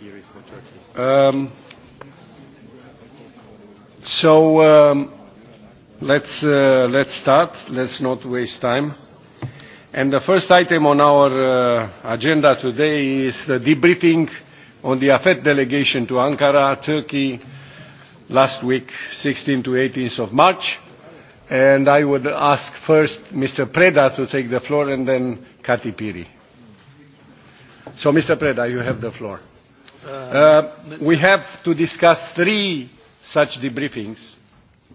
theory for Turkey? Um, so um, let's uh, let's start. Let's not waste time. And the first item on our uh, agenda today is the debriefing on the AFET delegation to Ankara, Turkey, last week, 16 to 18th of March. And I would ask first Mr. Preda to take the floor and then Kati Piri. So, Mr. Preda, you have the floor. Uh, we have to discuss three such debriefings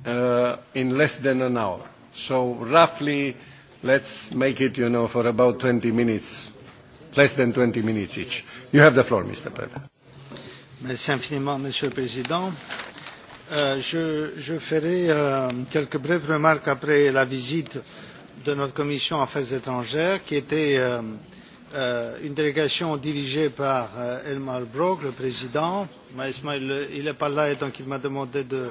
uh, in less than an hour. So roughly, let's make it, you know, for about 20 minutes, less than 20 minutes each. You have the floor, Mr. President. Merci infiniment, Monsieur le Président. Euh, je, je ferai euh, quelques brèves remarques après la visite de notre commission affaires étrangères qui était euh, Euh, une délégation dirigée par euh, elmar brok le président mais il n'est pas là et donc il m'a demandé de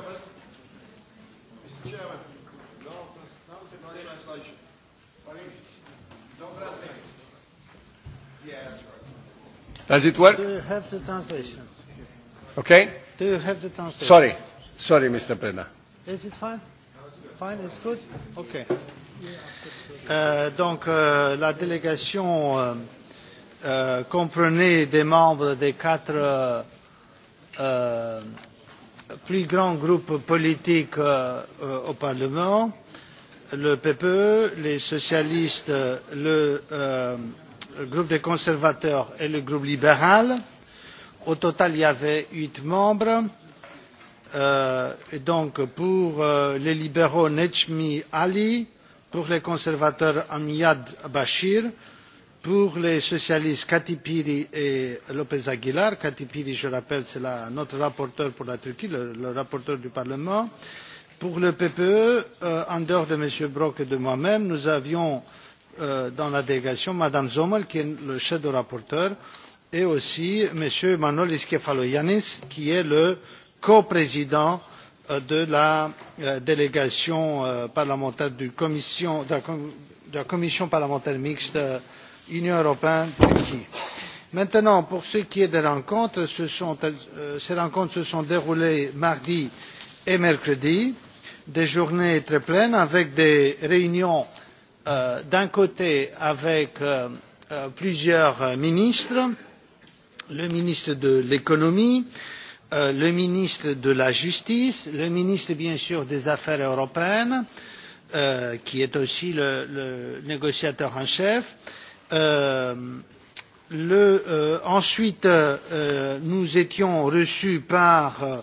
Does it work? Do you have the translation? Okay. Do you have the translation? Sorry, sorry, Mr. Prena. Is it fine? Fine, it's good. Okay. Euh, donc, euh, la délégation euh, euh, comprenait des membres des quatre euh, euh plus grands groupes politiques euh, euh au Parlement, le PPE, les socialistes, le, euh, le groupe des conservateurs et le groupe libéral. Au total, il y avait huit membres. Euh, et donc, pour euh, les libéraux, Nechmi Ali, pour les conservateurs ahmad Bachir, pour les socialistes Kati Piri et lpez Aguilar. Kati Piri, je rappelle, c'est notre rapporteur pour la Turquie, le, le rapporteur du Parlement. Pour le PPE, euh, en dehors de M. Brok et de moi-même, nous avions euh, dans la délégation Mme sommer qui est le chef de rapporteur, et aussi M. Manolis Kefalogiannis, qui est le coprésident de la euh, délégation euh, parlementaire de la commission parlementaire mixte euh, union européenne turquie. maintenant pour ce qui est des rencontres ces rencontres se sont déroulées mardi et mercredi des journées très pleines avec des réunions d'un côté avec plusieurs ministres le ministre de l'économie Euh, le ministre de la justice le ministre bien sûr des affaires européennes euh, qui est aussi le, négociateur en chef euh, ensuite nous étions reçus par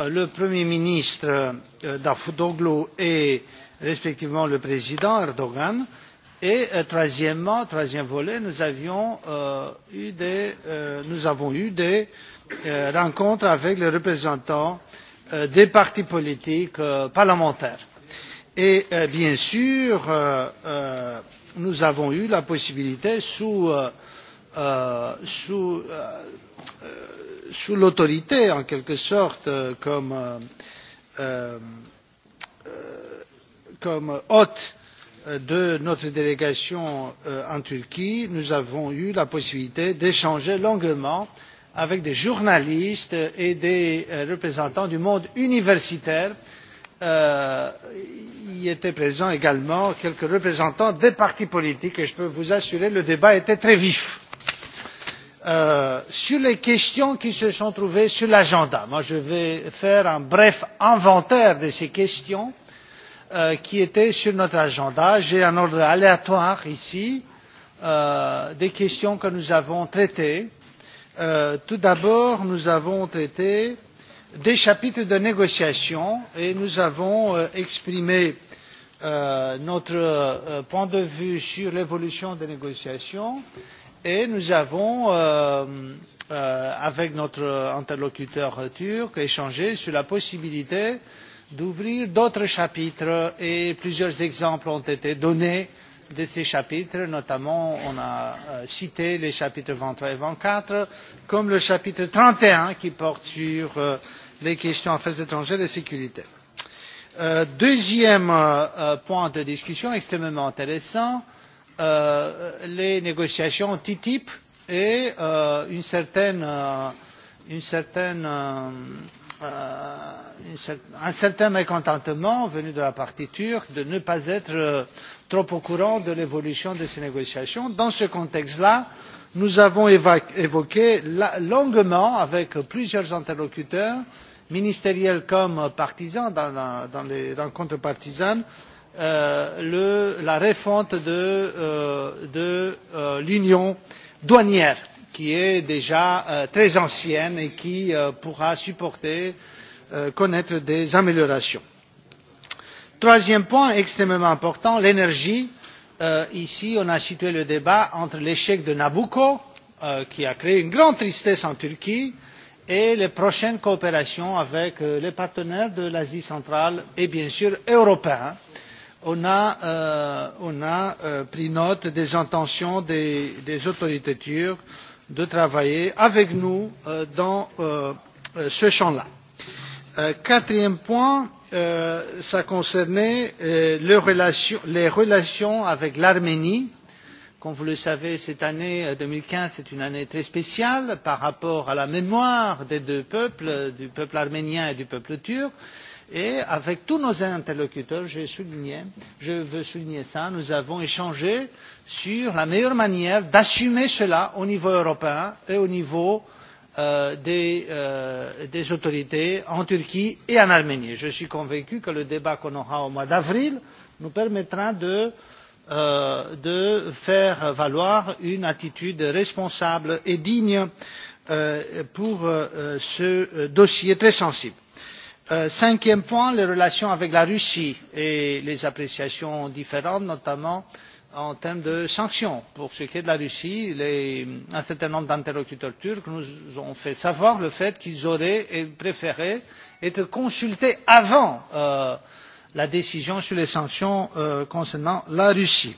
le premier ministre davutolu et respectivement le président erdoan et troisièmement troisième volet nous avons eu des Euh, rencontre avec les représentants euh, des partis politiques euh, parlementaires. et bien sûr nous avons eu la possibilité sous, l'autorité en quelque sorte comme, hôte de notre délégation en turquie nous avons eu la possibilité d'échanger longuement avec des journalistes et des euh, représentants du monde universitaire. Euh, y étaient présents également quelques représentants des partis politiques et je peux vous assurer que le débat était très vif. Euh, sur les questions qui se sont trouvées sur l'agenda, je vais faire un bref inventaire de ces questions euh, qui étaient sur notre agenda. J'ai un ordre aléatoire ici euh, des questions que nous avons traitées Euh, tout d'abord, nous avons traité des chapitres de négociation et nous avons euh, exprimé euh, notre point de vue sur l'évolution des négociations et nous avons, avec notre interlocuteur turc, échangé sur la possibilité d'ouvrir d'autres chapitres et plusieurs exemples ont été donnés de ces chapitres notamment on a euh, cité les chapitres vingt trois et vingt quatre comme le chapitre trente et un qui porte sur euh, les questions affaires étrangères et de sécurité. Euh, deuxième point de discussion extrêmement intéressant les négociations ttip et une certaine une certaine euh, un certain mécontentement venu de la partie turque de ne pas être euh, trop au courant de l'évolution de ces négociations. dans ce contexte là nous avons évoqué longuement avec plusieurs interlocuteurs ministériels comme partisans dans les rencontres partisanes euh, la refonte de euh, euh, l'union douanière qui est déjà très ancienne et qui pourra supporter connaître des améliorations troisième point extrêmement important l'énergie. Euh, ici on a situé le débat entre l'échec de nabucco euh, qui a créé une grande tristesse en turquie et les prochaines coopérations avec euh, les partenaires de l'asie centrale et bien sûr européens. on a pris note des intentions des autorités turques de travailler avec nous dans ce champ là. quatrième point euh, ça concernait euh, les, relations, les relations avec l'Arménie. Comme vous le savez, cette année 2015 euh, est une année très spéciale par rapport à la mémoire des deux peuples, du peuple arménien et du peuple turc. Et avec tous nos interlocuteurs, j'ai souligné, je veux souligner ça, nous avons échangé sur la meilleure manière d'assumer cela au niveau européen et au niveau euh, euh, des, euh, des autorités en Turquie et en Arménie. Je suis convaincu que le débat qu'on aura au mois d'avril nous permettra de, euh, de faire valoir une attitude responsable et digne euh, pour euh, ce euh, dossier très sensible. Euh, cinquième point, les relations avec la Russie et les appréciations différentes, notamment euh, en termes de sanctions pour ce qui est de la russie un certain nombre d'interlocuteurs turcs nous ont fait savoir le fait qu'ils auraient préféré être consultés avant euh, la décision sur les sanctions euh, concernant la russie.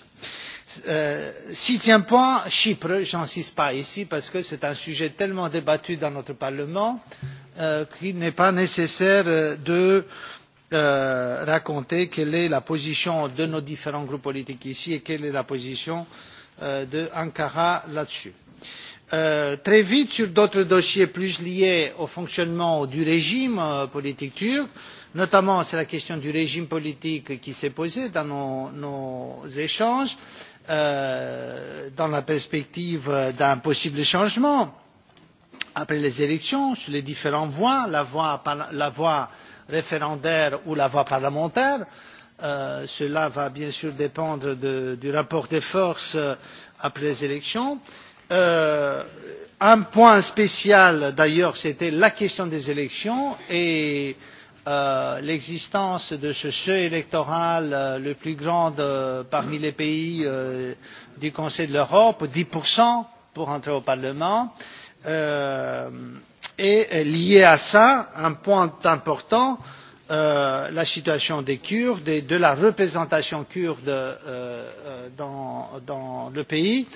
Euh, sixième point chypre je n'insiste pas ici parce que c'est un sujet tellement débattu dans notre parlement qu'il n'est pas nécessaire de Euh, raconter quelle est la position de nos différents groupes politiques ici et quelle est la position euh, d'ankara là dessus. Euh, très vite sur d'autres dossiers plus liés au fonctionnement du régime euh, politique turc notamment c'est la question du régime politique qui s'est posée dans nos, échanges dans la perspective d'un possible changement après les élections sur les différentes voies la voie référendaire ou la voie parlementaire. Euh, cela va bien sûr dépendre du rapport des forces euh, après les élections. Euh, un point spécial d'ailleurs c'était la question des élections et l'existence de ce seuil électoral le plus grand parmi les pays du conseil de l'europe dix pour entrer au parlement et lié à cela un point important euh, la situation des kurdes et de la représentation kurde euh, euh, dans, le pays.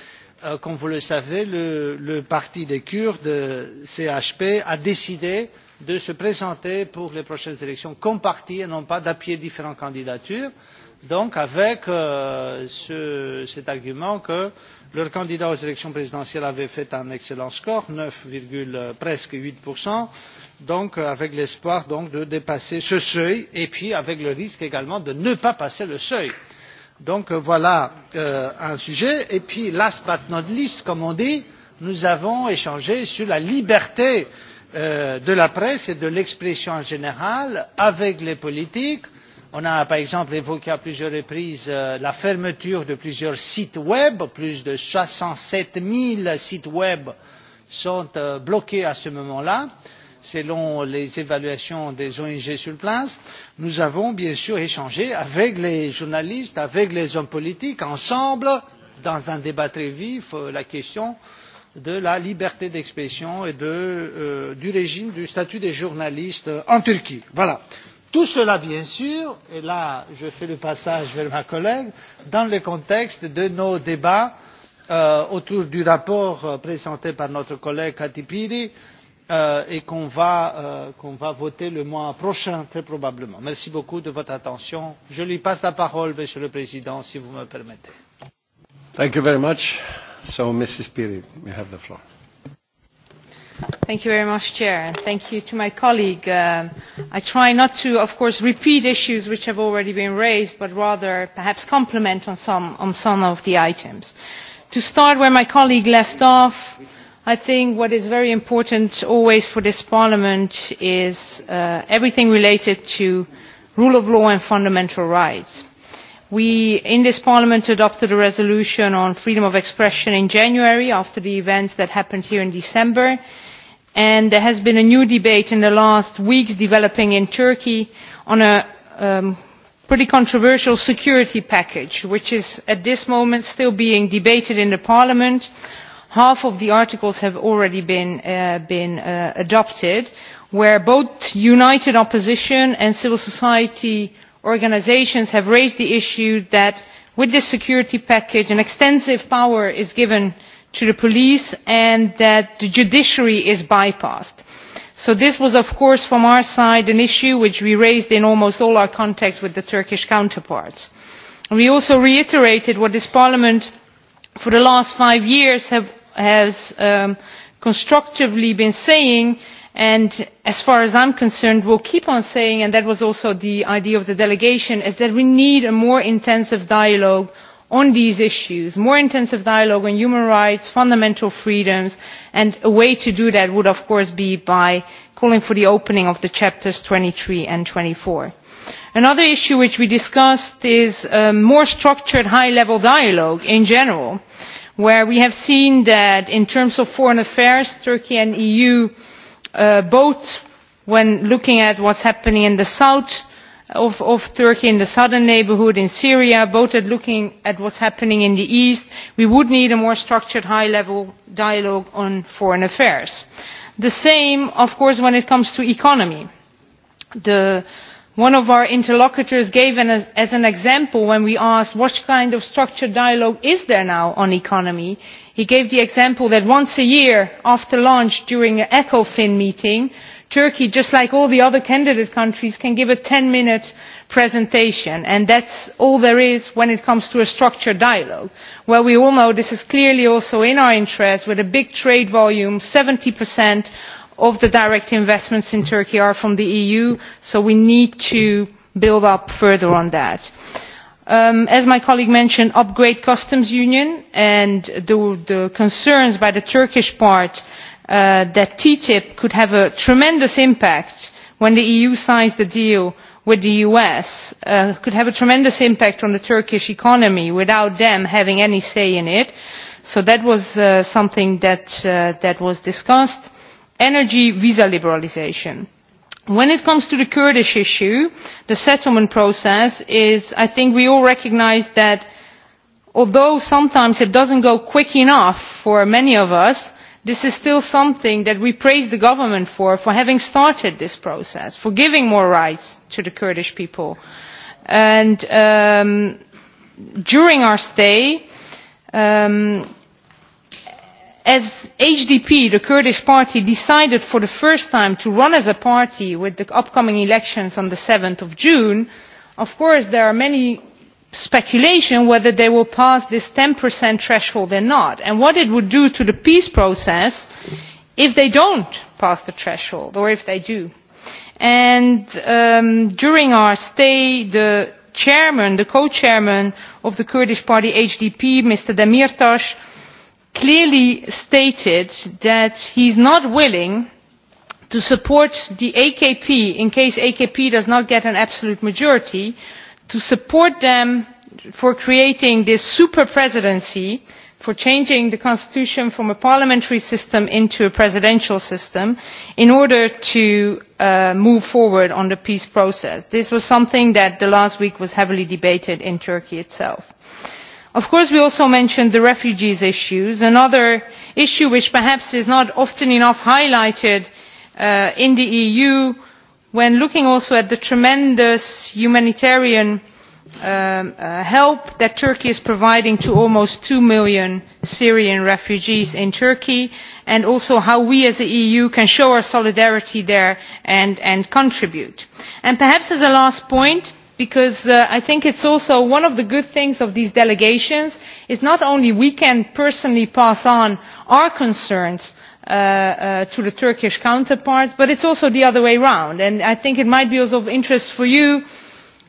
comme vous le savez le, parti des kurdes chp a décidé de se présenter pour les prochaines élections comme parti et non pas d'appuyer différentes candidatures donc avec euh, cet argument que leur candidat aux élections présidentielles avait fait un excellent score neuf euh, presque huit donc euh, avec l'espoir de dépasser ce seuil et puis avec le risque également de ne pas passer le seuil. donc voilà un sujet. et puis last but not least comme on dit nous avons échangé sur la liberté de la presse et de l'expression en général avec les politiques on a par exemple évoqué à plusieurs reprises euh, la fermeture de plusieurs sites web plus de soixante sept zéro sites web sont euh, bloqués à ce moment là selon les évaluations des ong sur place. nous avons bien sûr échangé avec les journalistes avec les hommes politiques ensemble dans un débat très vif euh, la question de la liberté d'expression et du régime du statut des journalistes en turquie. voilà. Tout cela, bien sûr, et là je fais le passage vers ma collègue, dans le contexte de nos débats euh, autour du rapport euh, présenté par notre collègue Piri euh, et qu'on va, euh, qu va voter le mois prochain, très probablement. Merci beaucoup de votre attention. Je lui passe la parole, Monsieur le Président, si vous me permettez. Thank you very much. So, Mrs. Piri, you have the floor. Thank you very much, Chair, and thank you to my colleague. Uh, I try not to, of course, repeat issues which have already been raised, but rather perhaps complement on some, on some of the items. To start where my colleague left off, I think what is very important always for this Parliament is uh, everything related to rule of law and fundamental rights we in this parliament adopted a resolution on freedom of expression in january after the events that happened here in december and there has been a new debate in the last weeks developing in turkey on a um, pretty controversial security package which is at this moment still being debated in parliament. half of the articles have already been, uh, uh, adopted where both united opposition and civil society organisations have raised the issue that with this security package an extensive power is given to to the police and that the judiciary is bypassed. so this was of course from our side an issue which we raised in almost all our contacts with the turkish counterparts. we also reiterated what this parliament for the last five years have, has um, constructively been saying and as far as i am concerned will keep on saying and that was also the idea of the delegation is that we need a more intensive dialogue on these issues more intensive dialogue on human rights and fundamental freedoms and a way to do that would of course be by calling for the opening of chapters twenty three and. twenty four another issue which we discussed is a um, more structured high level dialogue in general where we have seen that in terms of foreign affairs turkey and the eu uh, both when looking at what is happening in the south of, of turkey in the southern neighbourhood in syria both at looking at what is happening in the east we would need a more structured high level dialogue on foreign affairs. the same of course when it comes to the economy. The, one of our interlocutors gave an, as an example when we asked what kind of structured dialogue is there now on the economy he gave the example that once a year after lunch during an ecofin meeting turkey just like all the other candidate countries can give a ten minute presentation and that is all there is when it comes to a structured dialogue where we all know this is clearly also in our interest with a big trade volume seventy of the direct investments in turkey are from the eu so we need to build up further on that. Um, as my colleague mentioned upgrade customs union and the, concerns by the turkish part Uh, that TTIP could have a tremendous impact when the EU signs the deal with the US, uh, could have a tremendous impact on the Turkish economy without them having any say in it. So that was uh, something uh, that, was discussed. Energy visa liberalisation. When it comes to the Kurdish issue, the settlement process is, I think we all recognise that although sometimes it does not go quick enough for many of us, this is still something that we praise the government for for having started this process for giving more rights to the kurdish people and um, during our stay um, as hdp the kurdish party decided for the first time to run as a party with the upcoming elections on seven june of course there are many speculation whether they will pass this 10% threshold or not and what it would do to the peace process if they don't pass the threshold or if they do. And um, during our stay, the chairman, the co-chairman of the Kurdish party HDP, Mr. Demirtas, clearly stated that he is not willing to support the AKP in case AKP does not get an absolute majority to support them for creating this super presidency for changing the constitution from a parliamentary system into a presidential system in order to uh, move forward on the peace process. this was something that last week was heavily debated in turkey itself. of course we also mentioned the refugees issue another issue which perhaps is not often enough highlighted uh, in the eu when looking also at the tremendous humanitarian um, uh, help that turkey is providing to almost two million syrian refugees in turkey and also how we as the eu can show our solidarity there and, and contribute. And perhaps as a last point because uh, i think it's also one of the good things of these delegations is not only we can personally pass on our concerns Uh, uh, to the turkish counterparts but it is also the other way round. and i think it might be also of interest for you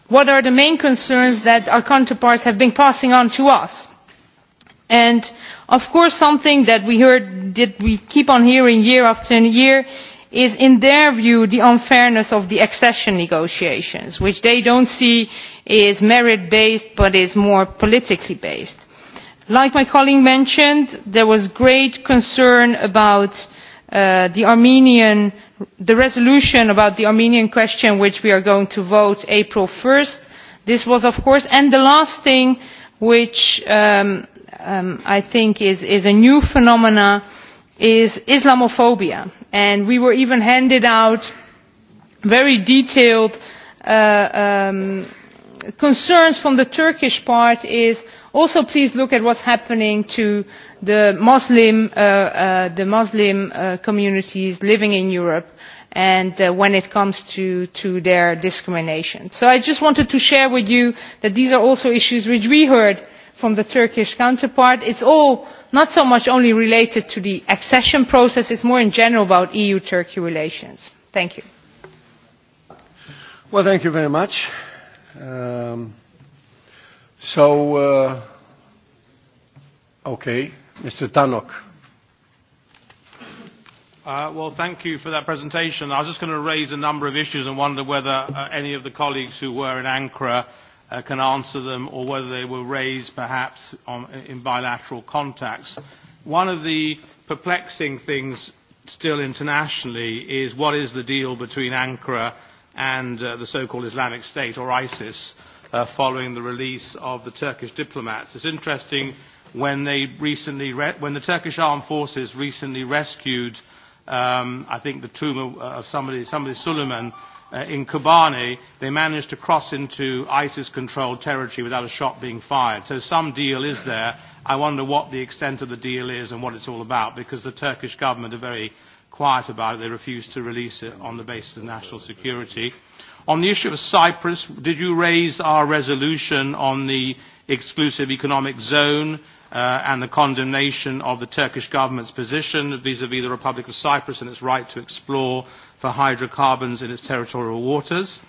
what are the main concerns that our counterparts have been passing on to us. and of course something that we heard that we keep on hearing year after year is in their view the unfairness of the accession negotiations which they do not see as merit based but is more politically based like my colleague mentioned there was great concern about uh, the armenian the resolution about the armenian question which we are going to vote on april one this was of course and the last thing which um, um, i think is, is a new phenomenon is islamophobia and we were even handed out very detailed uh, um, concerns from the turkish part is also please look at what is happening to the muslim, uh, uh, uh, communities living in europe and when it comes to, their discrimination. so i just wanted to share with you that these are also issues which we heard from the turkish counterpart. it is all not so much only related to the accession process it is more in general about eu turkey relations. thank you. Um, So, uh, okay, Mr. Tannock. Uh, well, thank you for that presentation. I was just going to raise a number of issues and wonder whether uh, any of the colleagues who were in Ankara uh, can answer them or whether they were raised perhaps on, in bilateral contacts. One of the perplexing things still internationally is what is the deal between Ankara and uh, the so-called Islamic State or ISIS. Uh, uh, following the release of the Turkish diplomats. It's interesting when, they recently re- when the Turkish armed forces recently rescued, um, I think, the tomb of, uh, of somebody, somebody Suleiman uh, in Kobani, they managed to cross into ISIS-controlled territory without a shot being fired. So some deal is there. I wonder what the extent of the deal is and what it's all about, because the Turkish government are very quiet about it. They refuse to release it on the basis of national security. On the issue of Cyprus, did you raise our resolution on the exclusive economic zone uh, and the condemnation of the Turkish government's position vis-à-vis -vis the Republic of Cyprus and its right to explore for hydrocarbons in its territorial waters?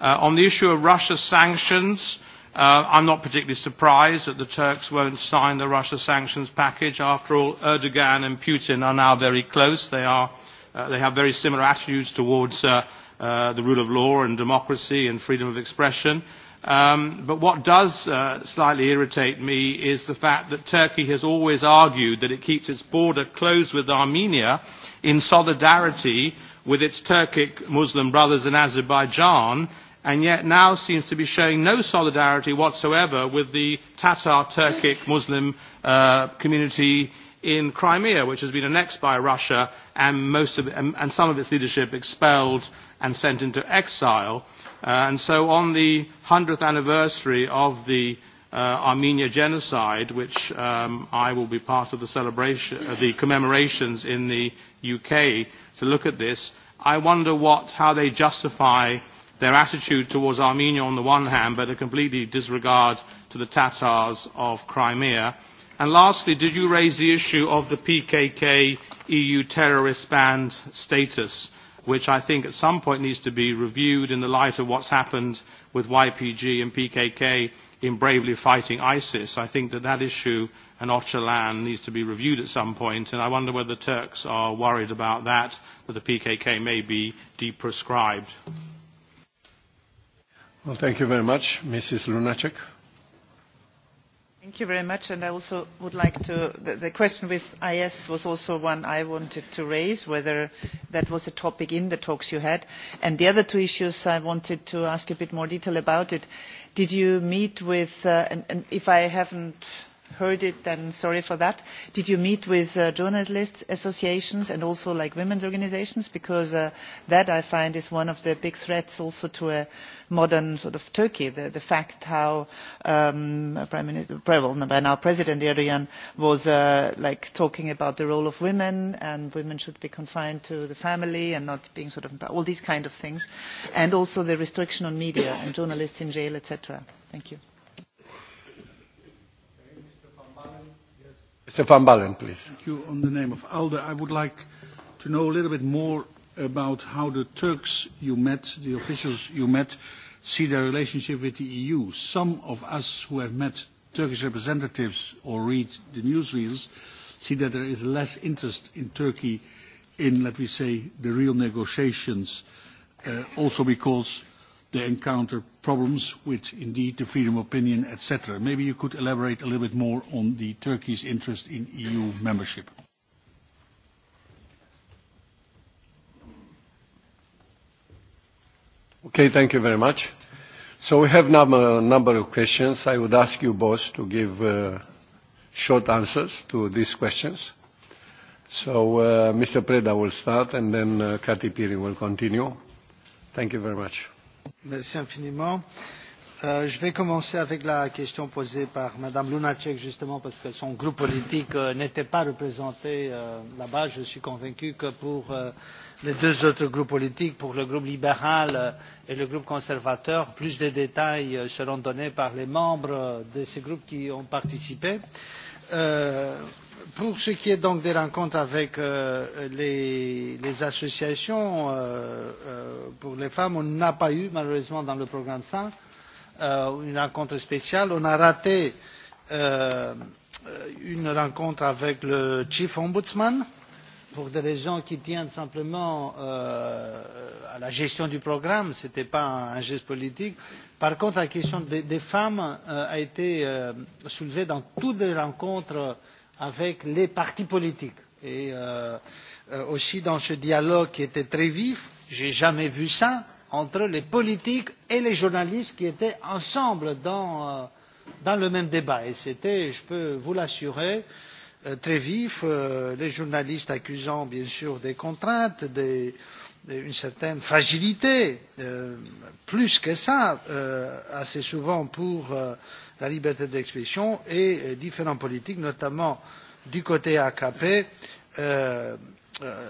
Uh, on the issue of Russia sanctions, uh, I'm not particularly surprised that the Turks won't sign the Russia sanctions package. After all, Erdogan and Putin are now very close. They, are, uh, they have very similar attitudes towards uh, Uh, the rule of law and democracy and freedom of expression. Um, but what does uh, slightly irritate me is the fact that Turkey has always argued that it keeps its border closed with Armenia in solidarity with its Turkic Muslim brothers in Azerbaijan, and yet now seems to be showing no solidarity whatsoever with the Tatar Turkic Muslim uh, community in Crimea, which has been annexed by Russia and, most of, and, and some of its leadership expelled and sent into exile. Uh, and so on the 100th anniversary of the uh, Armenia genocide, which um, I will be part of the celebration, uh, the commemorations in the UK to look at this, I wonder what, how they justify their attitude towards Armenia on the one hand, but a completely disregard to the Tatars of Crimea. And lastly, did you raise the issue of the PKK EU terrorist band status? which I think at some point needs to be reviewed in the light of what's happened with YPG and PKK in bravely fighting ISIS. I think that that issue and Ocalan needs to be reviewed at some point, and I wonder whether the Turks are worried about that, that the PKK may be deprescribed. Well, thank you very much, Mrs. Lunacek. Thank you very much. And I also would like to, the, the question with IS was also one I wanted to raise, whether that was a topic in the talks you had. And the other two issues I wanted to ask you a bit more detail about it. Did you meet with, uh, and, and if I haven't heard it then sorry for that did you meet with uh, journalists associations and also like women's organizations because uh, that i find is one of the big threats also to a modern sort of turkey the, the fact how um, prime minister well no, by now president erdogan was uh, like talking about the role of women and women should be confined to the family and not being sort of all these kind of things and also the restriction on media and journalists in jail etc thank you Mr. Van Ballen, please. Thank you. On the name of ALDE, I would like to know a little bit more about how the Turks you met, the officials you met, see their relationship with the EU. Some of us who have met Turkish representatives or read the newsreels see that there is less interest in Turkey in, let me say, the real negotiations, uh, also because they encounter problems with indeed the freedom of opinion, etc. Maybe you could elaborate a little bit more on the Turkey's interest in EU membership. Okay, thank you very much. So we have num a number of questions. I would ask you both to give uh, short answers to these questions. So uh, Mr. Preda will start and then uh, Kati Piri will continue. Thank you very much. Merci infiniment. Euh, je vais commencer avec la question posée par Mme Lunacek, justement parce que son groupe politique euh, n'était pas représenté euh, là-bas. Je suis convaincu que pour euh, les deux autres groupes politiques, pour le groupe libéral euh, et le groupe conservateur, plus de détails euh, seront donnés par les membres euh, de ces groupes qui ont participé. Euh, pour ce qui est donc des rencontres avec euh, les, associations euh, euh, pour les femmes, on n'a pas eu malheureusement dans le programme 5 une rencontre spéciale. On a raté une rencontre avec le chief ombudsman pour des raisons qui tiennent simplement à la gestion du programme, ce n'était pas un geste politique. Par contre, la question des, femmes a été soulevée dans toutes les rencontres avec les partis politiques et euh, euh, aussi dans ce dialogue qui était très vif j'ai jamais vu ça entre les politiques et les journalistes qui étaient ensemble dans, euh, dans le même débat et c'était je peux vous l'assurer euh, très vif euh, les journalistes accusant bien sûr des contraintes des, une certaine fragilité euh, plus que ça assez souvent pour la liberté d'expression et euh, différentes politiques notamment du côté AKP euh, euh,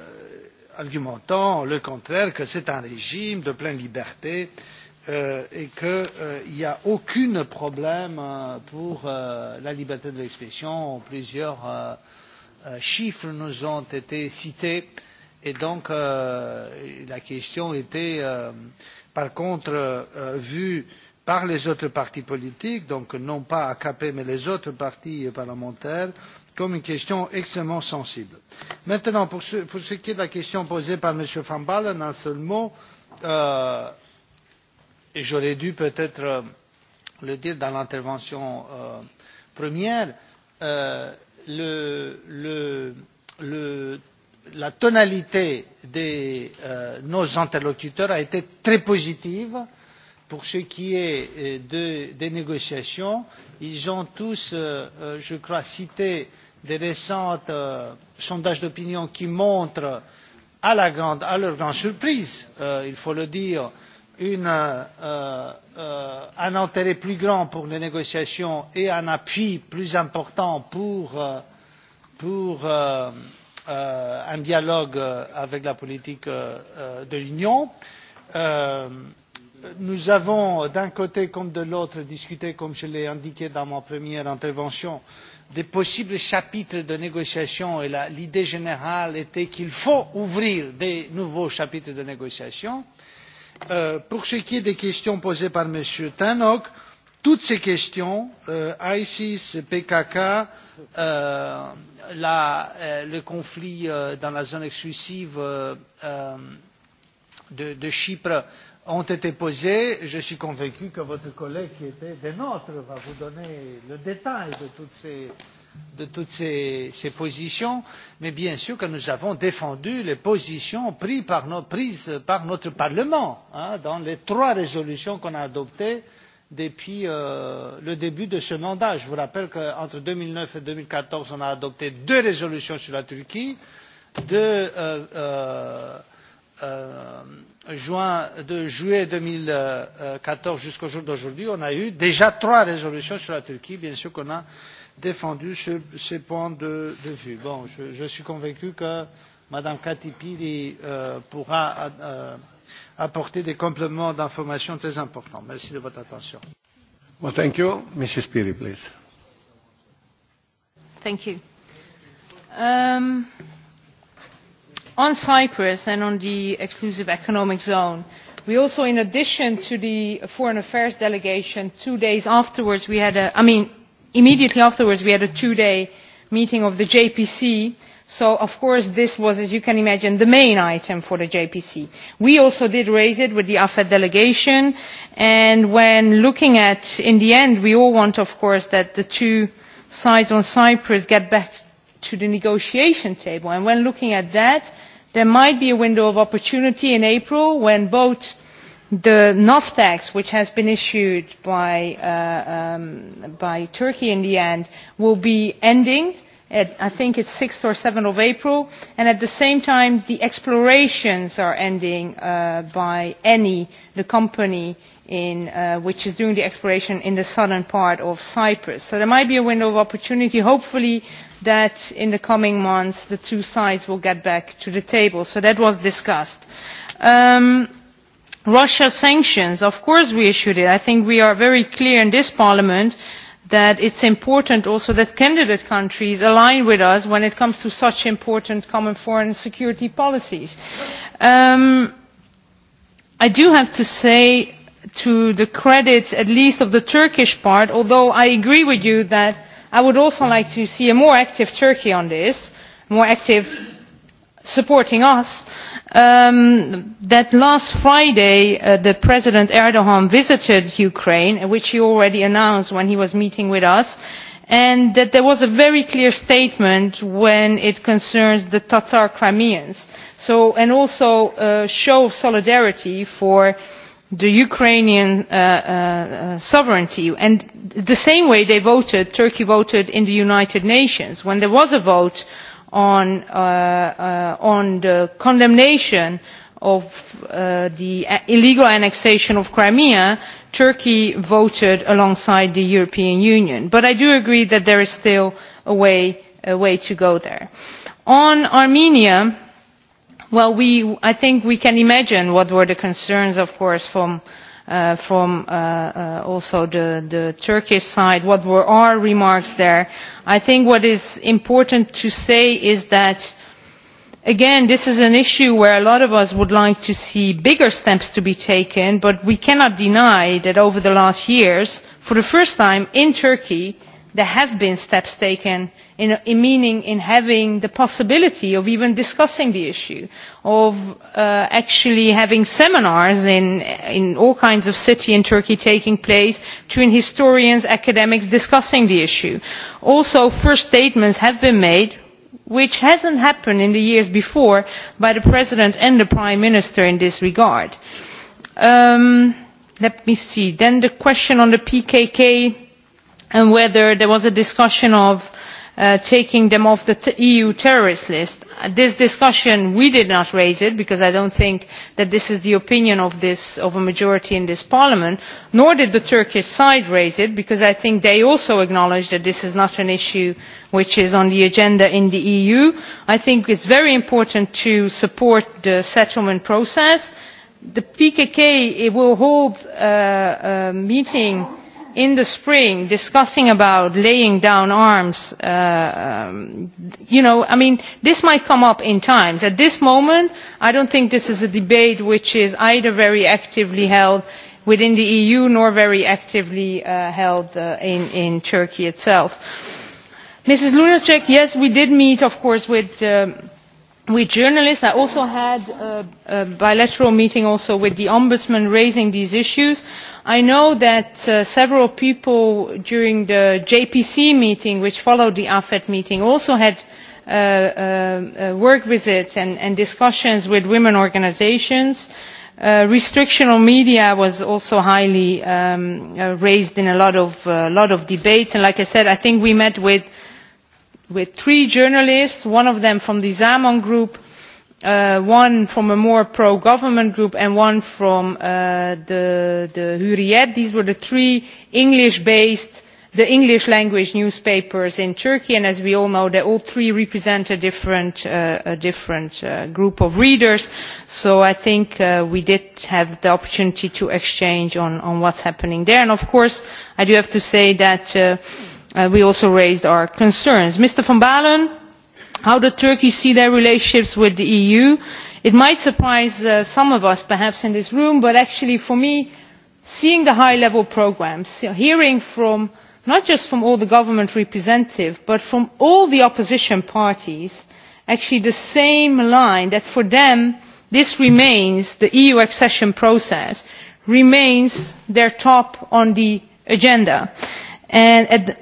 argumentant le contraire que c'est un régime de pleine liberté euh, et qu'il n'y a aucun problème pour la liberté de l'expression. Plusieurs chiffres nous ont été cités et donc la question était par contre vu par les autres partis politiques donc non pas l'akp mais les autres partis parlementaires comme une question extrêmement sensible. maintenant pour ce, qui est de la question posée par m. van baalen un seul mot euh, et j'aurais dû peut être euh, le dire dans l'intervention euh, première la tonalité de nos interlocuteurs a été très positive pour ce qui est euh, des négociations ils ont tous euh, euh, je crois cité de récents sondages d'opinion qui montrent à, leur grande surprise il faut le dire un intérêt plus grand pour les négociations et un appui plus important pour un dialogue avec la politique de l'union nous avons d'un côté comme de l'autre discuté comme je l'ai indiqué dans ma première intervention des possibles chapitres de négociation et l'idée générale était qu'il faut ouvrir de nouveaux chapitres de négociation. Euh, pour ce qui est des questions posées par m. tannock toutes ces questions euh, isis pkk euh, le conflit dans la zone exclusive de chypre ont été posées. Je suis convaincu que votre collègue qui était des nôtres va vous donner le détail de toutes ces, de toutes ces, ces positions. Mais bien sûr que nous avons défendu les positions prises par, nos, prises par notre Parlement hein, dans les trois résolutions qu'on a adoptées depuis euh, le début de ce mandat. Je vous rappelle qu'entre deux mille neuf et deux mille quatorze, on a adopté deux résolutions sur la Turquie, deux euh, euh, euh juin, de juillet deux mille quatorze jusqu'au jour d'aujourd'hui on a eu déjà trois résolutions sur la turquie. bien sûr qu'on a défendu ce, ce point de, vue. Bon, je, suis convaincu que mme kati piri euh, pourra euh, apporter des compléments d'information très importants. merci de votre attention on cyprus and on the exclusive economic zone we also in addition to the foreign affairs delegation two days afterwards we had a, i mean immediately afterwards we had a two day meeting of the jpc so of course this was as you can imagine the main item for the jpc. we also did raise it with the afet delegation and when looking at in the end we all want of course that the two sides on cyprus get back to the negotiation table and when looking at that there might be a window of opportunity in april when both the NOFTAX, which has been issued by, uh, um, by Turkey in the end, will be ending. At, I think it's 6th or 7th of April. And at the same time, the explorations are ending uh, by ENI, the company in, uh, which is doing the exploration in the southern part of Cyprus. So there might be a window of opportunity, hopefully, that in the coming months the two sides will get back to the table. so that was discussed. Um, russia sanctions of course we issued it. i think we are very clear in this parliament that it is important also that candidate countries align with us when it comes to such important common foreign and security policies. Um, i do have to say to the credit at least of the turkish part although i agree with you that i would also like to see a more active turkey on this more active supporting us um, that last friday uh, the president erdogan visited ukraine which he already announced when he was meeting with us and that there was a very clear statement when it concerns the tatar crimeans so, and also a uh, show of solidarity for the Ukrainian uh, uh, uh, sovereignty. And the same way they voted, Turkey voted in the United Nations. When there was a vote on, uh, uh, on the condemnation of uh, the illegal annexation of Crimea, Turkey voted alongside the European Union. But I do agree that there is still a way, a way to go there. On Armenia, well we, i think we can imagine what were the concerns of course from, uh, from uh, uh, also the, the turkish side what were our remarks there. i think what is important to say is that again this is an issue where a lot of us would like to see bigger steps to be taken but we cannot deny that over the last years for the first time in turkey there have been steps taken in, meaning in having the possibility of even discussing the issue, of uh, actually having seminars in, in all kinds of cities in Turkey taking place between historians, academics discussing the issue. Also, first statements have been made which hasn't not happened in the years before by the president and the prime minister in this regard. Um, let me see then the question on the pkk and whether there was a discussion of Uh, taking them off the eu terrorist list. Uh, this discussion we did not raise it because i do not think that this is the opinion of, a majority in this parliament nor did the turkish side raise it because i think they also acknowledge that this is not an issue which is on the agenda in the eu. i think it is very important to support the settlement process. the pkk will hold uh, a meeting in the spring discussing about laying down arms, uh, um, you know, I mean, this might come up in times. At this moment, I don't think this is a debate which is either very actively held within the EU nor very actively uh, held uh, in, in Turkey itself. Mrs. Lunacek, yes, we did meet, of course, with. Um, with journalists. I also had a, a bilateral meeting also with the Ombudsman raising these issues. Uh, i know that uh, several people during the jpc meeting which followed the afet meeting also had uh, uh, work visits and, discussions with women organisations. restriction on media was also highly um, raised in a lot of, debates and like i said i think we met with, with three journalists one of them from the zaman group Uh, one from a more pro government group and one from uh, the, hurriyet these were the three english based english language newspapers in turkey and as we all know they all three represent a different, uh, group of readers so i think we did have the opportunity to exchange on what is happening there and of course i do have to say that we also raised our concerns. mr van baalen how does turkey see their relationships with the eu? it might surprise uh, some of us perhaps in this room but actually for me seeing the high level programmes hearing from not just from all the government representatives but from all the opposition parties actually the same line that for them this remains the eu accession process remains their top on the agenda and at the,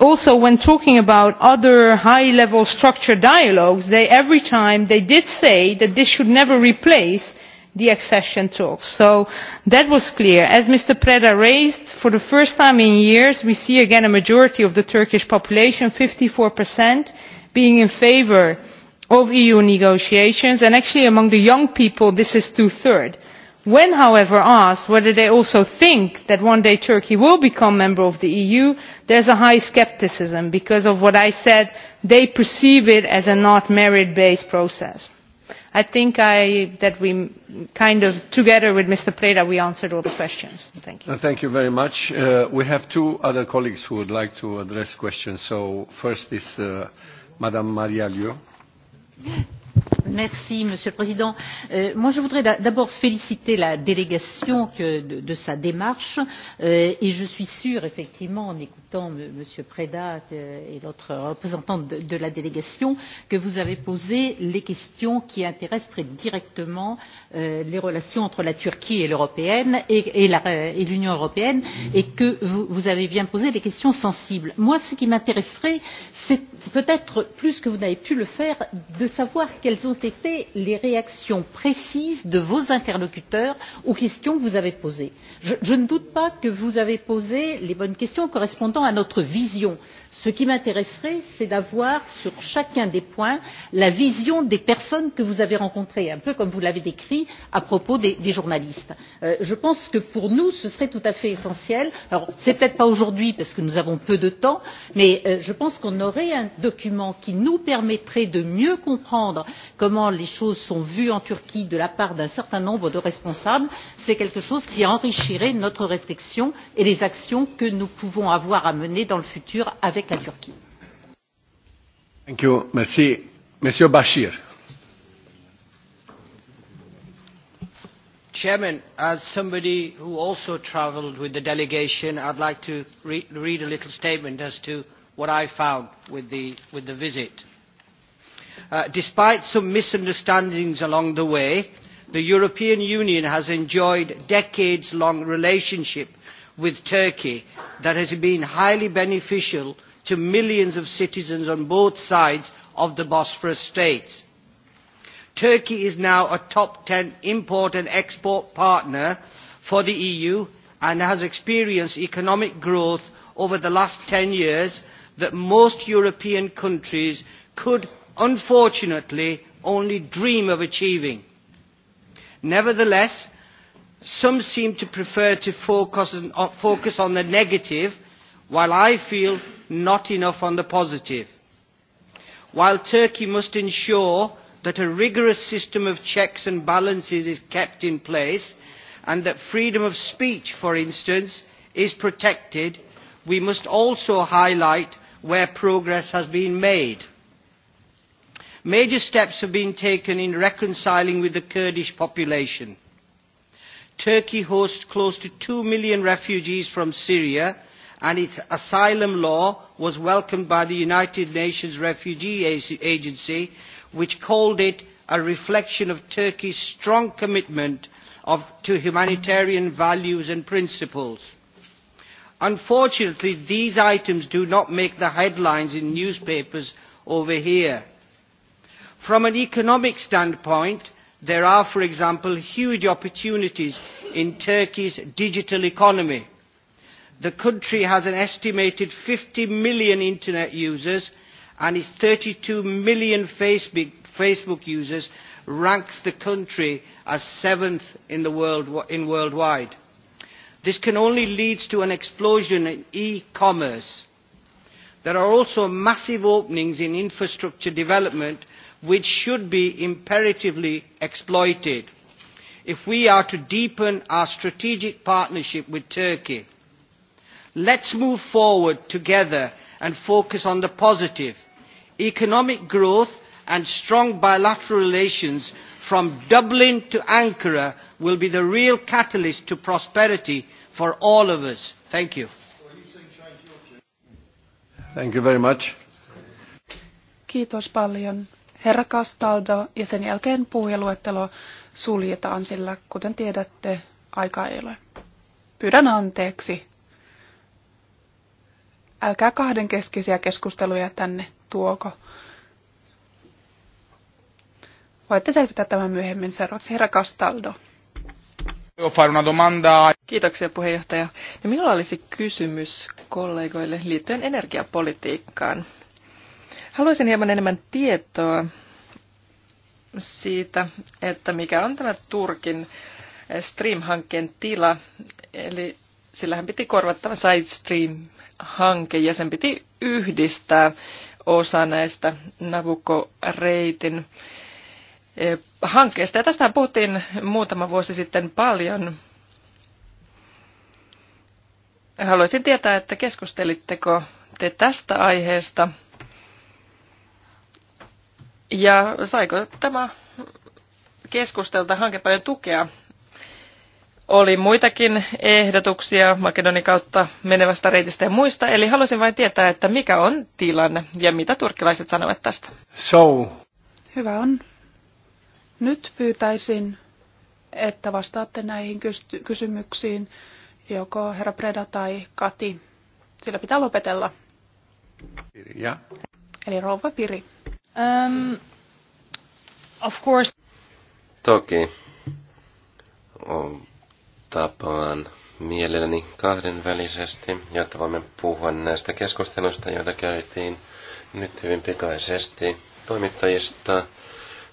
also when talking about other high level structured dialogues they, every time they did say that this should never replace the accession talks so that was clear. as mr preda raised for the first time in years we see again a majority of the turkish population fifty four being in favour of eu negotiations and actually among the young people this is two thirds when however asked whether they also think that one day turkey will become a member of the eu there is a high scepticism because of what i said they perceive it as a not merit based process. i think that we kind of together with mr preda we answered all the questions. thank you. Uh, thank you very much. Uh, we have two other colleagues who would like to address questions. so first is uh, madame maria lieu. Merci, monsieur le président euh, moi, je voudrais d'abord féliciter la délégation que, de, de sa démarche euh, et je suis sûre effectivement en écoutant temps M. Preda euh, et l'autre représentante de, de la délégation que vous avez posé les questions qui intéressent très directement euh, les relations entre la Turquie et l'Européenne et, et l'Union européenne et que vous, vous avez bien posé des questions sensibles. Moi, ce qui m'intéresserait, c'est peut-être plus que vous n'avez pu le faire, de savoir quelles ont été les réactions précises de vos interlocuteurs aux questions que vous avez posées. Je, je ne doute pas que vous avez posé les bonnes questions correspondant à notre vision. ce qui m'intéresserait c'est d'avoir sur chacun des points la vision des personnes que vous avez rencontrées un peu comme vous l'avez décrit à propos des, journalistes. Euh, je pense que pour nous ce serait tout à fait essentiel ce n'est peut être pas aujourd'hui parce que nous avons peu de temps mais euh, je pense qu'on aurait un document qui nous permettrait de mieux comprendre comment les choses sont vues en turquie de la part d'un certain nombre de responsables. c'est quelque chose qui enrichirait notre réflexion et les actions que nous pouvons avoir à mener dans le futur avec la turquie. Bashir. Chairman, as somebody who also travelled with the delegation, I'd like to re read a little statement as to what I found with the, with the visit. Uh, despite some misunderstandings along the way, the European Union has enjoyed decades-long relationship with Turkey that has been highly beneficial to millions of citizens on both sides of the Bosphorus states. Turkey is now a top 10 import and export partner for the EU and has experienced economic growth over the last 10 years that most European countries could unfortunately only dream of achieving. Nevertheless, some seem to prefer to focus on, uh, focus on the negative, while I feel not enough on the positive. While Turkey must ensure that a rigorous system of checks and balances is kept in place and that freedom of speech, for instance, is protected, we must also highlight where progress has been made. Major steps have been taken in reconciling with the Kurdish population Turkey hosts close to 2 million refugees from Syria, and its asylum law was welcomed by the United Nations Refugee Agency, which called it a reflection of Turkey's strong commitment of, to humanitarian values and principles. Unfortunately, these items do not make the headlines in newspapers over here. From an economic standpoint, There are, for example, huge opportunities in Turkey's digital economy. The country has an estimated 50 million internet users and its 32 million Facebook, Facebook users ranks the country as seventh in the world in worldwide. This can only lead to an explosion in e-commerce. There are also massive openings in infrastructure development which should be imperatively exploited if we are to deepen our strategic partnership with Turkey. Let's move forward together and focus on the positive. Economic growth and strong bilateral relations from Dublin to Ankara will be the real catalyst to prosperity for all of us. Thank you. Thank you very much. Kiitos paljon herra Castaldo ja sen jälkeen puhujaluettelo suljetaan, sillä kuten tiedätte, aika ei ole. Pyydän anteeksi. Älkää kahden keskisiä keskusteluja tänne tuoko. Voitte selvittää tämän myöhemmin. Seuraavaksi herra Castaldo. Kiitoksia puheenjohtaja. Ja minulla olisi kysymys kollegoille liittyen energiapolitiikkaan. Haluaisin hieman enemmän tietoa siitä, että mikä on tämä Turkin Stream-hankkeen tila. Eli sillähän piti korvattava Sidestream-hanke ja sen piti yhdistää osa näistä Nabucco-reitin e, hankkeesta. Ja tästähän puhuttiin muutama vuosi sitten paljon. Haluaisin tietää, että keskustelitteko te tästä aiheesta – ja saiko tämä keskustelta hanke paljon tukea? Oli muitakin ehdotuksia Makedonin kautta menevästä reitistä ja muista, eli halusin vain tietää, että mikä on tilanne ja mitä turkkilaiset sanovat tästä. So. Hyvä on. Nyt pyytäisin, että vastaatte näihin kysymyksiin joko herra Preda tai Kati. Sillä pitää lopetella. ja? Eli rouva Piri. Um, of course. Toki tapaan mielelläni kahdenvälisesti, jotta voimme puhua näistä keskusteluista, joita käytiin nyt hyvin pikaisesti toimittajista,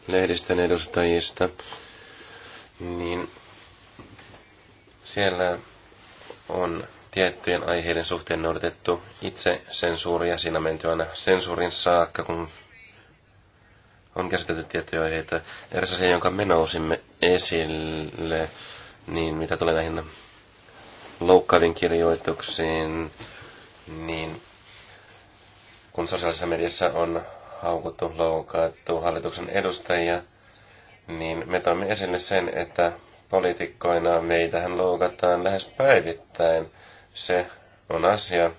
lehdistön edustajista, niin siellä on tiettyjen aiheiden suhteen noudatettu itse sensuuria. Siinä menty aina sensuurin saakka, kun on käsitelty tiettyjä aiheita. Eräs asia, jonka me nousimme esille, niin mitä tulee näihin loukkaaviin kirjoituksiin, niin kun sosiaalisessa mediassa on haukuttu, loukattu hallituksen edustajia, niin me toimme esille sen, että poliitikkoina meitähän loukataan lähes päivittäin. Se on asia,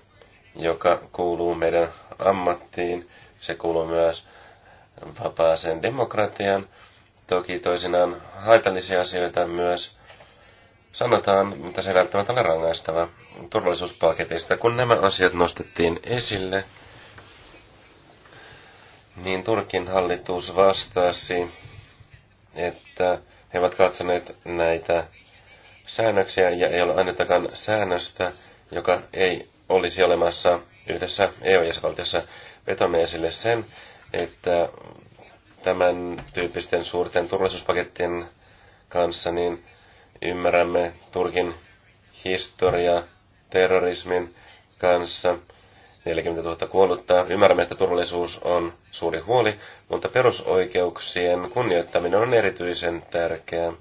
joka kuuluu meidän ammattiin. Se kuuluu myös vapaaseen demokratiaan. Toki toisinaan haitallisia asioita myös sanotaan, mitä se välttämättä ole rangaistava turvallisuuspaketista. Kun nämä asiat nostettiin esille, niin Turkin hallitus vastasi, että he ovat katsoneet näitä säännöksiä ja ei ole ainuttakaan säännöstä, joka ei olisi olemassa yhdessä EU-jäsenvaltiossa. Vetomme esille sen, että tämän tyyppisten suurten turvallisuuspakettien kanssa niin ymmärrämme Turkin historia terrorismin kanssa. 40 000 kuollutta. Ymmärrämme, että turvallisuus on suuri huoli, mutta perusoikeuksien kunnioittaminen on erityisen tärkeää.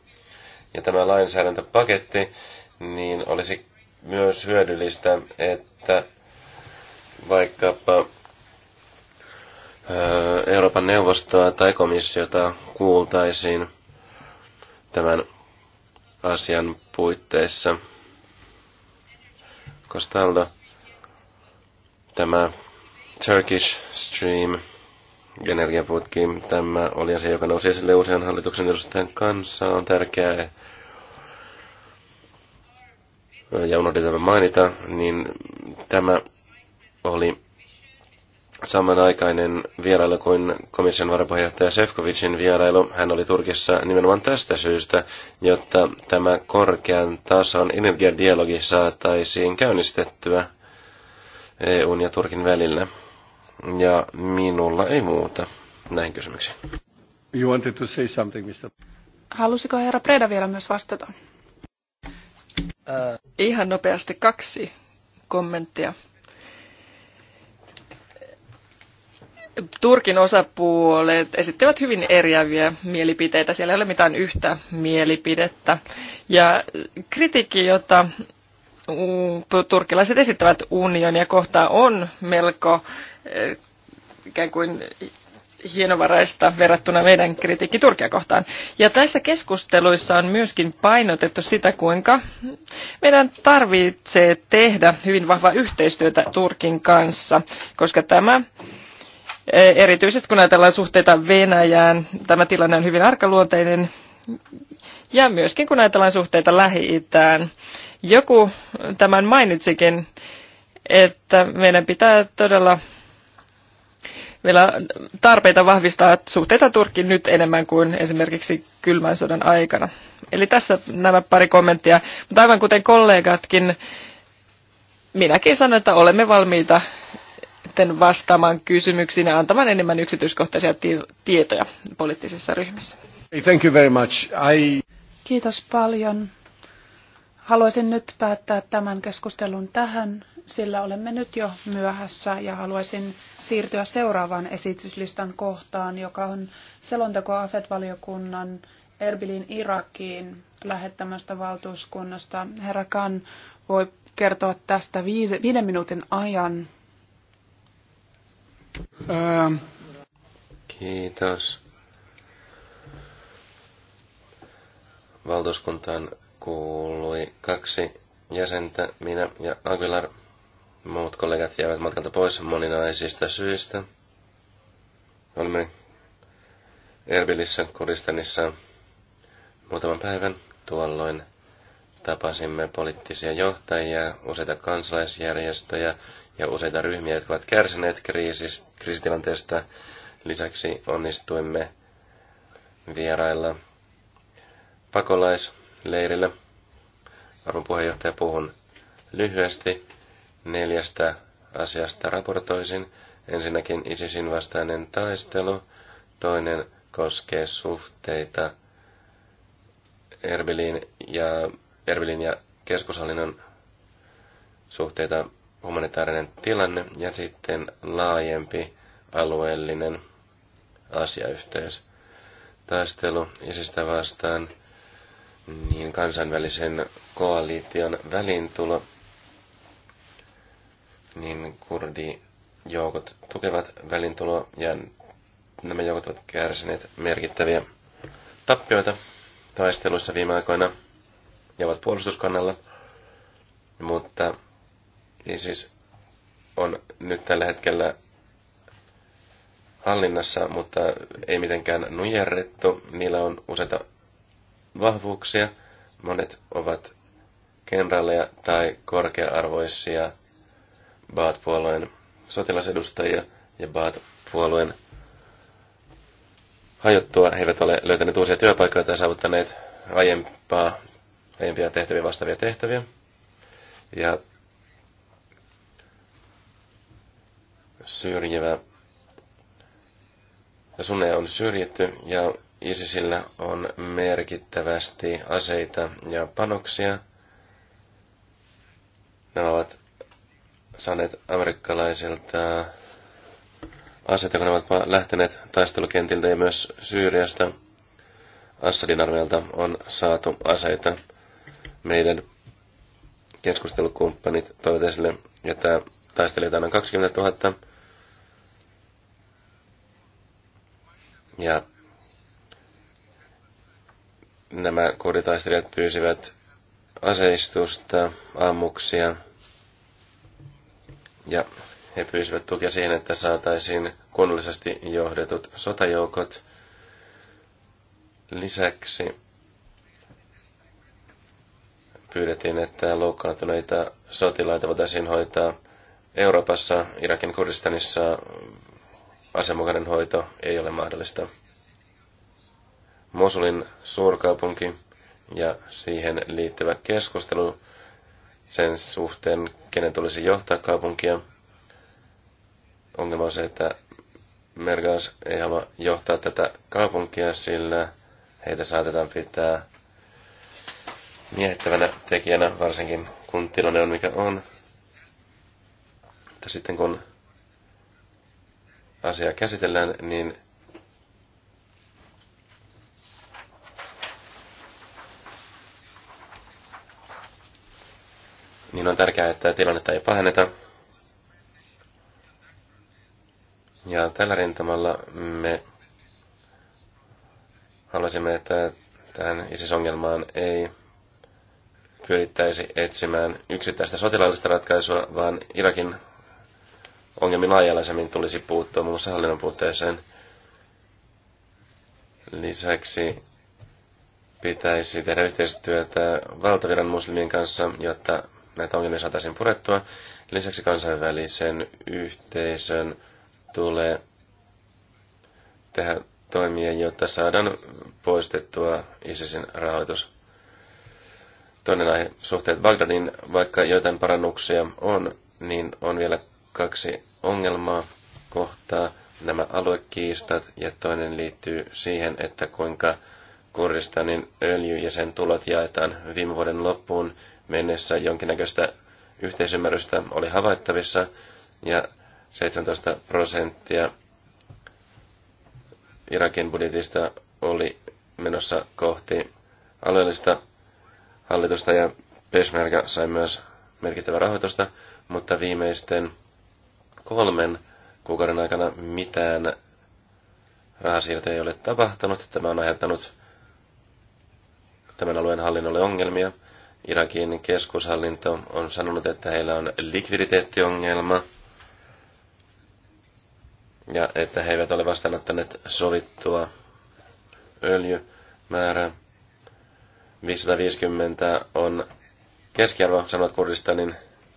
Ja tämä lainsäädäntöpaketti, niin olisi myös hyödyllistä, että vaikkapa Euroopan neuvostoa tai komissiota kuultaisiin tämän asian puitteissa. Costello, tämä Turkish Stream energiaputki, tämä oli asia, joka nousi esille usean hallituksen edustajan kanssa, on tärkeää ja unohdin tämän mainita, niin tämä oli samanaikainen vierailu kuin komission varapuheenjohtaja Sefkovicin vierailu. Hän oli Turkissa nimenomaan tästä syystä, jotta tämä korkean tason energiadialogi saataisiin käynnistettyä EUn ja Turkin välillä. Ja minulla ei muuta näihin kysymyksiin. You wanted to say something, Mr. Halusiko herra Preda vielä myös vastata? Uh. Ihan nopeasti kaksi kommenttia. Turkin osapuolet esittävät hyvin eriäviä mielipiteitä. Siellä ei ole mitään yhtä mielipidettä. Ja kritiikki, jota turkilaiset esittävät unionia kohtaan, on melko eh, ikään kuin hienovaraista verrattuna meidän kritiikki Turkia kohtaan. Ja tässä keskusteluissa on myöskin painotettu sitä, kuinka meidän tarvitsee tehdä hyvin vahvaa yhteistyötä Turkin kanssa, koska tämä Erityisesti kun ajatellaan suhteita Venäjään, tämä tilanne on hyvin arkaluonteinen. Ja myöskin kun ajatellaan suhteita Lähi-Itään. Joku tämän mainitsikin, että meidän pitää todella vielä tarpeita vahvistaa suhteita Turkkiin nyt enemmän kuin esimerkiksi kylmän sodan aikana. Eli tässä nämä pari kommenttia. Mutta aivan kuten kollegatkin, minäkin sanon, että olemme valmiita sitten vastaamaan kysymyksiin ja antamaan enemmän yksityiskohtaisia tietoja poliittisessa ryhmissä. Hey, thank you very much. I... Kiitos paljon. Haluaisin nyt päättää tämän keskustelun tähän, sillä olemme nyt jo myöhässä ja haluaisin siirtyä seuraavaan esityslistan kohtaan, joka on selonteko AFET-valiokunnan Erbilin Irakiin lähettämästä valtuuskunnasta. Herra Kan voi kertoa tästä viisi, viiden minuutin ajan. Ähm. Kiitos. Valtuuskuntaan kuului kaksi jäsentä, minä ja Aguilar. Muut kollegat jäävät matkalta pois moninaisista syistä. Olemme Erbilissä, Kuristanissa muutaman päivän. Tuolloin tapasimme poliittisia johtajia, useita kansalaisjärjestöjä ja useita ryhmiä, jotka ovat kärsineet kriisis, kriisitilanteesta. Lisäksi onnistuimme vierailla pakolaisleirillä. Arvon puheenjohtaja puhun lyhyesti neljästä asiasta raportoisin. Ensinnäkin ISISin vastainen taistelu, toinen koskee suhteita Erbilin ja, Erbilin ja keskushallinnon suhteita humanitaarinen tilanne ja sitten laajempi alueellinen asiayhteys. Taistelu isistä vastaan, niin kansainvälisen koalition välintulo, niin kurdijoukot tukevat välintuloa ja nämä joukot ovat kärsineet merkittäviä tappioita taisteluissa viime aikoina ja ovat puolustuskannalla, mutta niin siis on nyt tällä hetkellä hallinnassa, mutta ei mitenkään nujerrettu. Niillä on useita vahvuuksia. Monet ovat kenraaleja tai korkea-arvoisia Baat-puolueen sotilasedustajia ja Baat-puolueen hajottua he eivät ole löytäneet uusia työpaikkoja tai saavuttaneet aiempaa, aiempia tehtäviä vastaavia tehtäviä. Ja syrjivä. Sunne on syrjitty ja ISISillä on merkittävästi aseita ja panoksia. Nämä ovat saaneet amerikkalaisilta aseita, kun ne ovat lähteneet taistelukentiltä ja myös Syyriasta. Assadin armeilta on saatu aseita. Meidän keskustelukumppanit toivat esille, että taistelijoita on 20 000 Ja nämä kurditaistelijat pyysivät aseistusta, ammuksia ja he pyysivät tukea siihen, että saataisiin kunnollisesti johdetut sotajoukot. Lisäksi pyydettiin, että loukkaantuneita sotilaita voitaisiin hoitaa Euroopassa, Irakin Kurdistanissa, asianmukainen hoito ei ole mahdollista. Mosulin suurkaupunki ja siihen liittyvä keskustelu sen suhteen, kenen tulisi johtaa kaupunkia. Ongelma on se, että Mergas ei halua johtaa tätä kaupunkia, sillä heitä saatetaan pitää miehittävänä tekijänä, varsinkin kun tilanne on mikä on. Mutta sitten kun asiaa käsitellään, niin niin on tärkeää, että tilannetta ei pahenneta. Ja tällä rintamalla me haluaisimme, että tähän ISIS-ongelmaan ei pyrittäisi etsimään yksittäistä sotilaallista ratkaisua, vaan Irakin ongelmiin laajalaisemmin tulisi puuttua, muun muassa hallinnon puutteeseen. Lisäksi pitäisi tehdä yhteistyötä valtaviran muslimien kanssa, jotta näitä ongelmia saataisiin purettua. Lisäksi kansainvälisen yhteisön tulee tehdä toimia, jotta saadaan poistettua ISISin rahoitus. Toinen aihe, suhteet Bagdadin, vaikka joitain parannuksia on, niin on vielä kaksi ongelmaa kohtaa nämä aluekiistat ja toinen liittyy siihen, että kuinka Kurdistanin öljy ja sen tulot jaetaan viime vuoden loppuun mennessä jonkinnäköistä yhteisymmärrystä oli havaittavissa ja 17 prosenttia Irakin budjetista oli menossa kohti alueellista hallitusta ja Peshmerga sai myös merkittävää rahoitusta, mutta viimeisten kolmen kuukauden aikana mitään rahasiirtoja ei ole tapahtunut. Tämä on aiheuttanut tämän alueen hallinnolle ongelmia. Irakin keskushallinto on sanonut, että heillä on likviditeettiongelma ja että he eivät ole vastaanottaneet sovittua öljymäärää. 550 on keskiarvo, sanovat Kurdistanin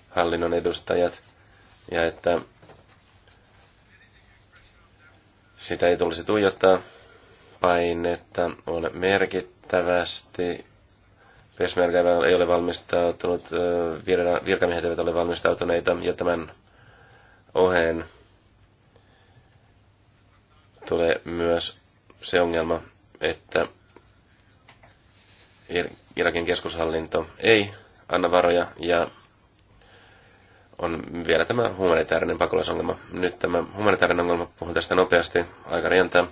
hallinnon edustajat, ja että sitä ei tulisi tuijottaa. Painetta on merkittävästi. Peshmerga ei ole valmistautunut, virkamiehet eivät ole valmistautuneita ja tämän oheen tulee myös se ongelma, että Irakin keskushallinto ei anna varoja ja on vielä tämä humanitaarinen pakolaisongelma. Nyt tämä humanitaarinen ongelma, puhun tästä nopeasti, aika rientää.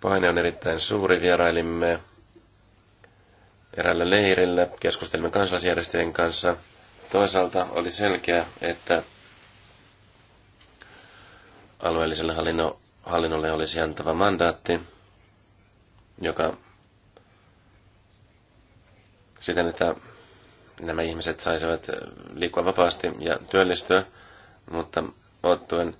Paine on erittäin suuri. Vierailimme eräällä leirillä, keskustelimme kansalaisjärjestöjen kanssa. Toisaalta oli selkeä, että alueelliselle hallinno, hallinnolle olisi antava mandaatti, joka siten, että nämä ihmiset saisivat äh, liikkua vapaasti ja työllistyä, mutta ottuen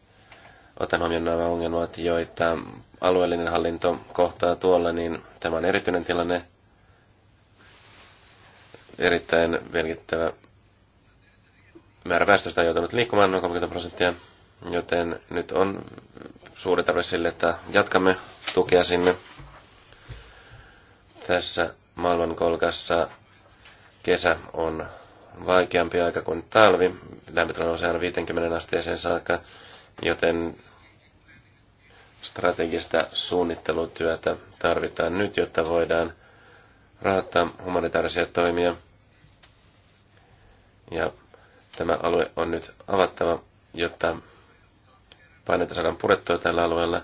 otan huomioon nämä ongelmat, joita alueellinen hallinto kohtaa tuolla, niin tämä on erityinen tilanne, erittäin merkittävä määrä väestöstä on joutunut liikkumaan noin 30 prosenttia, joten nyt on suuri tarve sille, että jatkamme tukea sinne. Tässä maailmankolkassa Kesä on vaikeampi aika kuin talvi. Lämpötila nousee aina 50 asteeseen saakka, joten strategista suunnittelutyötä tarvitaan nyt, jotta voidaan rahoittaa humanitaarisia toimia. Ja tämä alue on nyt avattava, jotta paineita saadaan purettua tällä alueella.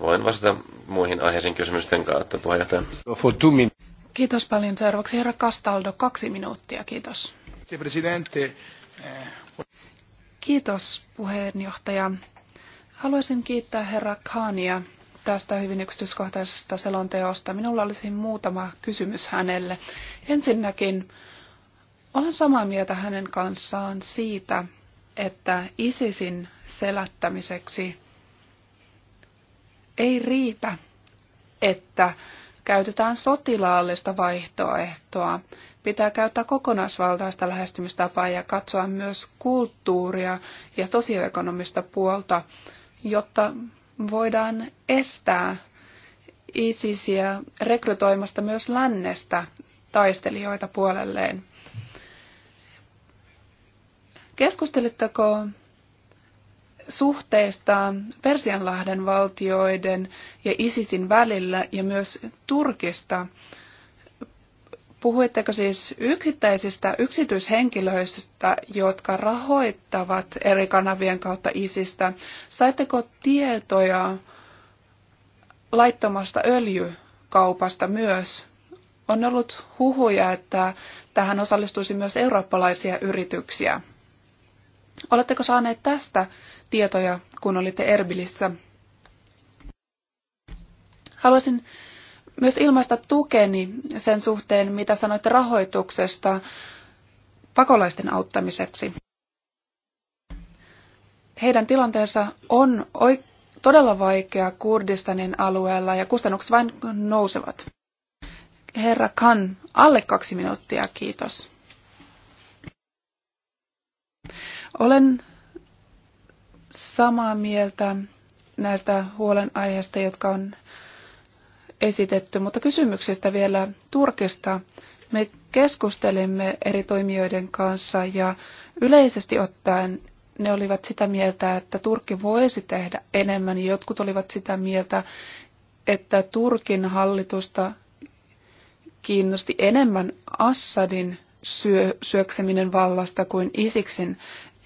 Voin vastata muihin aiheisiin kysymysten kautta, puheenjohtaja. Kiitos paljon. Seuraavaksi herra Castaldo, kaksi minuuttia. Kiitos. Kiitos puheenjohtaja. Haluaisin kiittää herra Khania tästä hyvin yksityiskohtaisesta selonteosta. Minulla olisi muutama kysymys hänelle. Ensinnäkin olen samaa mieltä hänen kanssaan siitä, että ISISin selättämiseksi ei riitä, että käytetään sotilaallista vaihtoehtoa. Pitää käyttää kokonaisvaltaista lähestymistapaa ja katsoa myös kulttuuria ja sosioekonomista puolta, jotta voidaan estää ISISiä rekrytoimasta myös lännestä taistelijoita puolelleen. Keskustelitteko suhteestaan Persianlahden valtioiden ja ISISin välillä ja myös Turkista. Puhuitteko siis yksittäisistä yksityishenkilöistä, jotka rahoittavat eri kanavien kautta ISIStä? Saitteko tietoja laittomasta öljykaupasta myös? On ollut huhuja, että tähän osallistuisi myös eurooppalaisia yrityksiä. Oletteko saaneet tästä tietoja, kun olitte Erbilissä. Haluaisin myös ilmaista tukeni sen suhteen, mitä sanoitte rahoituksesta pakolaisten auttamiseksi. Heidän tilanteensa on todella vaikea Kurdistanin alueella ja kustannukset vain nousevat. Herra Kan, alle kaksi minuuttia, kiitos. Olen samaa mieltä näistä huolenaiheista, jotka on esitetty, mutta kysymyksestä vielä Turkista. Me keskustelimme eri toimijoiden kanssa ja yleisesti ottaen ne olivat sitä mieltä, että Turkki voisi tehdä enemmän. Jotkut olivat sitä mieltä, että Turkin hallitusta kiinnosti enemmän Assadin syö, syökseminen vallasta kuin isiksin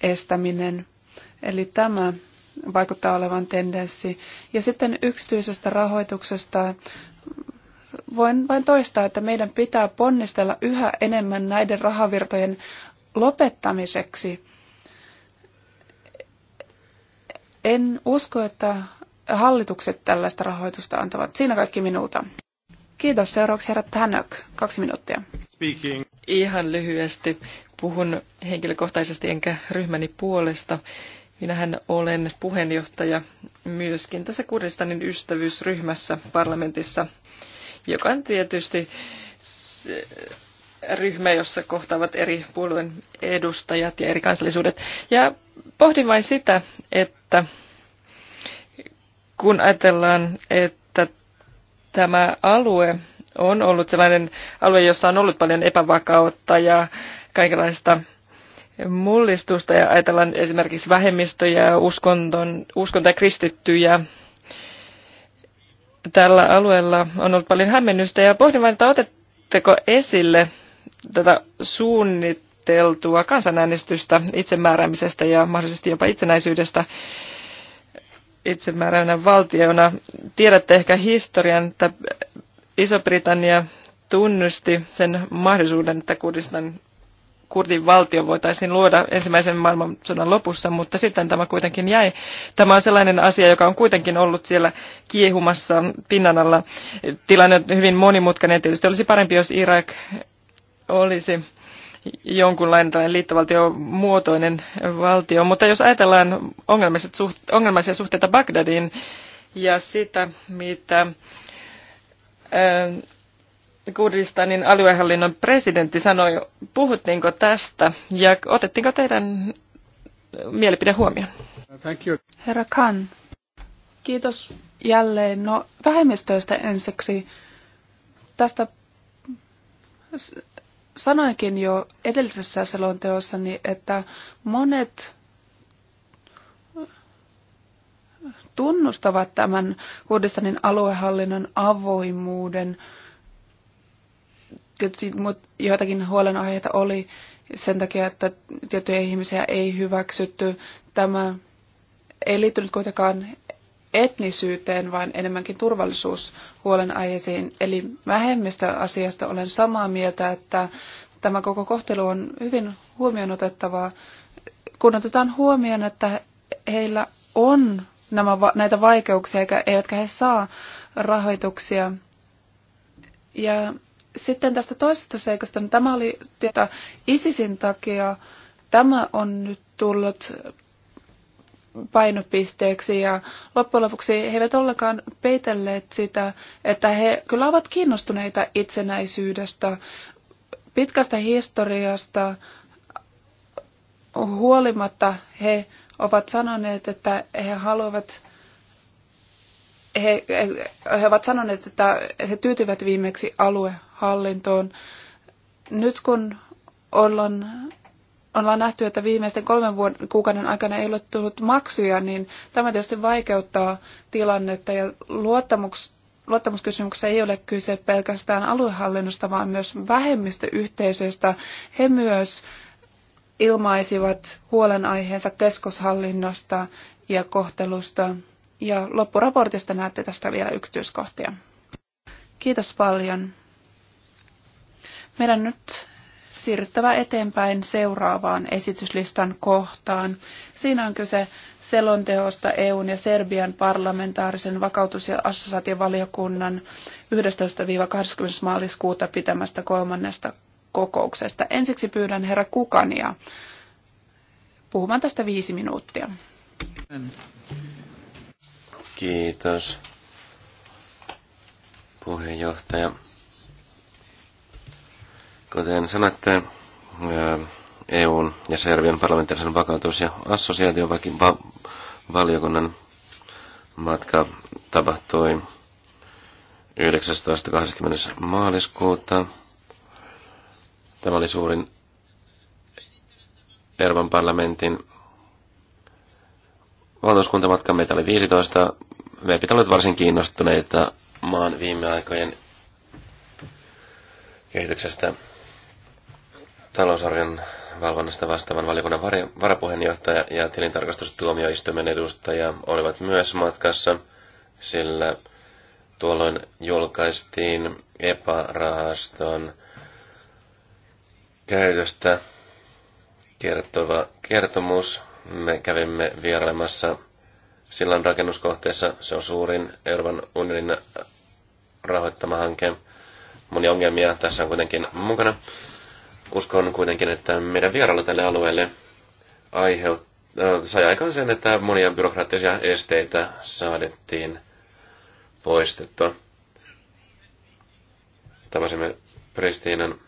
estäminen. Eli tämä vaikuttaa olevan tendenssi. Ja sitten yksityisestä rahoituksesta voin vain toistaa, että meidän pitää ponnistella yhä enemmän näiden rahavirtojen lopettamiseksi. En usko, että hallitukset tällaista rahoitusta antavat. Siinä kaikki minulta. Kiitos. Seuraavaksi herra Tänök. Kaksi minuuttia. Speaking. Ihan lyhyesti. Puhun henkilökohtaisesti enkä ryhmäni puolesta. Minähän olen puheenjohtaja myöskin tässä Kurdistanin ystävyysryhmässä parlamentissa, joka on tietysti ryhmä, jossa kohtaavat eri puolueen edustajat ja eri kansallisuudet. Ja pohdin vain sitä, että kun ajatellaan, että tämä alue on ollut sellainen alue, jossa on ollut paljon epävakautta ja kaikenlaista mullistusta ja ajatellaan esimerkiksi vähemmistöjä, uskonton, uskonto ja kristittyjä. Tällä alueella on ollut paljon hämmennystä ja pohdin vain, että otetteko esille tätä suunniteltua kansanäänestystä itsemääräämisestä ja mahdollisesti jopa itsenäisyydestä itsemääräävänä valtiona. Tiedätte ehkä historian, että Iso-Britannia tunnusti sen mahdollisuuden, että Kurdistan kurdin valtio voitaisiin luoda ensimmäisen maailmansodan lopussa, mutta sitten tämä kuitenkin jäi. Tämä on sellainen asia, joka on kuitenkin ollut siellä kiehumassa pinnan alla. Tilanne on hyvin monimutkainen. Tietysti olisi parempi, jos Irak olisi jonkunlainen liittovaltio muotoinen valtio. Mutta jos ajatellaan ongelmaisia suhteita Bagdadiin ja sitä, mitä Kurdistanin aluehallinnon presidentti sanoi, puhuttiinko tästä ja otettiinko teidän mielipide huomioon? Thank you. Herra Khan, kiitos jälleen. No vähemmistöistä ensiksi. Tästä sanoinkin jo edellisessä selonteossani, että monet tunnustavat tämän Kurdistanin aluehallinnon avoimuuden – Tietysti joitakin huolenaiheita oli sen takia, että tiettyjä ihmisiä ei hyväksytty. Tämä ei liittynyt kuitenkaan etnisyyteen, vaan enemmänkin turvallisuushuolenaiheisiin. Eli asiasta olen samaa mieltä, että tämä koko kohtelu on hyvin huomioon otettavaa, kun otetaan huomioon, että heillä on nämä, näitä vaikeuksia, eivätkä he saa rahoituksia. Ja sitten tästä toisesta seikasta, niin tämä oli tietä ISISin takia, tämä on nyt tullut painopisteeksi ja loppujen lopuksi he eivät ollenkaan peitelleet sitä, että he kyllä ovat kiinnostuneita itsenäisyydestä, pitkästä historiasta, huolimatta he ovat sanoneet, että he haluavat he, he, ovat sanoneet, että he tyytyvät viimeksi aluehallintoon. Nyt kun ollaan, ollaan nähty, että viimeisten kolmen vuoden, kuukauden aikana ei ole tullut maksuja, niin tämä tietysti vaikeuttaa tilannetta ja luottamuks, luottamuskysymyksessä ei ole kyse pelkästään aluehallinnosta, vaan myös vähemmistöyhteisöistä. He myös ilmaisivat huolenaiheensa keskushallinnosta ja kohtelusta. Ja loppuraportista näette tästä vielä yksityiskohtia. Kiitos paljon. Meidän nyt siirryttävä eteenpäin seuraavaan esityslistan kohtaan. Siinä on kyse selonteosta EUn ja Serbian parlamentaarisen vakautus- ja assosiaatiovaliokunnan 11-20. maaliskuuta pitämästä kolmannesta kokouksesta. Ensiksi pyydän herra Kukania puhumaan tästä viisi minuuttia. Kiitos, puheenjohtaja. Kuten sanotte, EUn ja Serbian parlamentaarisen vakautus- ja valiokunnan matka tapahtui 19.20. maaliskuuta. Tämä oli suurin Ervan parlamentin Valtuuskuntamatka meitä oli 15. Me pitää olla varsin kiinnostuneita maan viime aikojen kehityksestä talousarvion valvonnasta vastaavan valiokunnan varapuheenjohtaja ja tilintarkastustuomioistuimen edustaja olivat myös matkassa, sillä tuolloin julkaistiin EPA-rahaston käytöstä kertova kertomus me kävimme vierailemassa sillan rakennuskohteessa. Se on suurin Euroopan unionin rahoittama hanke. Monia ongelmia tässä on kuitenkin mukana. Uskon kuitenkin, että meidän vierailu tälle alueelle aiheut, äh, sai aikaan sen, että monia byrokraattisia esteitä saadettiin poistettua. Tapasimme Pristiinan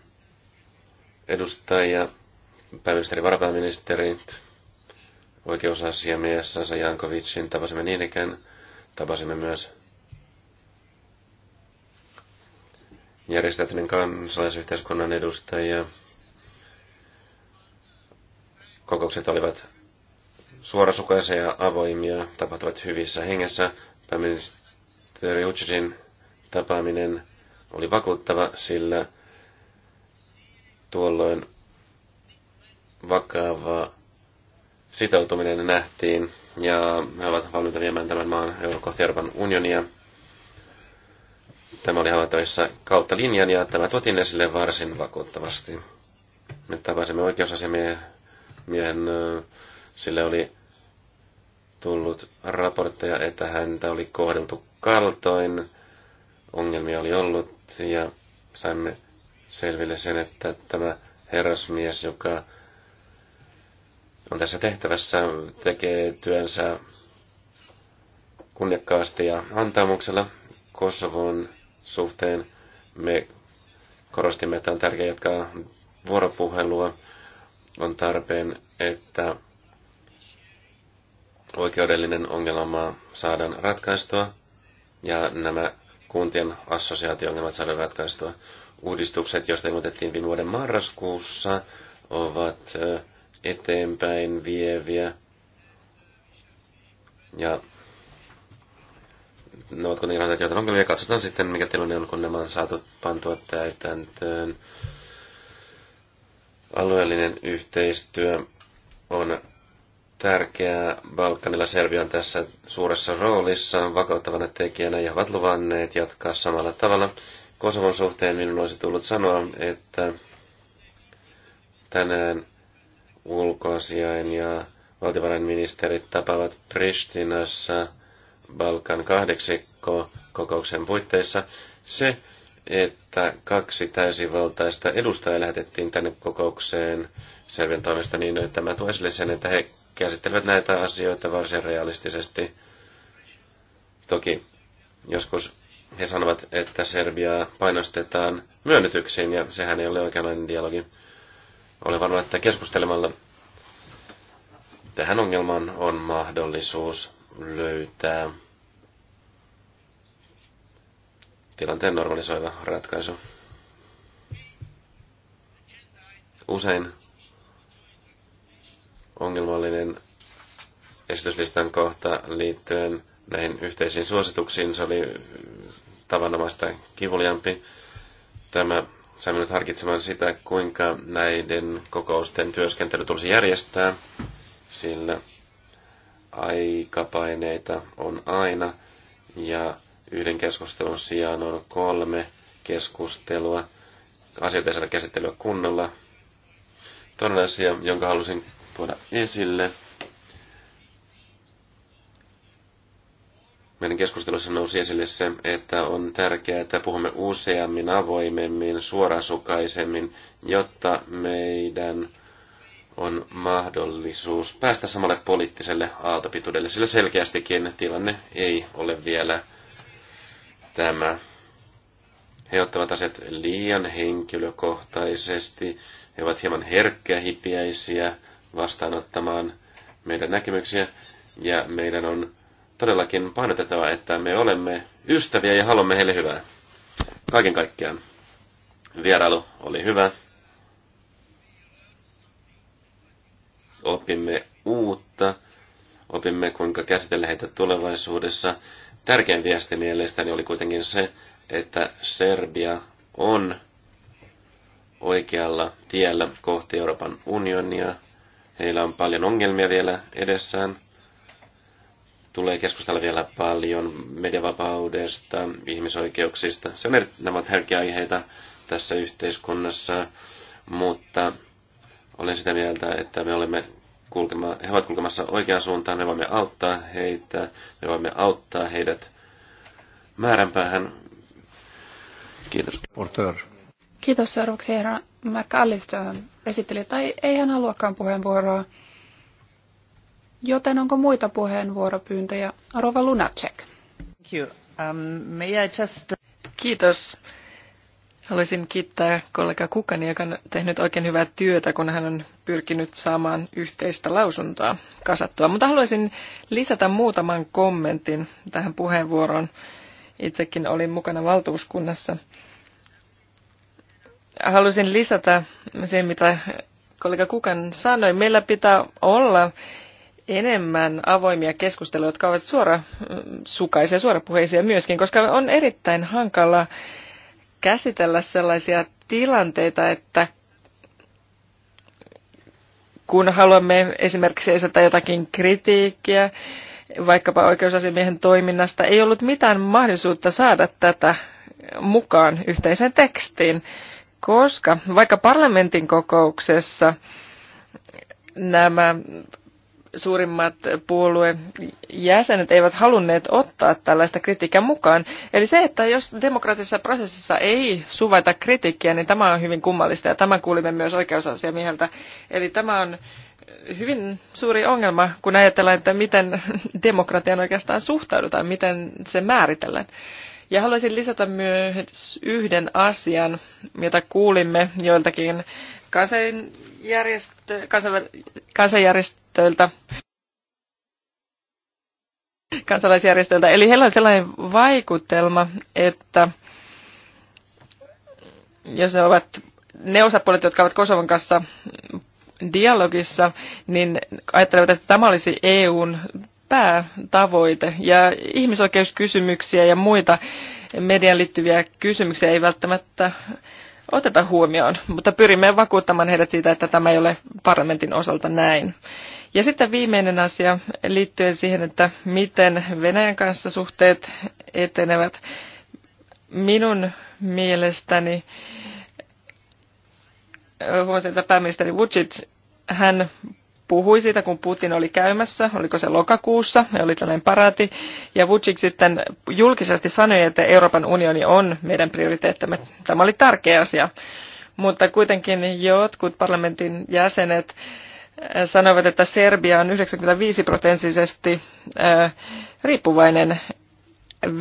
edustajia, pääministeri, varapääministeri, oikeusasiamies Sasa Jankovicin. Tapasimme niin ikään. Tapasimme myös järjestäytyneen kansalaisyhteiskunnan edustajia. Kokoukset olivat suorasukaisia ja avoimia, tapahtuvat hyvissä hengessä. Pääministeri Ucicin tapaaminen oli vakuuttava, sillä tuolloin vakava sitoutuminen nähtiin ja he ovat valmiita viemään tämän maan kohti Euroopan unionia. Tämä oli havaittavissa kautta linjan ja tämä tuotiin esille varsin vakuuttavasti. Me tapasimme oikeusasiamiehen, sille oli tullut raportteja, että häntä oli kohdeltu kaltoin, ongelmia oli ollut ja saimme selville sen, että tämä herrasmies, joka on tässä tehtävässä, tekee työnsä kunniakkaasti ja antaamuksella Kosovon suhteen. Me korostimme, että on tärkeää jatkaa vuoropuhelua. On tarpeen, että oikeudellinen ongelma saadaan ratkaistua ja nämä kuntien assosiaatio-ongelmat saadaan ratkaistua. Uudistukset, joista ilmoitettiin viime vuoden marraskuussa, ovat eteenpäin vieviä. Ja ne ovat kuitenkin ratkaisuja jotain ongelmia. Katsotaan sitten, mikä tilanne on, kun nämä on saatu pantua täytäntöön. Alueellinen yhteistyö on tärkeää. Balkanilla Serbia on tässä suuressa roolissa vakauttavana tekijänä ja ovat luvanneet jatkaa samalla tavalla. Kosovon suhteen minun olisi tullut sanoa, että tänään ulkoasiain ja valtiovarainministerit tapaavat Pristinassa Balkan kahdeksikko kokouksen puitteissa. Se, että kaksi täysivaltaista edustajaa lähetettiin tänne kokoukseen Serbian toimesta, niin tämä tuo esille sen, että he käsittelevät näitä asioita varsin realistisesti. Toki joskus he sanovat, että Serbiaa painostetaan myönnytyksiin, ja sehän ei ole oikeanlainen dialogi varma, että keskustelemalla tähän ongelmaan on mahdollisuus löytää tilanteen normalisoiva ratkaisu. Usein ongelmallinen esityslistan kohta liittyen näihin yhteisiin suosituksiin. Se oli tavanomaista kivuliampi. Tämä sai minut harkitsemaan sitä, kuinka näiden kokousten työskentely tulisi järjestää, sillä aikapaineita on aina ja yhden keskustelun sijaan on kolme keskustelua. Asioita ei saada käsittelyä kunnolla. Toinen asia, jonka halusin tuoda esille, Meidän keskustelussa nousi esille se, että on tärkeää, että puhumme useammin, avoimemmin, suorasukaisemmin, jotta meidän on mahdollisuus päästä samalle poliittiselle aaltopituudelle, sillä selkeästikin tilanne ei ole vielä tämä. He ottavat aset liian henkilökohtaisesti, he ovat hieman herkkähipiäisiä vastaanottamaan meidän näkemyksiä, ja meidän on todellakin painotettava, että me olemme ystäviä ja haluamme heille hyvää. Kaiken kaikkiaan vierailu oli hyvä. Opimme uutta, opimme kuinka käsitellä heitä tulevaisuudessa. Tärkein viesti mielestäni oli kuitenkin se, että Serbia on oikealla tiellä kohti Euroopan unionia. Heillä on paljon ongelmia vielä edessään tulee keskustella vielä paljon mediavapaudesta, ihmisoikeuksista. Se on eri, nämä ovat herkkiä aiheita tässä yhteiskunnassa, mutta olen sitä mieltä, että me olemme kulkema, he ovat kulkemassa oikeaan suuntaan, me voimme auttaa heitä, me voimme auttaa heidät määränpäähän. Kiitos. Porter. Kiitos seuraavaksi herra McAllister esitteli, tai ei hän haluakaan puheenvuoroa. Joten onko muita puheenvuoropyyntöjä? Rova Lunacek. Um, Kiitos. Haluaisin kiittää kollega Kukani, joka on tehnyt oikein hyvää työtä, kun hän on pyrkinyt saamaan yhteistä lausuntoa kasattua. Mutta haluaisin lisätä muutaman kommentin tähän puheenvuoroon. Itsekin olin mukana valtuuskunnassa. Haluaisin lisätä sen, mitä kollega Kukan sanoi. Meillä pitää olla enemmän avoimia keskusteluja, jotka ovat suora, sukaisia, suorapuheisia myöskin, koska on erittäin hankala käsitellä sellaisia tilanteita, että kun haluamme esimerkiksi esittää jotakin kritiikkiä vaikkapa oikeusasiamiehen toiminnasta, ei ollut mitään mahdollisuutta saada tätä mukaan yhteiseen tekstiin, koska vaikka parlamentin kokouksessa nämä suurimmat puoluejäsenet eivät halunneet ottaa tällaista kritiikkiä mukaan. Eli se, että jos demokraattisessa prosessissa ei suvaita kritiikkiä, niin tämä on hyvin kummallista ja tämä kuulimme myös oikeusasiamieheltä. Eli tämä on hyvin suuri ongelma, kun ajatellaan, että miten demokratian oikeastaan suhtaudutaan, miten se määritellään. Ja haluaisin lisätä myös yhden asian, jota kuulimme joiltakin kansanjärjestö, kansan, kansanjärjestöiltä, kansalaisjärjestöiltä. Eli heillä on sellainen vaikutelma, että jos ne ovat ne osapuolet, jotka ovat Kosovan kanssa dialogissa, niin ajattelevat, että tämä olisi EUn päätavoite. Ja ihmisoikeuskysymyksiä ja muita median liittyviä kysymyksiä ei välttämättä oteta huomioon, mutta pyrimme vakuuttamaan heidät siitä, että tämä ei ole parlamentin osalta näin. Ja sitten viimeinen asia liittyen siihen, että miten Venäjän kanssa suhteet etenevät. Minun mielestäni äh, huomasin, että pääministeri Vucic, hän puhui siitä, kun Putin oli käymässä, oliko se lokakuussa, ja oli tällainen paraati, ja Vucic sitten julkisesti sanoi, että Euroopan unioni on meidän prioriteettamme. Tämä oli tärkeä asia, mutta kuitenkin jotkut parlamentin jäsenet äh, sanoivat, että Serbia on 95 prosenttisesti äh, riippuvainen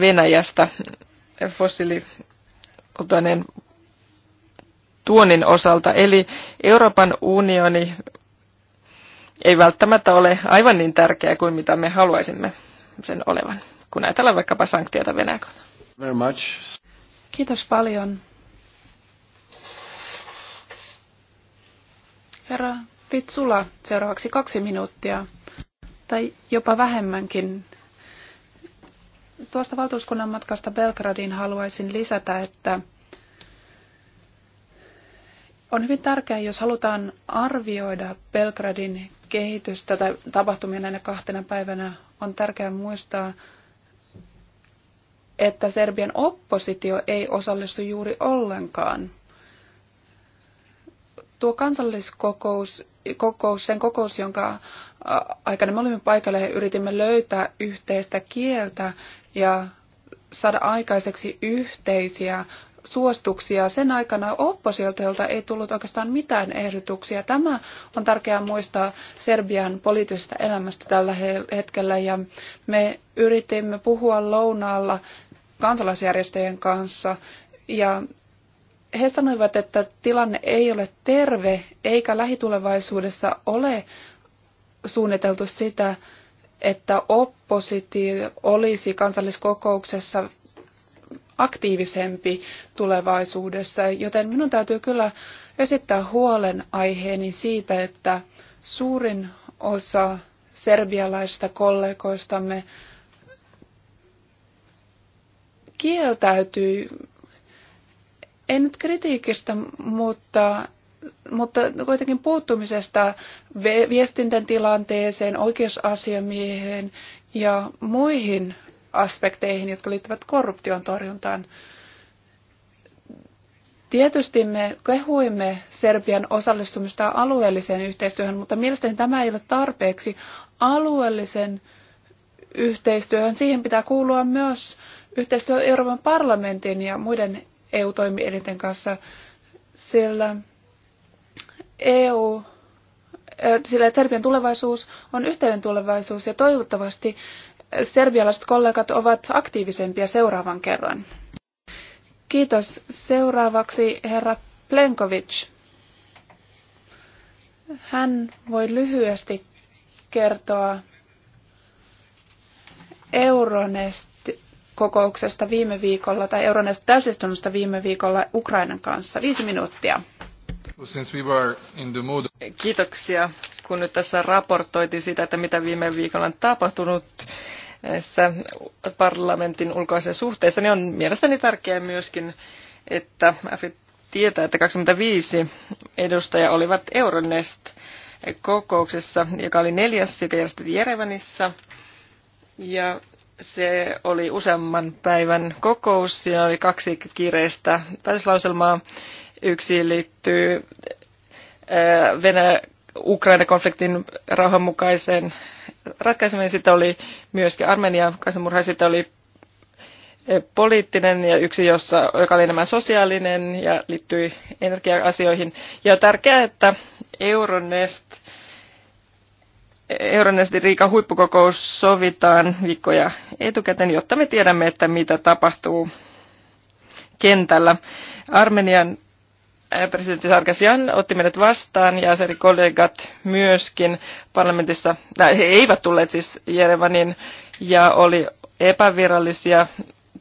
Venäjästä fossiilipolttoaineen tuonnin osalta. Eli Euroopan unioni ei välttämättä ole aivan niin tärkeä kuin mitä me haluaisimme sen olevan, kun ajatellaan vaikkapa sanktioita Venäjällä. Very much. Kiitos paljon. Herra Pitsula, seuraavaksi kaksi minuuttia, tai jopa vähemmänkin. Tuosta valtuuskunnan matkasta Belgradiin haluaisin lisätä, että on hyvin tärkeää, jos halutaan arvioida Belgradin kehitystä tai tapahtumia näinä kahtena päivänä, on tärkeää muistaa, että Serbian oppositio ei osallistu juuri ollenkaan. Tuo kansalliskokous, kokous, sen kokous, jonka aikana me olimme paikalla ja yritimme löytää yhteistä kieltä ja saada aikaiseksi yhteisiä suostuksia sen aikana oppositiolta ei tullut oikeastaan mitään ehdotuksia. Tämä on tärkeää muistaa Serbian poliittisesta elämästä tällä hetkellä ja me yritimme puhua lounaalla kansalaisjärjestöjen kanssa ja he sanoivat, että tilanne ei ole terve eikä lähitulevaisuudessa ole suunniteltu sitä, että oppositio olisi kansalliskokouksessa aktiivisempi tulevaisuudessa, joten minun täytyy kyllä esittää huolenaiheeni siitä, että suurin osa serbialaista kollegoistamme kieltäytyy, ei nyt kritiikistä, mutta, mutta kuitenkin puuttumisesta viestintätilanteeseen tilanteeseen, oikeusasiamieheen ja muihin aspekteihin, jotka liittyvät korruption torjuntaan. Tietysti me kehuimme Serbian osallistumista alueelliseen yhteistyöhön, mutta mielestäni tämä ei ole tarpeeksi. Alueellisen yhteistyöhön siihen pitää kuulua myös yhteistyö Euroopan parlamentin ja muiden EU-toimielinten kanssa, sillä EU äh, sillä Serbian tulevaisuus on yhteinen tulevaisuus ja toivottavasti serbialaiset kollegat ovat aktiivisempia seuraavan kerran. Kiitos. Seuraavaksi herra Plenkovic. Hän voi lyhyesti kertoa Euronest-kokouksesta viime viikolla tai Euronest-täysistunnosta viime viikolla Ukrainan kanssa. Viisi minuuttia. Kiitoksia, kun nyt tässä raportoitiin sitä, että mitä viime viikolla on tapahtunut näissä parlamentin ulkoisissa suhteissa, niin on mielestäni tärkeää myöskin, että AFIT tietää, että 25 edustajaa olivat Euronest kokouksessa, joka oli neljäs, joka järjestettiin Jerevanissa. Ja se oli useamman päivän kokous. ja oli kaksi kiireistä päätöslauselmaa. Yksi liittyy Venäjä Ukraina-konfliktin rauhanmukaiseen ratkaisemiseen. Sitten oli myöskin Armenian kansanmurha, sitten oli e, poliittinen ja yksi, jossa, joka oli enemmän sosiaalinen ja liittyi energia-asioihin. Ja on tärkeää, että Euronest, e, Euronestin Riikan huippukokous sovitaan viikkoja etukäteen, jotta me tiedämme, että mitä tapahtuu kentällä. Armenian Äh, presidentti Sarkasian otti meidät vastaan ja sen kollegat myöskin parlamentissa, tai he eivät tulleet siis Jerevanin ja oli epävirallisia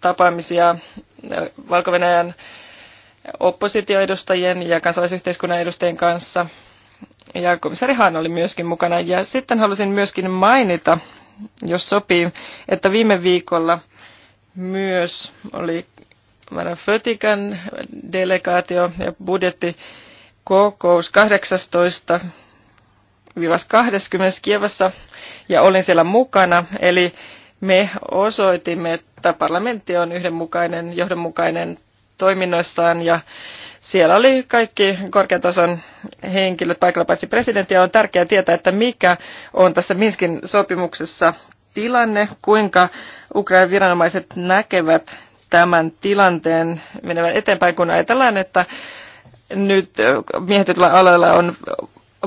tapaamisia äh, valko oppositioedustajien ja kansalaisyhteiskunnan edustajien kanssa. Ja komissaari Hahn oli myöskin mukana. Ja sitten halusin myöskin mainita, jos sopii, että viime viikolla myös oli Fötikan delegaatio ja kokous 18 20 Kievassa ja olin siellä mukana. Eli me osoitimme, että parlamentti on yhdenmukainen, johdonmukainen toiminnoissaan ja siellä oli kaikki korkeatason henkilöt paikalla paitsi presidentti ja on tärkeää tietää, että mikä on tässä Minskin sopimuksessa tilanne, kuinka Ukrainan viranomaiset näkevät tämän tilanteen menevän eteenpäin, kun ajatellaan, että nyt miehityllä alalla on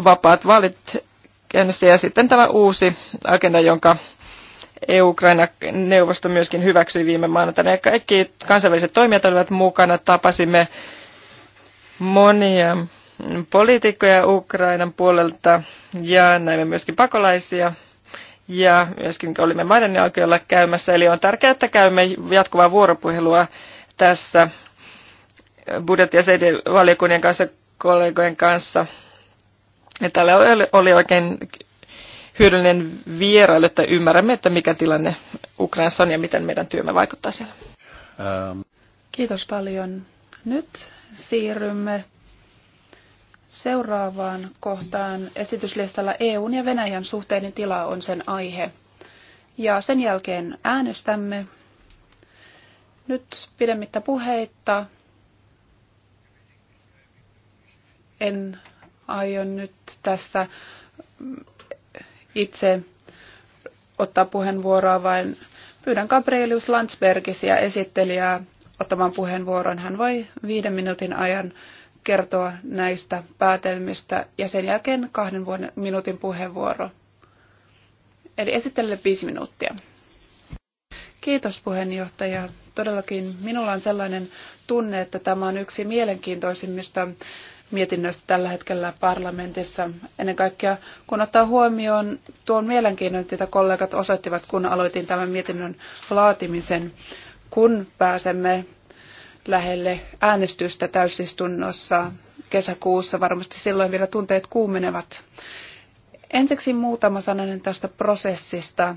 vapaat vaalit käynnissä ja sitten tämä uusi agenda, jonka EU-Ukraina-neuvosto myöskin hyväksyi viime maanantaina. Ja kaikki kansainväliset toimijat olivat mukana. Tapasimme monia poliitikkoja Ukrainan puolelta ja näimme myöskin pakolaisia ja myöskin olimme maiden aukiolla käymässä. Eli on tärkeää, että käymme jatkuvaa vuoropuhelua tässä budjetti- ja valiokunnien kanssa, kollegojen kanssa. Ja täällä oli oikein hyödyllinen vierailu, että ymmärrämme, että mikä tilanne Ukrainassa on ja miten meidän työmme vaikuttaa siellä. Um. Kiitos paljon. Nyt siirrymme Seuraavaan kohtaan esityslistalla EUn ja Venäjän suhteiden tila on sen aihe. Ja sen jälkeen äänestämme. Nyt pidemmittä puheitta. En aio nyt tässä itse ottaa puheenvuoroa, vaan pyydän Gabrielius Landsbergisiä esittelijää ottamaan puheenvuoron. Hän voi viiden minuutin ajan kertoa näistä päätelmistä ja sen jälkeen kahden vuoden minuutin puheenvuoro. Eli esittelen viisi minuuttia. Kiitos puheenjohtaja. Todellakin minulla on sellainen tunne, että tämä on yksi mielenkiintoisimmista mietinnöistä tällä hetkellä parlamentissa. Ennen kaikkea kun ottaa huomioon tuon mielenkiinnon, mitä kollegat osoittivat, kun aloitin tämän mietinnön laatimisen, kun pääsemme lähelle äänestystä täysistunnossa kesäkuussa. Varmasti silloin vielä tunteet kuumenevat. Ensiksi muutama sananen tästä prosessista.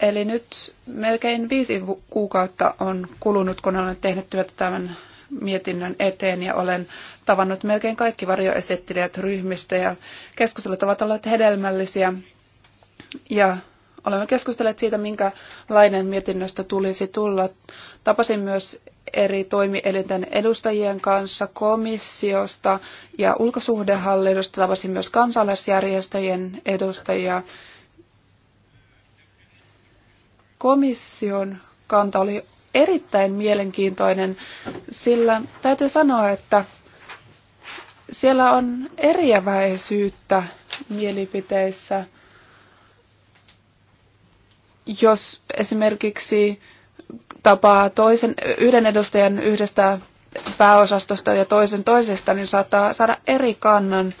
Eli nyt melkein viisi kuukautta on kulunut, kun olen tehnyt työtä tämän mietinnön eteen ja olen tavannut melkein kaikki varjoesittelijät ryhmistä ja keskustelut ovat olleet hedelmällisiä ja Olemme keskustelleet siitä, minkälainen mietinnöstä tulisi tulla. Tapasin myös eri toimielinten edustajien kanssa komissiosta ja ulkosuhdehallinnosta. Tapasin myös kansalaisjärjestöjen edustajia. Komission kanta oli erittäin mielenkiintoinen, sillä täytyy sanoa, että siellä on eriäväisyyttä mielipiteissä – jos esimerkiksi tapaa toisen, yhden edustajan yhdestä pääosastosta ja toisen toisesta, niin saattaa saada eri kannan.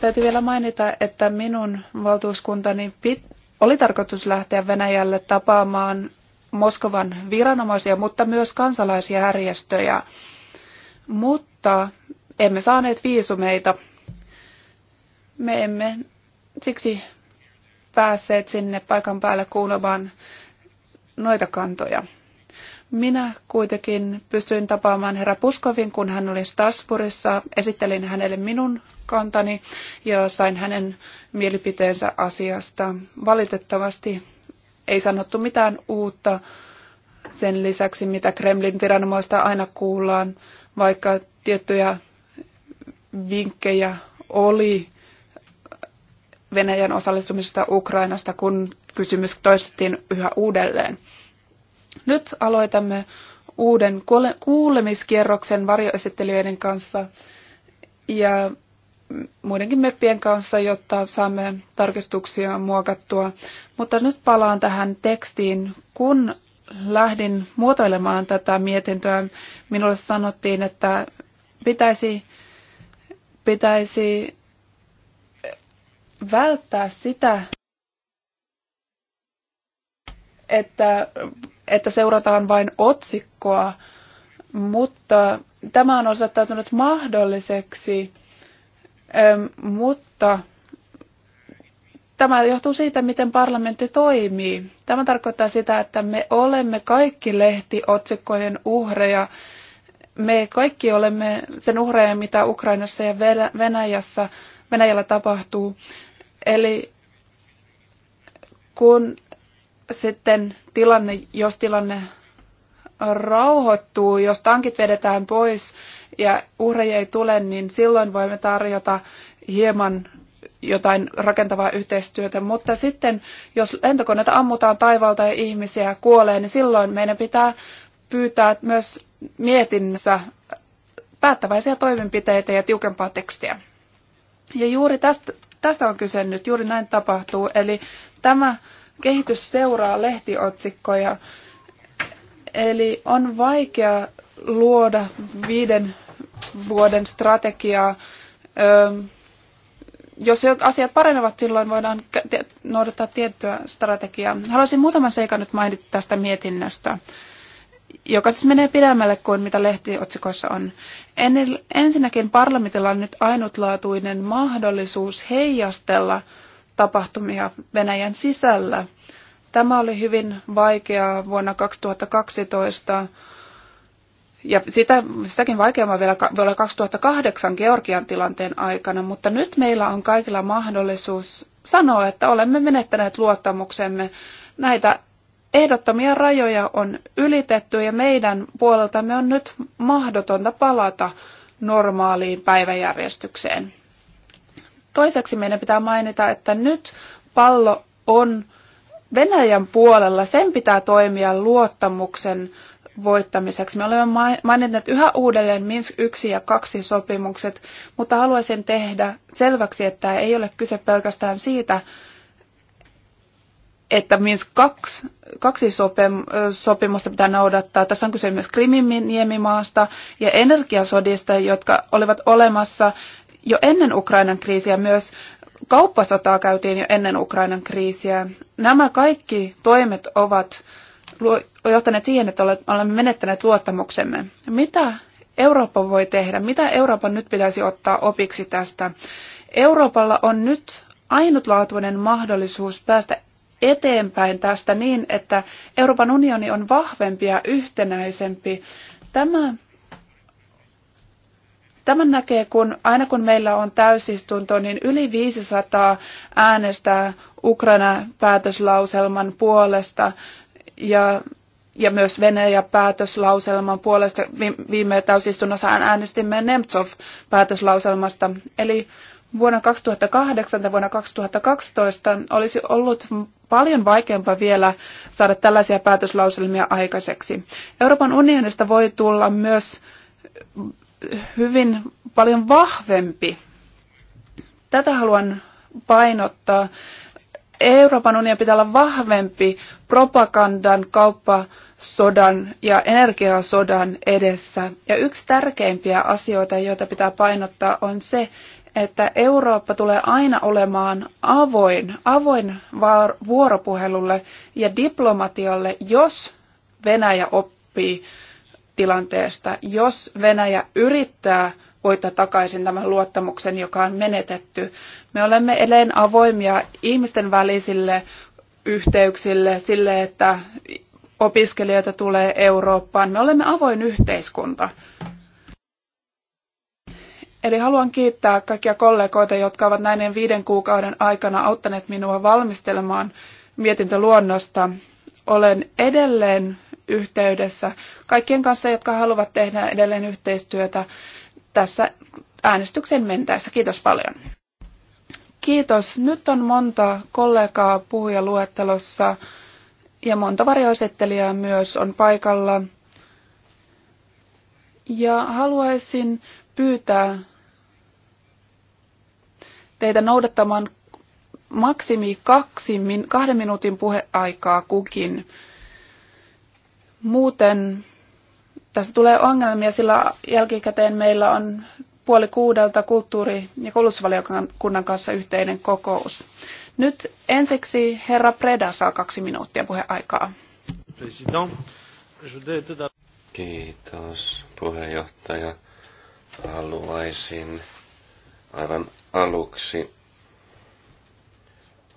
Täytyy vielä mainita, että minun valtuuskuntani pit, oli tarkoitus lähteä Venäjälle tapaamaan Moskovan viranomaisia, mutta myös kansalaisia järjestöjä. Mutta emme saaneet viisumeita. Me emme, siksi päässeet sinne paikan päälle kuulemaan noita kantoja. Minä kuitenkin pystyin tapaamaan herra Puskovin, kun hän oli Strasbourgissa. Esittelin hänelle minun kantani ja sain hänen mielipiteensä asiasta. Valitettavasti ei sanottu mitään uutta sen lisäksi, mitä Kremlin viranomaista aina kuullaan, vaikka tiettyjä vinkkejä oli Venäjän osallistumisesta Ukrainasta, kun kysymys toistettiin yhä uudelleen. Nyt aloitamme uuden kuulemiskierroksen varjoesittelijöiden kanssa ja muidenkin meppien kanssa, jotta saamme tarkistuksia muokattua. Mutta nyt palaan tähän tekstiin. Kun lähdin muotoilemaan tätä mietintöä, minulle sanottiin, että pitäisi, pitäisi välttää sitä, että, että seurataan vain otsikkoa, mutta tämä on osoittautunut mahdolliseksi, ähm, mutta tämä johtuu siitä, miten parlamentti toimii. Tämä tarkoittaa sitä, että me olemme kaikki lehtiotsikkojen uhreja. Me kaikki olemme sen uhreja, mitä Ukrainassa ja Venäjässä, Venäjällä tapahtuu. Eli kun sitten tilanne, jos tilanne rauhoittuu, jos tankit vedetään pois ja uhreja ei tule, niin silloin voimme tarjota hieman jotain rakentavaa yhteistyötä. Mutta sitten, jos lentokoneita ammutaan taivaalta ja ihmisiä kuolee, niin silloin meidän pitää pyytää myös mietinnössä päättäväisiä toimenpiteitä ja tiukempaa tekstiä. Ja juuri tästä Tästä on kyse nyt, juuri näin tapahtuu. Eli tämä kehitys seuraa lehtiotsikkoja. Eli on vaikea luoda viiden vuoden strategiaa. Jos asiat parenevat, silloin voidaan noudattaa tiettyä strategiaa. Haluaisin muutaman seikan nyt mainita tästä mietinnöstä joka siis menee pidemmälle kuin mitä lehtiotsikossa on. Ensinnäkin parlamentilla on nyt ainutlaatuinen mahdollisuus heijastella tapahtumia Venäjän sisällä. Tämä oli hyvin vaikeaa vuonna 2012 ja sitä, sitäkin vaikeampaa vielä vuonna 2008 Georgian tilanteen aikana, mutta nyt meillä on kaikilla mahdollisuus sanoa, että olemme menettäneet luottamuksemme. Näitä ehdottomia rajoja on ylitetty ja meidän puoleltamme on nyt mahdotonta palata normaaliin päiväjärjestykseen. Toiseksi meidän pitää mainita, että nyt pallo on Venäjän puolella. Sen pitää toimia luottamuksen voittamiseksi. Me olemme maininneet yhä uudelleen Minsk 1 ja 2 sopimukset, mutta haluaisin tehdä selväksi, että ei ole kyse pelkästään siitä, että Minsk 2, kaksi sopimusta pitää noudattaa. Tässä on kyse myös Krimin niemimaasta ja energiasodista, jotka olivat olemassa jo ennen Ukrainan kriisiä. Myös kauppasotaa käytiin jo ennen Ukrainan kriisiä. Nämä kaikki toimet ovat johtaneet siihen, että olemme menettäneet luottamuksemme. Mitä Eurooppa voi tehdä? Mitä Euroopan nyt pitäisi ottaa opiksi tästä? Euroopalla on nyt ainutlaatuinen mahdollisuus päästä eteenpäin tästä niin, että Euroopan unioni on vahvempi ja yhtenäisempi. Tämä Tämän näkee, kun aina kun meillä on täysistunto, niin yli 500 äänestää Ukraina-päätöslauselman puolesta ja, ja myös Venäjä-päätöslauselman puolesta. Viime täysistunnossa äänestimme Nemtsov-päätöslauselmasta. Eli vuonna 2008 tai vuonna 2012 olisi ollut paljon vaikeampaa vielä saada tällaisia päätöslauselmia aikaiseksi. Euroopan unionista voi tulla myös hyvin paljon vahvempi. Tätä haluan painottaa. Euroopan unionin pitää olla vahvempi propagandan, kauppasodan ja energiasodan edessä. Ja yksi tärkeimpiä asioita, joita pitää painottaa, on se, että Eurooppa tulee aina olemaan avoin, avoin vuoropuhelulle ja diplomatialle, jos Venäjä oppii tilanteesta, jos Venäjä yrittää voittaa takaisin tämän luottamuksen, joka on menetetty. Me olemme edelleen avoimia ihmisten välisille yhteyksille, sille, että opiskelijoita tulee Eurooppaan. Me olemme avoin yhteiskunta. Eli haluan kiittää kaikkia kollegoita, jotka ovat näiden viiden kuukauden aikana auttaneet minua valmistelemaan mietintöluonnosta. Olen edelleen yhteydessä kaikkien kanssa, jotka haluavat tehdä edelleen yhteistyötä tässä äänestyksen mentäessä. Kiitos paljon. Kiitos. Nyt on monta kollegaa puhujaluettelossa ja monta varjoesittelijää myös on paikalla. Ja haluaisin pyytää teitä noudattamaan maksimi kaksi, kahden minuutin puheaikaa kukin. Muuten tässä tulee ongelmia, sillä jälkikäteen meillä on puoli kuudelta kulttuuri- ja koulutusvaliokunnan kanssa yhteinen kokous. Nyt ensiksi herra Preda saa kaksi minuuttia puheaikaa. Kiitos puheenjohtaja. Haluaisin aivan aluksi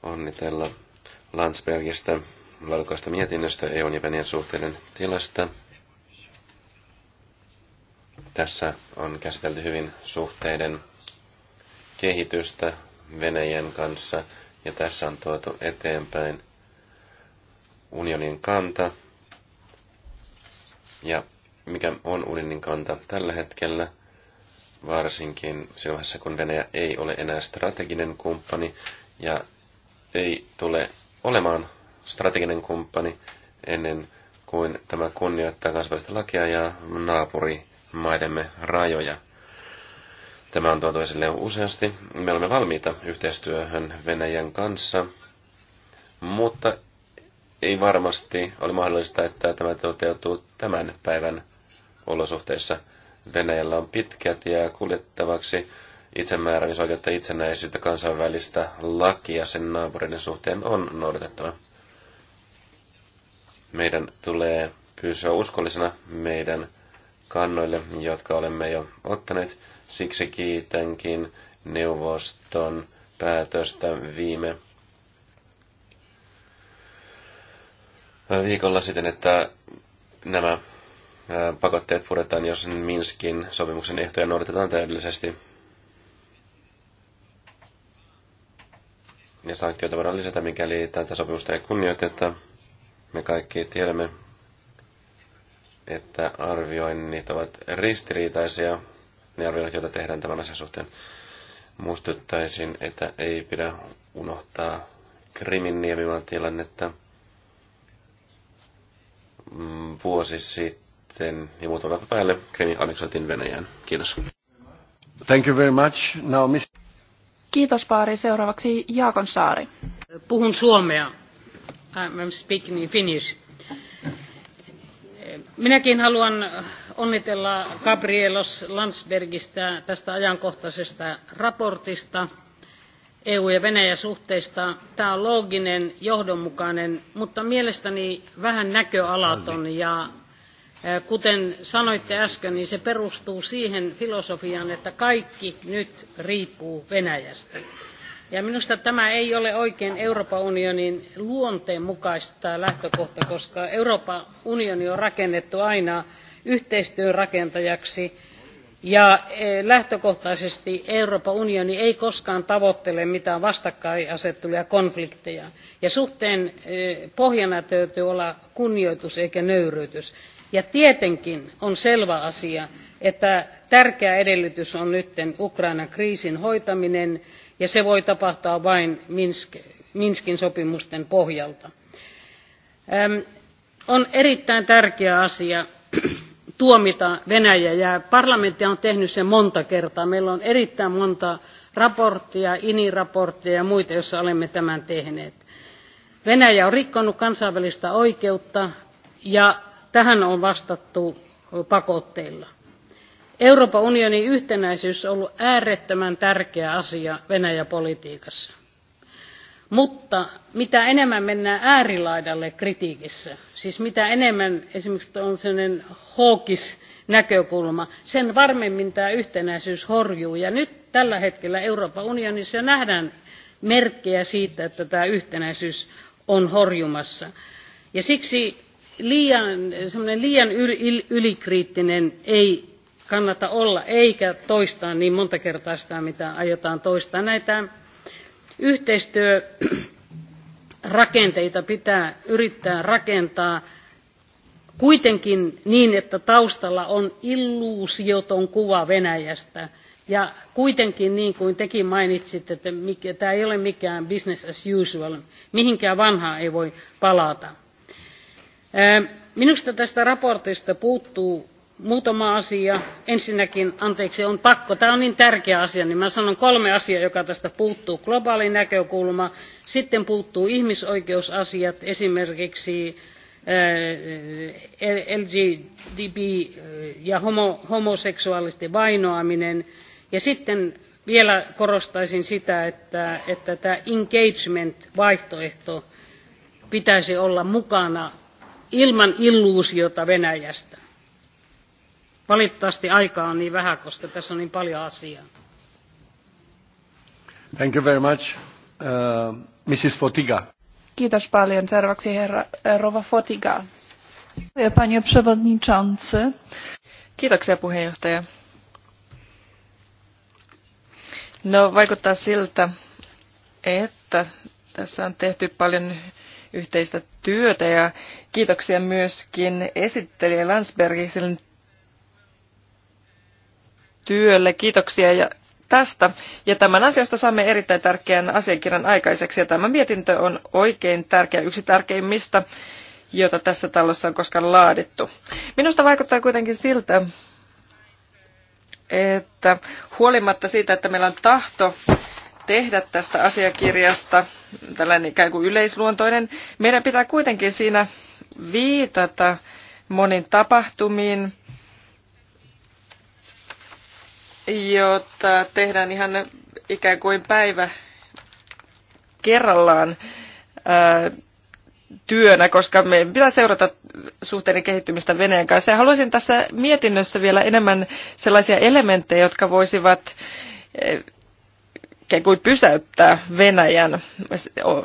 onnitella Landsbergistä laadukasta mietinnöstä EUn ja Venäjän suhteiden tilasta. Tässä on käsitelty hyvin suhteiden kehitystä Venäjän kanssa ja tässä on tuotu eteenpäin unionin kanta ja mikä on unionin kanta tällä hetkellä – varsinkin siinä vaiheessa, kun Venäjä ei ole enää strateginen kumppani ja ei tule olemaan strateginen kumppani ennen kuin tämä kunnioittaa kansainvälistä lakia ja naapurimaidemme rajoja. Tämä on tuotu esille useasti. Me olemme valmiita yhteistyöhön Venäjän kanssa, mutta ei varmasti ole mahdollista, että tämä toteutuu tämän päivän olosuhteissa – Venäjällä on pitkät ja kuljettavaksi itsemääräämisoikeutta itsenäisyyttä kansainvälistä lakia sen naapureiden suhteen on noudatettava. Meidän tulee pysyä uskollisena meidän kannoille, jotka olemme jo ottaneet. Siksi kiitänkin neuvoston päätöstä viime viikolla siten, että nämä pakotteet puretaan, jos Minskin sopimuksen ehtoja noudatetaan täydellisesti. Ja sanktioita voidaan lisätä, mikäli tätä sopimusta ei kunnioiteta. Me kaikki tiedämme, että arvioinnit ovat ristiriitaisia, ne arvioinnit, joita tehdään tämän asian suhteen. Muistuttaisin, että ei pidä unohtaa Krimin niemimaan tilannetta. Mm, vuosi sitten sitten ja muutama päälle Krimin anneksoitiin Venäjään. Kiitos. Thank you very much. Now, miss... Kiitos Paari. Seuraavaksi Jaakon Saari. Puhun suomea. I'm speaking in Finnish. Minäkin haluan onnitella Gabrielos Landsbergistä tästä ajankohtaisesta raportista EU- ja Venäjä-suhteista. Tämä on looginen, johdonmukainen, mutta mielestäni vähän näköalaton ja Kuten sanoitte äsken, niin se perustuu siihen filosofiaan, että kaikki nyt riippuu Venäjästä. Ja minusta tämä ei ole oikein Euroopan unionin luonteen mukaista tämä lähtökohta, koska Euroopan unioni on rakennettu aina yhteistyön rakentajaksi ja lähtökohtaisesti Euroopan unioni ei koskaan tavoittele mitään vastakkainasetteluja ja konflikteja. Ja suhteen pohjana täytyy olla kunnioitus eikä nöyryytys. Ja tietenkin on selvä asia, että tärkeä edellytys on nyt Ukrainan kriisin hoitaminen, ja se voi tapahtua vain Minsk, Minskin sopimusten pohjalta. on erittäin tärkeä asia tuomita Venäjä, ja parlamentti on tehnyt sen monta kertaa. Meillä on erittäin monta raporttia, ini ja muita, joissa olemme tämän tehneet. Venäjä on rikkonut kansainvälistä oikeutta, ja Tähän on vastattu pakotteilla. Euroopan unionin yhtenäisyys on ollut äärettömän tärkeä asia Venäjä-politiikassa. Mutta mitä enemmän mennään äärilaidalle kritiikissä, siis mitä enemmän esimerkiksi on sellainen hawkis näkökulma, sen varmemmin tämä yhtenäisyys horjuu. Ja nyt tällä hetkellä Euroopan unionissa nähdään merkkejä siitä, että tämä yhtenäisyys on horjumassa. Ja siksi liian, liian ylikriittinen ei kannata olla, eikä toistaa niin monta kertaa sitä, mitä aiotaan toistaa. Näitä yhteistyörakenteita pitää yrittää rakentaa kuitenkin niin, että taustalla on illuusioton kuva Venäjästä. Ja kuitenkin niin kuin tekin mainitsit, että mikä, tämä ei ole mikään business as usual, mihinkään vanhaan ei voi palata minusta tästä mietinnöstä puuttuu muutama asia. ensinnäkin anteeksi on pakko tämä on niin tärkeä asia niin minä sanon kolme asiaa joka tästä puuttuu globaali näkökulma sitten puuttuu ihmisoikeusasiat esimerkiksi LGBT ja homoseksuaalisten vainoaminen. Ja sitten vielä korostaisin sitä, että, että tämä engagement-vaihtoehto pitäisi olla mukana ilman illuusiota Venäjästä. Valitettavasti aikaa on niin vähän, koska tässä on niin paljon asiaa. Thank you very much. Uh, Mrs. Fotiga. Kiitos paljon. Seuraavaksi herra, uh, rova Fotiga. Panie przewodniczący. Kiitoksia puheenjohtaja. No vaikuttaa siltä, että tässä on tehty paljon yhteistä työtä ja kiitoksia myöskin esittelijä Landsbergiselle työlle. Kiitoksia ja tästä. Ja tämän asiasta saamme erittäin tärkeän asiakirjan aikaiseksi. Ja tämä mietintö on oikein tärkeä, yksi tärkeimmistä, jota tässä talossa on koskaan laadittu. Minusta vaikuttaa kuitenkin siltä, että huolimatta siitä, että meillä on tahto tehdä tästä asiakirjasta, tällainen ikään kuin yleisluontoinen. Meidän pitää kuitenkin siinä viitata monin tapahtumiin, jotta tehdään ihan ikään kuin päivä kerrallaan ää, työnä, koska me pitää seurata suhteiden kehittymistä Venäjän kanssa. Ja haluaisin tässä mietinnössä vielä enemmän sellaisia elementtejä, jotka voisivat kuin pysäyttää Venäjän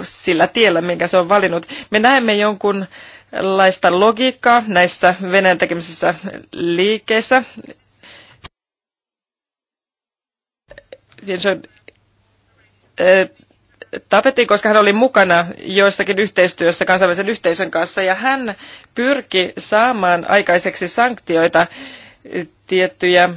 sillä tiellä, minkä se on valinnut. Me näemme jonkunlaista logiikkaa näissä Venäjän tekemisissä liikkeissä. Eh, tapettiin, koska hän oli mukana joissakin yhteistyössä kansainvälisen yhteisön kanssa, ja hän pyrki saamaan aikaiseksi sanktioita eh, tiettyjä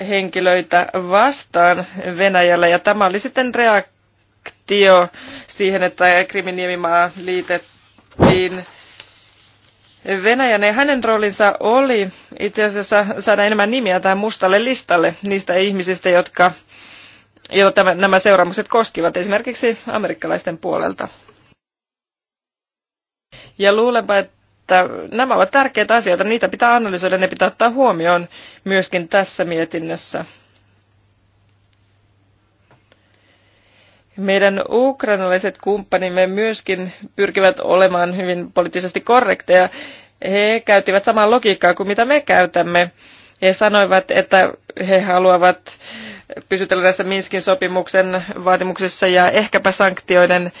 henkilöitä vastaan Venäjällä. Ja tämä oli sitten reaktio siihen, että Kriminiemimaa liitettiin Venäjän ja hänen roolinsa oli itse asiassa saada enemmän nimiä tähän mustalle listalle niistä ihmisistä, jotka, joita tämä, nämä seuraamukset koskivat, esimerkiksi amerikkalaisten puolelta. Ja luulenpa, että että nämä ovat tärkeitä asioita, niitä pitää analysoida, ne pitää ottaa huomioon myöskin tässä mietinnössä. Meidän ukrainalaiset kumppanimme myöskin pyrkivät olemaan hyvin poliittisesti korrekteja. He käyttivät samaa logiikkaa kuin mitä me käytämme. He sanoivat, että he haluavat pysytellä tässä Minskin sopimuksen vaatimuksissa ja ehkäpä sanktioiden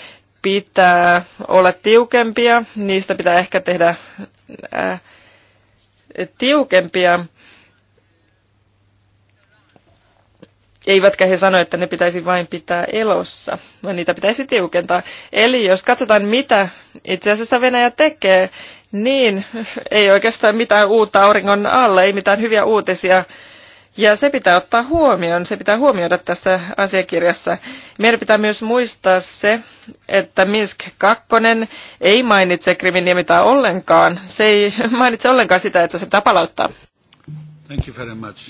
pitää olla tiukempia, niistä pitää ehkä tehdä ää, äh, tiukempia. Eivätkä he sano, että ne pitäisi vain pitää elossa, vaan niitä pitäisi tiukentaa. Eli jos katsotaan, mitä itse asiassa Venäjä tekee, niin ei oikeastaan mitään uutta auringon alle, ei mitään hyviä uutisia ja se pitää ottaa huomioon, se pitää huomioida tässä asiakirjassa. Meidän pitää myös muistaa se, että Minsk 2 ei mainitse Kriminiemitaa ollenkaan. Se ei mainitse ollenkaan sitä, että se pitää palauttaa. Thank you very much.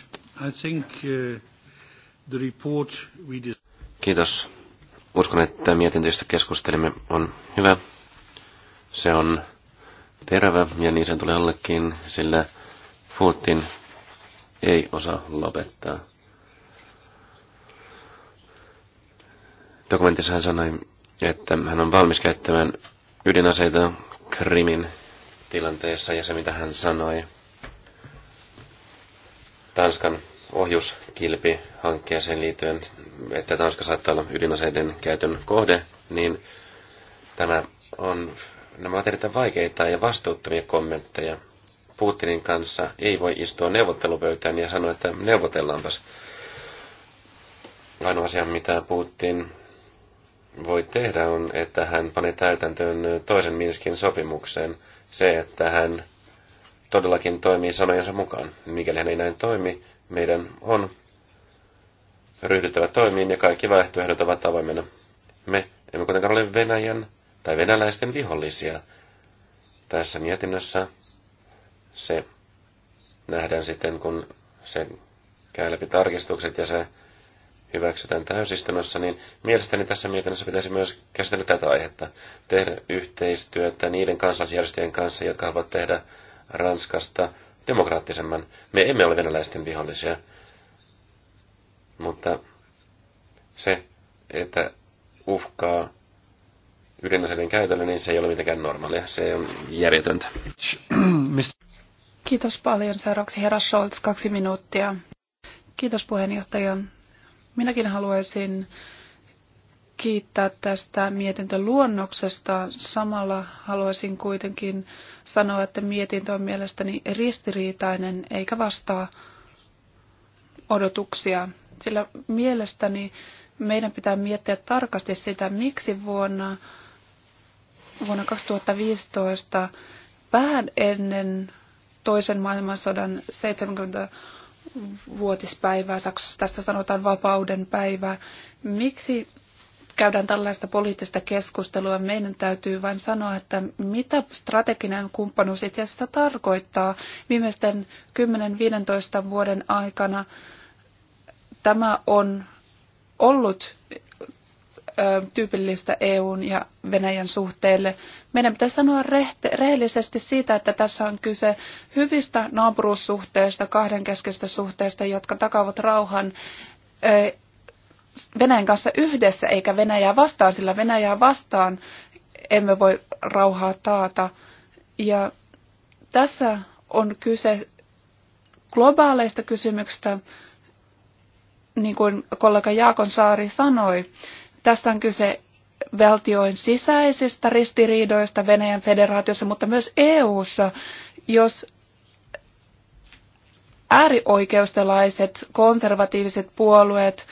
I think, uh, the report we did... Kiitos. Uskon, että mietintö, josta keskustelimme, on hyvä. Se on terävä ja niin sen tulee ollakin, sillä Putin ei osaa lopettaa. Dokumentissa hän sanoi, että hän on valmis käyttämään ydinaseita Krimin tilanteessa ja se mitä hän sanoi Tanskan ohjuskilpi-hankkeeseen liittyen, että Tanska saattaa olla ydinaseiden käytön kohde, niin tämä on, nämä ovat erittäin vaikeita ja vastuuttomia kommentteja Putinin kanssa ei voi istua neuvottelupöytään ja sanoa, että neuvotellaanpas. Ainoa asia, mitä Putin voi tehdä, on, että hän panee täytäntöön toisen Minskin sopimukseen se, että hän todellakin toimii sanojensa mukaan. Mikäli hän ei näin toimi, meidän on ryhdyttävä toimiin ja kaikki vaihtoehdot ovat avoimena. Me emme kuitenkaan ole Venäjän tai venäläisten vihollisia. Tässä mietinnössä se nähdään sitten, kun se käy läpi tarkistukset ja se hyväksytään täysistunnossa, niin mielestäni tässä mietinnössä pitäisi myös käsitellä tätä aihetta. Tehdä yhteistyötä niiden kansalaisjärjestöjen kanssa, jotka haluavat tehdä Ranskasta demokraattisemman. Me emme ole venäläisten vihollisia, mutta se, että uhkaa ydinaseiden käytöllä, niin se ei ole mitenkään normaalia. Se on järjetöntä. Kiitos paljon. Seuraavaksi herra Scholz, kaksi minuuttia. Kiitos puheenjohtaja. Minäkin haluaisin kiittää tästä mietintöluonnoksesta. Samalla haluaisin kuitenkin sanoa, että mietintö on mielestäni ristiriitainen eikä vastaa odotuksia, sillä mielestäni meidän pitää miettiä tarkasti sitä, miksi vuonna, vuonna 2015 vähän ennen toisen maailmansodan 70-vuotispäivää. Saksassa tässä sanotaan vapauden päivää. Miksi käydään tällaista poliittista keskustelua, meidän täytyy vain sanoa, että mitä strateginen kumppanuus itse asiassa tarkoittaa. Viimeisten 10-15 vuoden aikana tämä on ollut tyypillistä EUn ja Venäjän suhteille. Meidän pitäisi sanoa rehte- rehellisesti siitä, että tässä on kyse hyvistä naapuruussuhteista, kahdenkeskistä suhteista, jotka takaavat rauhan Venäjän kanssa yhdessä, eikä Venäjää vastaan, sillä Venäjää vastaan emme voi rauhaa taata. Ja tässä on kyse globaaleista kysymyksistä, niin kuin kollega Jaakon Saari sanoi. Tästä on kyse valtioin sisäisistä ristiriidoista Venäjän federaatiossa, mutta myös EU:ssa, jos äärioikeistolaiset konservatiiviset puolueet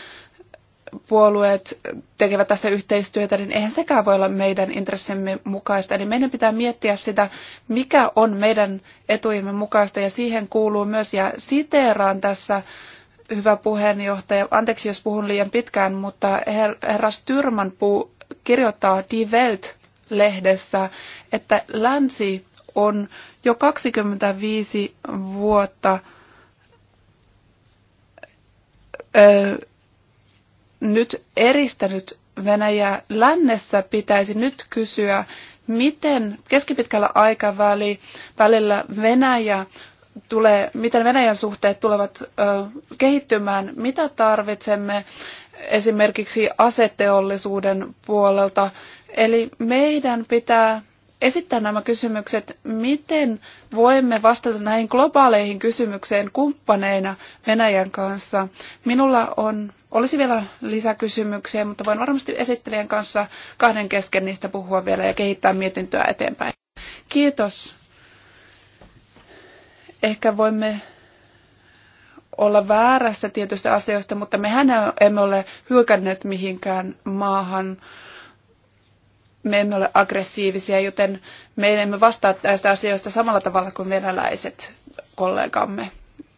puolueet tekevät tässä yhteistyötä, niin eihän sekään voi olla meidän intressemme mukaista. Eli meidän pitää miettiä sitä, mikä on meidän etujemme mukaista, ja siihen kuuluu myös, ja siteeraan tässä hyvä puheenjohtaja. Anteeksi, jos puhun liian pitkään, mutta herra Styrman puu kirjoittaa Die Welt-lehdessä, että länsi on jo 25 vuotta ö, nyt eristänyt Venäjää. Lännessä pitäisi nyt kysyä, miten keskipitkällä aikavälillä Venäjä tulee, miten Venäjän suhteet tulevat ö, kehittymään, mitä tarvitsemme esimerkiksi aseteollisuuden puolelta. Eli meidän pitää esittää nämä kysymykset, miten voimme vastata näihin globaaleihin kysymykseen kumppaneina Venäjän kanssa. Minulla on, olisi vielä lisäkysymyksiä, mutta voin varmasti esittelijän kanssa kahden kesken niistä puhua vielä ja kehittää mietintöä eteenpäin. Kiitos ehkä voimme olla väärässä tietystä asioista, mutta mehän emme ole hyökänneet mihinkään maahan. Me emme ole aggressiivisia, joten me emme vastaa näistä asioista samalla tavalla kuin venäläiset kollegamme.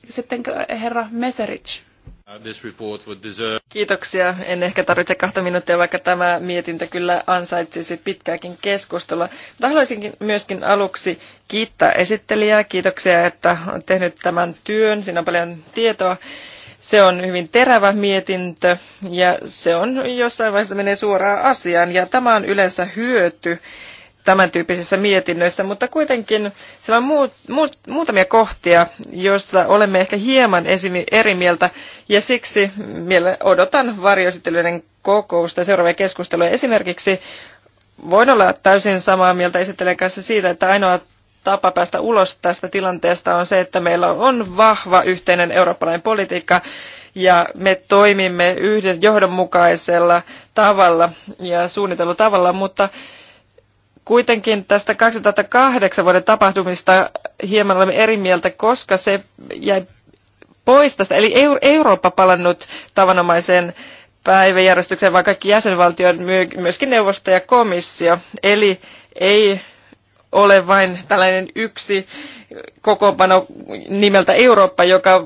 Sitten herra Meserich. Uh, Kiitoksia. En ehkä tarvitse kahta minuuttia, vaikka tämä mietintö kyllä ansaitsisi pitkääkin keskustelua. Mutta haluaisinkin myöskin aluksi kiittää esittelijää. Kiitoksia, että on tehnyt tämän työn. Siinä on paljon tietoa. Se on hyvin terävä mietintö ja se on jossain vaiheessa menee suoraan asiaan ja tämä on yleensä hyöty tämän tyyppisissä mietinnöissä, mutta kuitenkin siellä on muut, muut, muutamia kohtia, joissa olemme ehkä hieman eri mieltä, ja siksi odotan varjoesittelyiden kokousta ja seuraavia keskusteluja. Esimerkiksi voin olla täysin samaa mieltä esittelijän kanssa siitä, että ainoa tapa päästä ulos tästä tilanteesta on se, että meillä on vahva yhteinen eurooppalainen politiikka, ja me toimimme yhden johdonmukaisella tavalla ja suunnitellulla tavalla, mutta kuitenkin tästä 2008 vuoden tapahtumista hieman olemme eri mieltä, koska se jäi pois tästä. Eli Eurooppa palannut tavanomaiseen päiväjärjestykseen, vaan kaikki jäsenvaltiot, myöskin neuvosto ja komissio. Eli ei ole vain tällainen yksi kokoonpano nimeltä Eurooppa, joka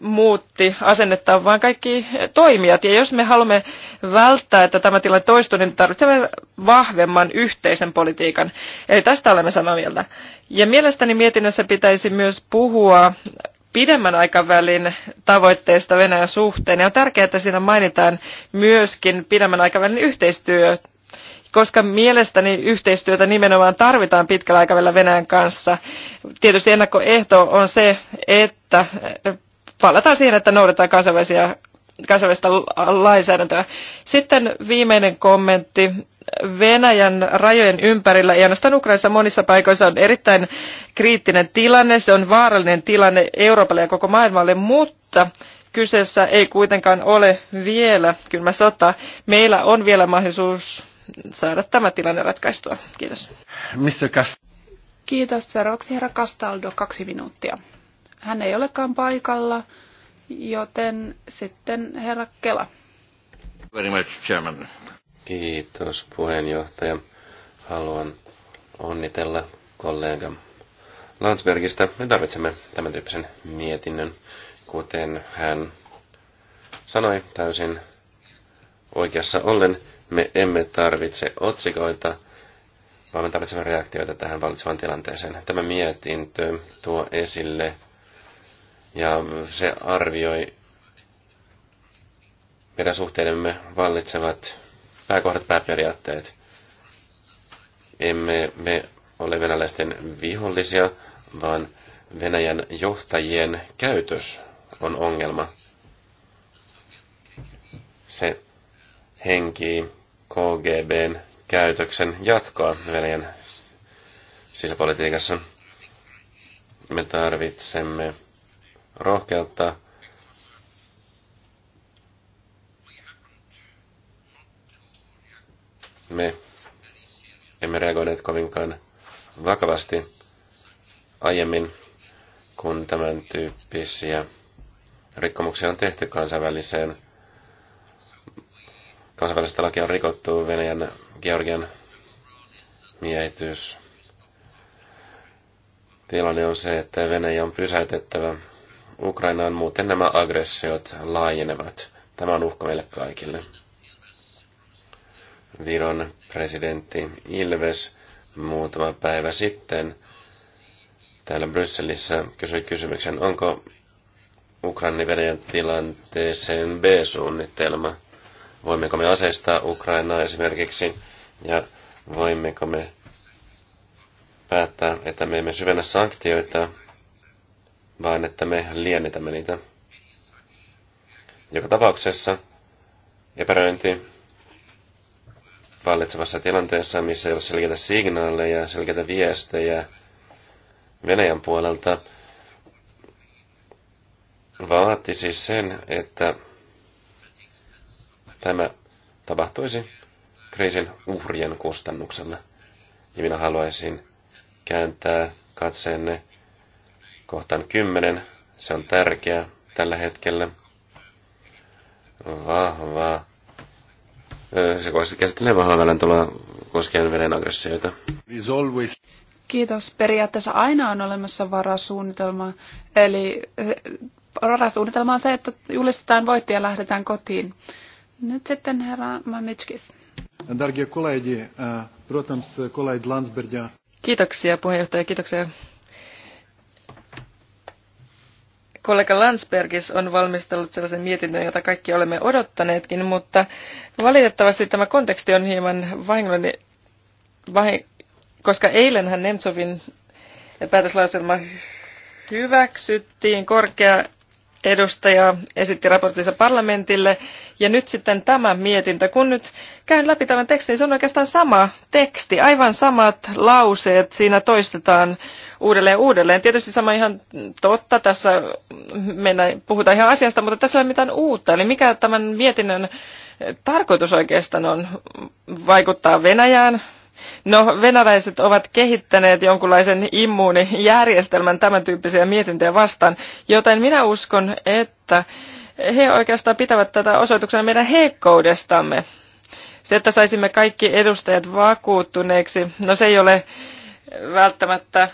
muutti asennettaan vaan kaikki toimijat. Ja jos me haluamme välttää, että tämä tilanne toistuu, niin tarvitsemme vahvemman yhteisen politiikan. Eli tästä olemme samaa mieltä. Ja mielestäni mietinnössä pitäisi myös puhua pidemmän aikavälin tavoitteista Venäjän suhteen. Ja on tärkeää, että siinä mainitaan myöskin pidemmän aikavälin yhteistyö koska mielestäni yhteistyötä nimenomaan tarvitaan pitkällä aikavälillä Venäjän kanssa. Tietysti ennakkoehto on se, että eh, palataan siihen, että noudataan kansainvälisiä kansainvälistä lainsäädäntöä. Sitten viimeinen kommentti. Venäjän rajojen ympärillä, ei ainoastaan Ukrainassa, monissa paikoissa on erittäin kriittinen tilanne. Se on vaarallinen tilanne Euroopalle ja koko maailmalle, mutta kyseessä ei kuitenkaan ole vielä kylmä sota. Meillä on vielä mahdollisuus saada tämä tilanne ratkaistua. Kiitos. Missä Kiitos. Seuraavaksi herra Castaldo, kaksi minuuttia. Hän ei olekaan paikalla, joten sitten herra Kela. Very much, Chairman. Kiitos puheenjohtaja. Haluan onnitella kollega Landsbergistä. Me tarvitsemme tämän tyyppisen mietinnön, kuten hän sanoi täysin oikeassa ollen. Me emme tarvitse otsikoita, vaan me tarvitsemme reaktioita tähän valitsevan tilanteeseen. Tämä mietintö tuo esille ja se arvioi meidän suhteidemme vallitsevat pääkohdat, pääperiaatteet. Emme me ole venäläisten vihollisia, vaan Venäjän johtajien käytös on ongelma. Se henkii KGBn käytöksen jatkoa Venäjän sisäpolitiikassa. Me tarvitsemme rohkeutta me emme reagoineet kovinkaan vakavasti aiemmin, kun tämän tyyppisiä rikkomuksia on tehty kansainväliseen Kansainvälistä lakia on rikottu Venäjän, Georgian miehitys. Tilanne on se, että Venäjä on pysäytettävä Ukrainaan, muuten nämä aggressiot laajenevat. Tämä on uhka meille kaikille. Viron presidentti Ilves muutama päivä sitten täällä Brysselissä kysyi kysymyksen, onko Ukrainan Venäjän tilanteeseen B-suunnitelma – voimmeko me aseistaa Ukrainaa esimerkiksi, ja voimmeko me päättää, että me emme syvennä sanktioita, vaan että me liennetämme niitä. Joka tapauksessa epäröinti vallitsevassa tilanteessa, missä ei ole selkeitä signaaleja, selkeitä viestejä Venäjän puolelta, vaatisi siis sen, että Tämä tapahtuisi kriisin uhrien kustannuksella. Ja minä haluaisin kääntää katseenne kohtaan kymmenen. Se on tärkeä tällä hetkellä. Vahvaa. Se käsittelee vahvaa välentuloa koskien veden aggressioita. Kiitos. Periaatteessa aina on olemassa varasuunnitelma. Eli eh, varasuunnitelma on se, että julistetaan voitti ja lähdetään kotiin. Nyt sitten herra Mamitskis. Dargia kollegi, eh, protams kolleg Landsbergia. Kiitoksia puheenjohtaja, kiitoksia. Kollega Landsbergis on valmistellut sellaisen mietinnön, jota kaikki olemme odottaneetkin, mutta valitettavasti tämä konteksti on hieman vahingon, vahin, koska eilenhän Nemtsovin päätöslauselma hyväksyttiin korkea edustaja esitti raporttinsa parlamentille. Ja nyt sitten tämä mietintä, kun nyt käyn läpi tämän tekstin, niin se on oikeastaan sama teksti, aivan samat lauseet siinä toistetaan uudelleen uudelleen. Tietysti sama ihan totta, tässä mennään, puhutaan ihan asiasta, mutta tässä ei ole mitään uutta. Eli mikä tämän mietinnön tarkoitus oikeastaan on vaikuttaa Venäjään, No, venäläiset ovat kehittäneet jonkunlaisen immuunijärjestelmän tämän tyyppisiä mietintöjä vastaan, joten minä uskon, että he oikeastaan pitävät tätä osoituksena meidän heikkoudestamme. Se, että saisimme kaikki edustajat vakuuttuneeksi, no se ei ole välttämättä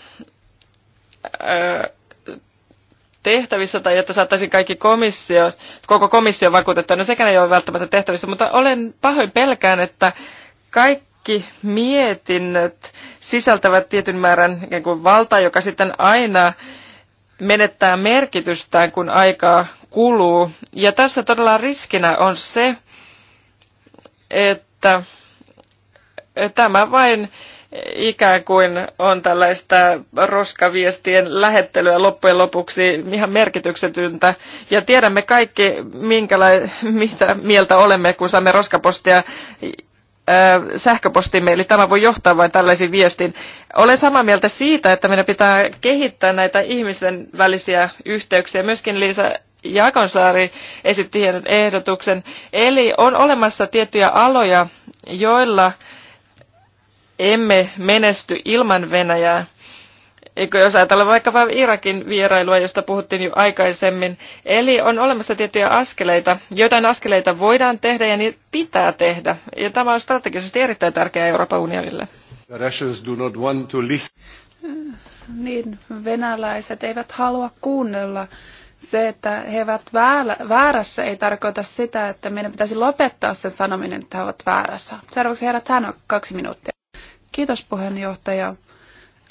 tehtävissä tai että saattaisin kaikki komissio, koko komissio vakuutettua. No sekään ei ole välttämättä tehtävissä, mutta olen pahoin pelkään, että kaikki kaikki mietinnöt sisältävät tietyn määrän ikään kuin valtaa, joka sitten aina menettää merkitystään, kun aikaa kuluu. Ja tässä todella riskinä on se, että tämä vain ikään kuin on tällaista roskaviestien lähettelyä loppujen lopuksi ihan merkityksetyntä. Ja tiedämme kaikki, minkälai, mitä mieltä olemme, kun saamme roskapostia sähköpostimme, eli tämä voi johtaa vain tällaisiin viestiin. Olen samaa mieltä siitä, että meidän pitää kehittää näitä ihmisten välisiä yhteyksiä. Myöskin Liisa Jakonsaari esitti hienon ehdotuksen. Eli on olemassa tiettyjä aloja, joilla emme menesty ilman Venäjää. Eikö jos ajatellaan vaikkapa Irakin vierailua, josta puhuttiin jo aikaisemmin. Eli on olemassa tiettyjä askeleita. Joitain askeleita voidaan tehdä ja niitä pitää tehdä. Ja tämä on strategisesti erittäin tärkeää Euroopan unionille. Niin, venäläiset eivät halua kuunnella. Se, että he ovat väärässä, ei tarkoita sitä, että meidän pitäisi lopettaa sen sanominen, että he ovat väärässä. Seuraavaksi hän on kaksi minuuttia. Kiitos puheenjohtaja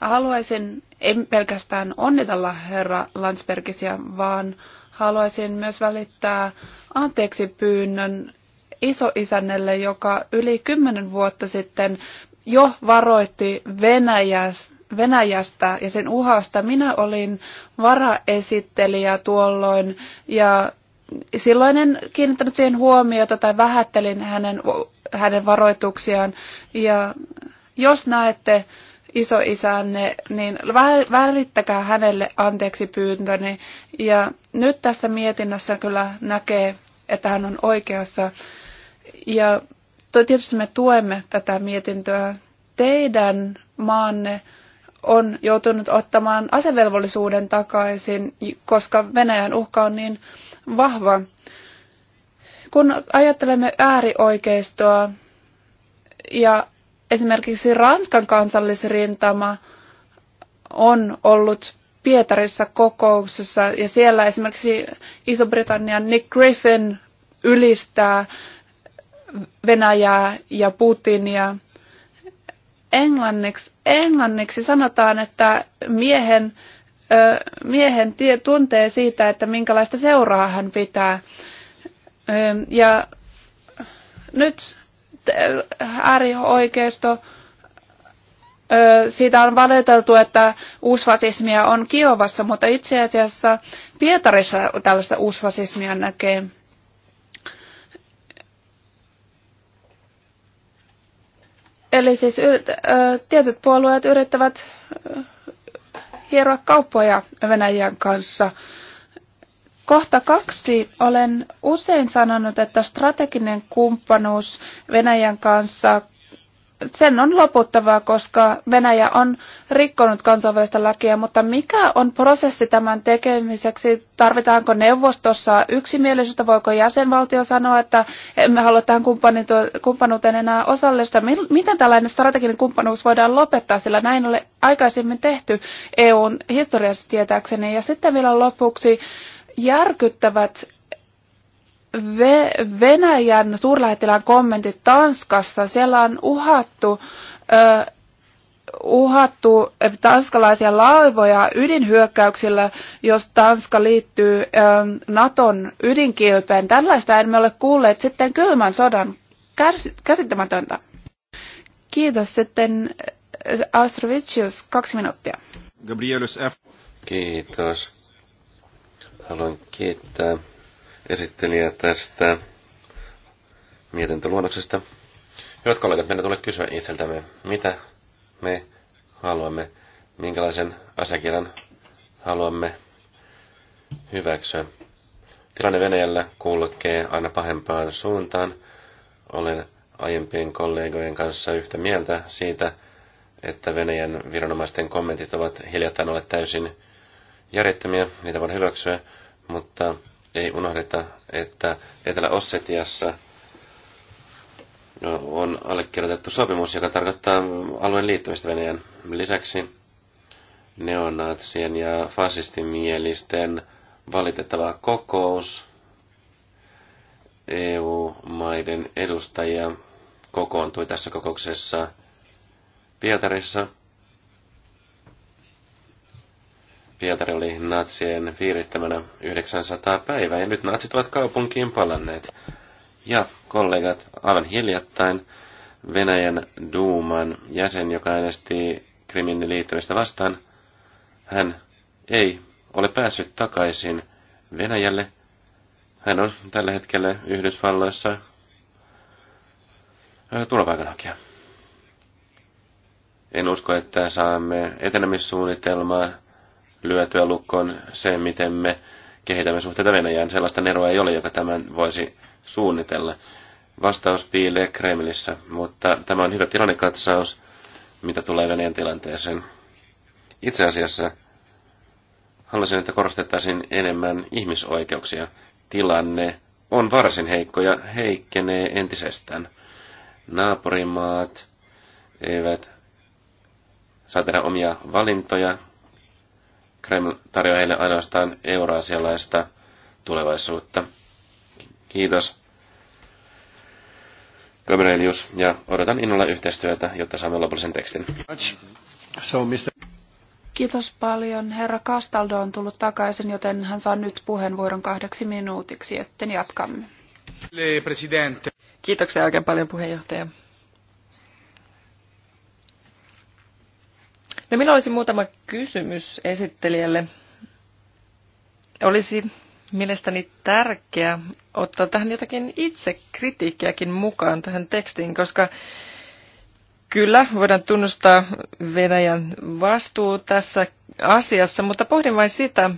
Haluaisin en pelkästään onnitella herra Landsbergisia, vaan haluaisin myös välittää anteeksi pyynnön isoisännelle, joka yli kymmenen vuotta sitten jo varoitti Venäjästä Venäjästä ja sen uhasta. Minä olin varaesittelijä tuolloin ja silloin en kiinnittänyt siihen huomiota tai vähättelin hänen, hänen varoituksiaan. Ja jos näette isoisänne, niin välittäkää hänelle anteeksi pyyntöni. Ja nyt tässä mietinnössä kyllä näkee, että hän on oikeassa. Ja tietysti me tuemme tätä mietintöä. Teidän maanne on joutunut ottamaan asevelvollisuuden takaisin, koska Venäjän uhka on niin vahva. Kun ajattelemme äärioikeistoa ja esimerkiksi Ranskan kansallisrintama on ollut Pietarissa kokouksessa ja siellä esimerkiksi Iso-Britannian Nick Griffin ylistää Venäjää ja Putinia. Englanniksi, englanniksi sanotaan, että miehen, miehen tie, tuntee siitä, että minkälaista seuraa hän pitää. ja nyt äärioikeisto, siitä on valiteltu, että uusfasismia on Kiovassa, mutta itse asiassa Pietarissa tällaista uusfasismia näkee. Eli siis tietyt puolueet yrittävät hieroa kauppoja Venäjän kanssa. Kohta kaksi. Olen usein sanonut, että strateginen kumppanuus Venäjän kanssa sen on loputtava, koska Venäjä on rikkonut kansainvälistä lakia, mutta mikä on prosessi tämän tekemiseksi? Tarvitaanko neuvostossa yksimielisyyttä? Voiko jäsenvaltio sanoa, että emme halua tähän kumppanuuteen enää osallistua? Miten tällainen strateginen kumppanuus voidaan lopettaa, sillä näin ole aikaisemmin tehty EUn historiassa tietääkseni? Ja sitten vielä lopuksi järkyttävät Venäjän suurlähettilään kommentit Tanskassa. Siellä on uhattu, uh, uhattu tanskalaisia laivoja ydinhyökkäyksillä, jos Tanska liittyy uh, Naton ydinkilpeen. Tällaista emme ole kuulleet sitten kylmän sodan Käs, käsittämätöntä. Kiitos sitten Astrovicius, kaksi minuuttia. Gabrielus F. Kiitos. Haluan kiittää esittelijää tästä mietintöluonnoksesta. Hyvät kollegat, meidän tulee kysyä itseltämme, mitä me haluamme, minkälaisen asiakirjan haluamme hyväksyä. Tilanne Venäjällä kulkee aina pahempaan suuntaan. Olen aiempien kollegojen kanssa yhtä mieltä siitä, että Venäjän viranomaisten kommentit ovat hiljattain olleet täysin järjettömiä, niitä voidaan hyväksyä, mutta ei unohdeta, että Etelä-Ossetiassa no, on allekirjoitettu sopimus, joka tarkoittaa alueen liittymistä Venäjän. Lisäksi neonaatsien ja fasistimielisten valitettava kokous EU-maiden edustajia kokoontui tässä kokouksessa Pietarissa – Pietari oli natsien viirittämänä 900 päivää ja nyt natsit ovat kaupunkiin palanneet. Ja kollegat, aivan hiljattain Venäjän Duuman jäsen, joka äänesti Krimin liittymistä vastaan, hän ei ole päässyt takaisin Venäjälle. Hän on tällä hetkellä Yhdysvalloissa turvapaikanhakija. En usko, että saamme etenemissuunnitelmaa lyötyä lukkoon se, miten me kehitämme suhteita Venäjään. Sellaista neroa ei ole, joka tämän voisi suunnitella. Vastaus piilee Kremlissä, mutta tämä on hyvä tilannekatsaus, mitä tulee Venäjän tilanteeseen. Itse asiassa haluaisin, että korostettaisiin enemmän ihmisoikeuksia. Tilanne on varsin heikko ja heikkenee entisestään. Naapurimaat eivät saa tehdä omia valintoja, Kreml tarjoaa heille ainoastaan euroasialaista tulevaisuutta. Kiitos. Gabrielius, ja odotan innolla yhteistyötä, jotta saamme lopullisen tekstin. Kiitos paljon. Herra Kastaldo on tullut takaisin, joten hän saa nyt puheenvuoron kahdeksi minuutiksi, ja sitten jatkamme. Kiitoksia oikein paljon puheenjohtaja. No minulla olisi muutama kysymys esittelijälle. Olisi mielestäni tärkeää ottaa tähän jotakin itse kritiikkiäkin mukaan tähän tekstiin, koska kyllä voidaan tunnustaa Venäjän vastuu tässä asiassa, mutta pohdin vain sitä,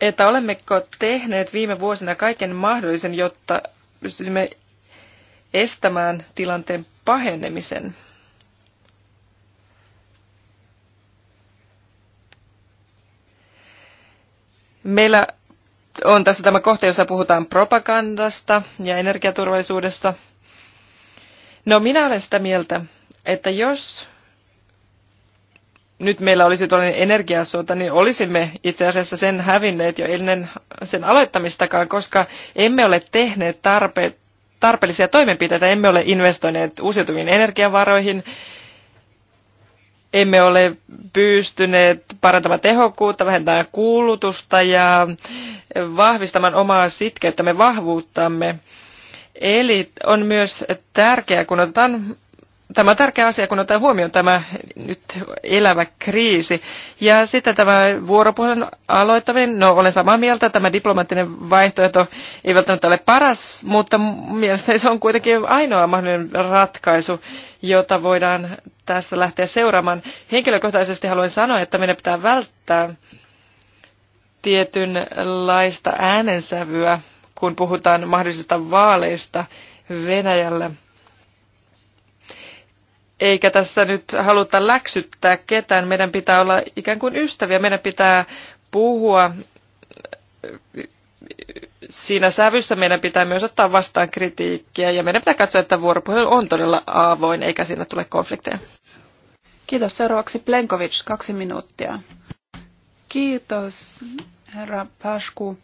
että olemmeko tehneet viime vuosina kaiken mahdollisen, jotta pystyisimme estämään tilanteen pahenemisen. Meillä on tässä tämä kohta, jossa puhutaan propagandasta ja energiaturvallisuudesta. No minä olen sitä mieltä, että jos nyt meillä olisi tuollainen energiasota, niin olisimme itse asiassa sen hävinneet jo ennen sen aloittamistakaan, koska emme ole tehneet tarpe- tarpeellisia toimenpiteitä, emme ole investoineet uusiutuviin energiavaroihin, emme ole pystyneet parantamaan tehokkuutta, vähentämään kulutusta ja vahvistamaan omaa sitkeyttämme, vahvuuttamme. Eli on myös tärkeää, kun otetaan tämä on tärkeä asia, kun otetaan huomioon tämä nyt elävä kriisi. Ja sitten tämä vuoropuhelun aloittaminen, no olen samaa mieltä, tämä diplomaattinen vaihtoehto ei välttämättä ole paras, mutta mielestäni se on kuitenkin ainoa mahdollinen ratkaisu, jota voidaan tässä lähteä seuraamaan. Henkilökohtaisesti haluan sanoa, että meidän pitää välttää tietynlaista äänensävyä, kun puhutaan mahdollisista vaaleista Venäjällä – eikä tässä nyt haluta läksyttää ketään. Meidän pitää olla ikään kuin ystäviä. Meidän pitää puhua siinä sävyssä meidän pitää myös ottaa vastaan kritiikkiä ja meidän pitää katsoa, että vuoropuhelu on todella avoin eikä siinä tule konflikteja. Kiitos. Seuraavaksi Plenkovic, kaksi minuuttia. Kiitos, herra Pasku.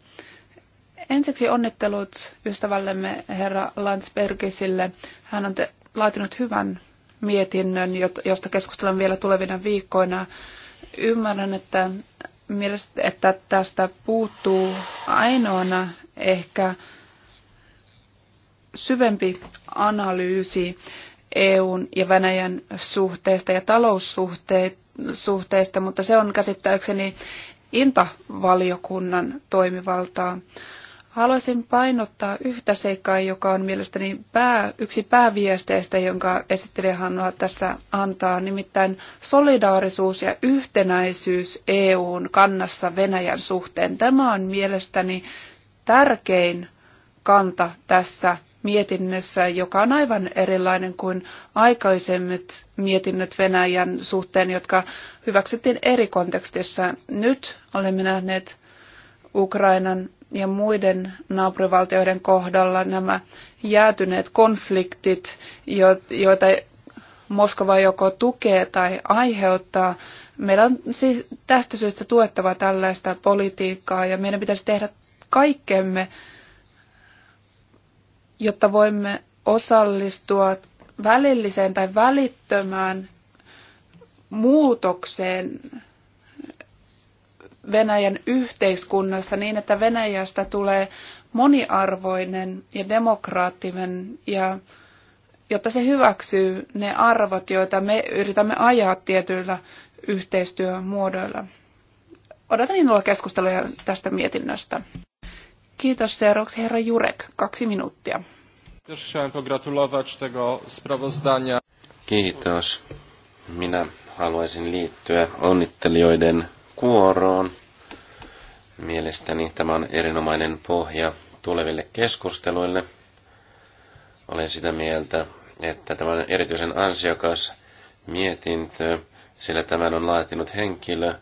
Ensiksi onnittelut ystävällemme herra Landsbergisille. Hän on te- laatinut hyvän mietinnön, josta keskustellaan vielä tulevina viikkoina. Ymmärrän, että, että tästä puuttuu ainoana ehkä syvempi analyysi EUn ja Venäjän suhteista ja taloussuhteista, mutta se on käsittääkseni Inta-valiokunnan toimivaltaa. Haluaisin painottaa yhtä seikkaa, joka on mielestäni pää, yksi pääviesteistä, jonka esittelijä Hanna tässä antaa, nimittäin solidaarisuus ja yhtenäisyys EUn kannassa Venäjän suhteen. Tämä on mielestäni tärkein kanta tässä mietinnössä, joka on aivan erilainen kuin aikaisemmat mietinnöt Venäjän suhteen, jotka hyväksyttiin eri kontekstissa. Nyt olemme nähneet Ukrainan ja muiden naapurivaltioiden kohdalla nämä jäätyneet konfliktit, joita Moskova joko tukee tai aiheuttaa. meidän on siis tästä syystä tuettava tällaista politiikkaa ja meidän pitäisi tehdä kaikkemme, jotta voimme osallistua välilliseen tai välittömään muutokseen Venäjän yhteiskunnassa niin, että Venäjästä tulee moniarvoinen ja demokraattinen ja jotta se hyväksyy ne arvot, joita me yritämme ajaa tietyillä yhteistyömuodoilla. Odotan innolla keskusteluja tästä mietinnöstä. Kiitos seuraavaksi herra Jurek, kaksi minuuttia. Kiitos. Minä haluaisin liittyä onnittelijoiden kuoroon. Mielestäni tämä on erinomainen pohja tuleville keskusteluille. Olen sitä mieltä, että tämä on erityisen ansiokas mietintö, sillä tämän on laatinut henkilö,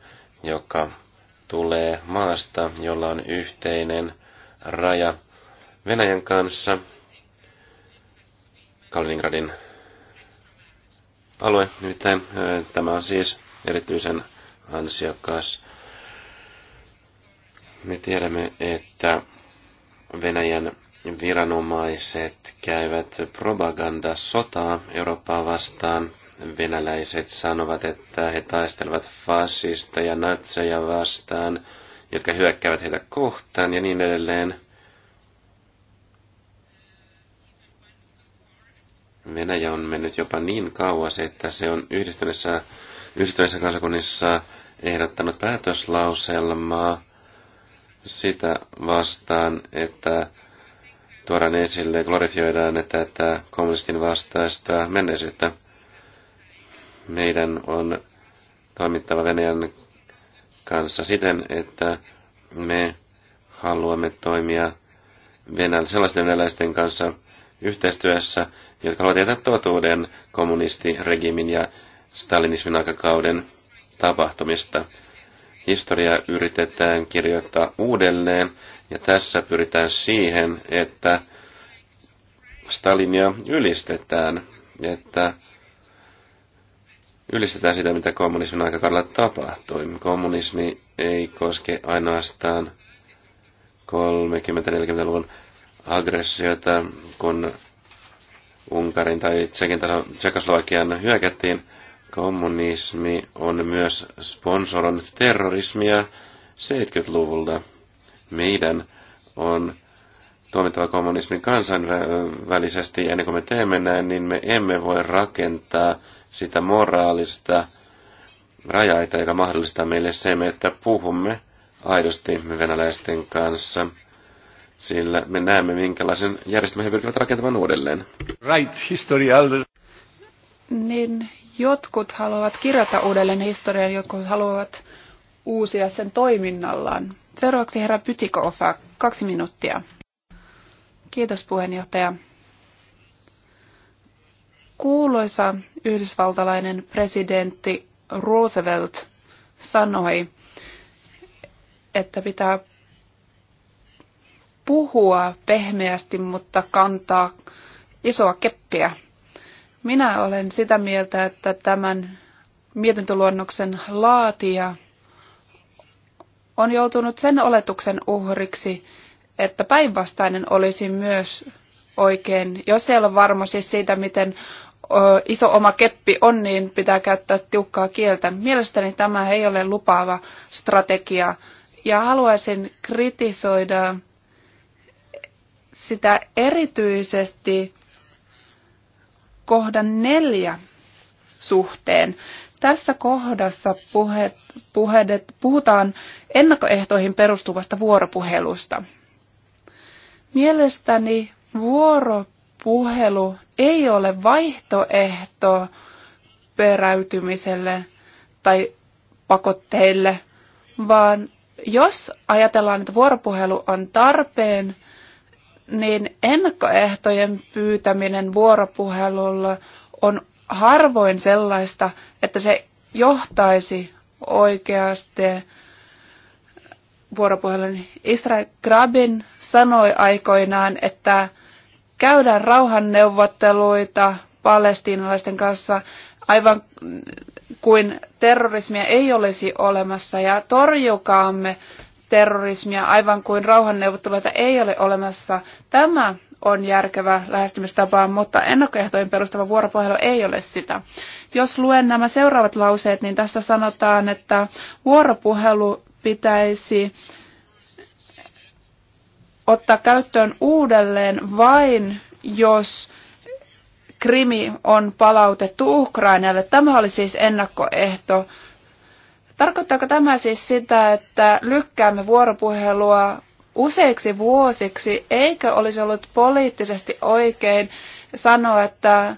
joka tulee maasta, jolla on yhteinen raja Venäjän kanssa, Kaliningradin alue. Nimittäin tämä on siis erityisen ansiokas. Me tiedämme, että Venäjän viranomaiset käyvät propagandasotaa Eurooppaa vastaan. Venäläiset sanovat, että he taistelevat ja natseja vastaan, jotka hyökkäävät heitä kohtaan ja niin edelleen. Venäjä on mennyt jopa niin kauas, että se on yhdistyneissä, yhdistyneissä kansakunnissa ehdottanut päätöslauselmaa sitä vastaan, että tuodaan esille, glorifioidaan tätä kommunistin vastaista menneisyyttä. Meidän on toimittava Venäjän kanssa siten, että me haluamme toimia venäl- sellaisten venäläisten kanssa yhteistyössä, jotka haluavat jättää totuuden kommunistiregimin ja stalinismin aikakauden tapahtumista. Historia yritetään kirjoittaa uudelleen, ja tässä pyritään siihen, että Stalinia ylistetään, että ylistetään sitä, mitä kommunismin aikakaudella tapahtui. Kommunismi ei koske ainoastaan 30-40-luvun aggressiota kun Unkarin tai Tsekin Tsekoslovakian hyökättiin, Kommunismi on myös sponsoroinut terrorismia 70-luvulta. Meidän on tuomittava kommunismi kansainvälisesti, ennen kuin me teemme näin, niin me emme voi rakentaa sitä moraalista rajaita, joka mahdollistaa meille se, että puhumme aidosti venäläisten kanssa, sillä me näemme, minkälaisen järjestelmän he pyrkivät rakentamaan uudelleen. Right, historial. Niin, Jotkut haluavat kirjata uudelleen historian, jotkut haluavat uusia sen toiminnallaan. Seuraavaksi herra Pytikofa, kaksi minuuttia. Kiitos puheenjohtaja. Kuuloisa yhdysvaltalainen presidentti Roosevelt sanoi, että pitää puhua pehmeästi, mutta kantaa isoa keppiä minä olen sitä mieltä, että tämän mietintöluonnoksen laatija on joutunut sen oletuksen uhriksi, että päinvastainen olisi myös oikein. Jos ei ole varma siis siitä, miten iso oma keppi on, niin pitää käyttää tiukkaa kieltä. Mielestäni tämä ei ole lupaava strategia. Ja haluaisin kritisoida sitä erityisesti kohdan neljä suhteen. Tässä kohdassa puhe, puhedet, puhutaan ennakkoehtoihin perustuvasta vuoropuhelusta. Mielestäni vuoropuhelu ei ole vaihtoehto peräytymiselle tai pakotteille, vaan jos ajatellaan, että vuoropuhelu on tarpeen, niin ennakkoehtojen pyytäminen vuoropuhelulla on harvoin sellaista, että se johtaisi oikeasti vuoropuhelun. Israel Grabin sanoi aikoinaan, että käydään rauhanneuvotteluita palestiinalaisten kanssa aivan kuin terrorismia ei olisi olemassa ja torjukaamme terrorismia aivan kuin rauhanneuvotteluita ei ole olemassa. Tämä on järkevä lähestymistapa, mutta ennakkoehtojen perustava vuoropuhelu ei ole sitä. Jos luen nämä seuraavat lauseet, niin tässä sanotaan, että vuoropuhelu pitäisi ottaa käyttöön uudelleen vain, jos Krimi on palautettu Ukrainalle. Tämä oli siis ennakkoehto Tarkoittaako tämä siis sitä, että lykkäämme vuoropuhelua useiksi vuosiksi, eikö olisi ollut poliittisesti oikein sanoa, että,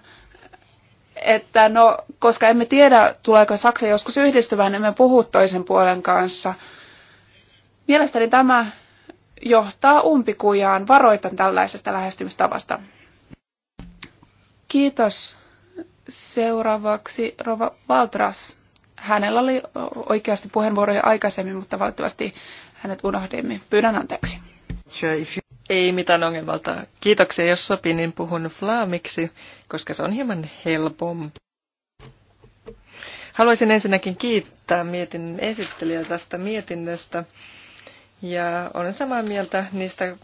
että no, koska emme tiedä, tuleeko Saksa joskus yhdistymään, emme puhu toisen puolen kanssa. Mielestäni tämä johtaa umpikujaan. Varoitan tällaisesta lähestymistavasta. Kiitos. Seuraavaksi Rova Valtras. Hänellä oli oikeasti puheenvuoroja aikaisemmin, mutta valitettavasti hänet unohdimme. Pyydän anteeksi. Ei mitään ongelmalta. Kiitoksia, jos sopii, niin puhun flaamiksi, koska se on hieman helpompi. Haluaisin ensinnäkin kiittää mietinnön esittelijä tästä mietinnöstä. Ja olen samaa mieltä niistä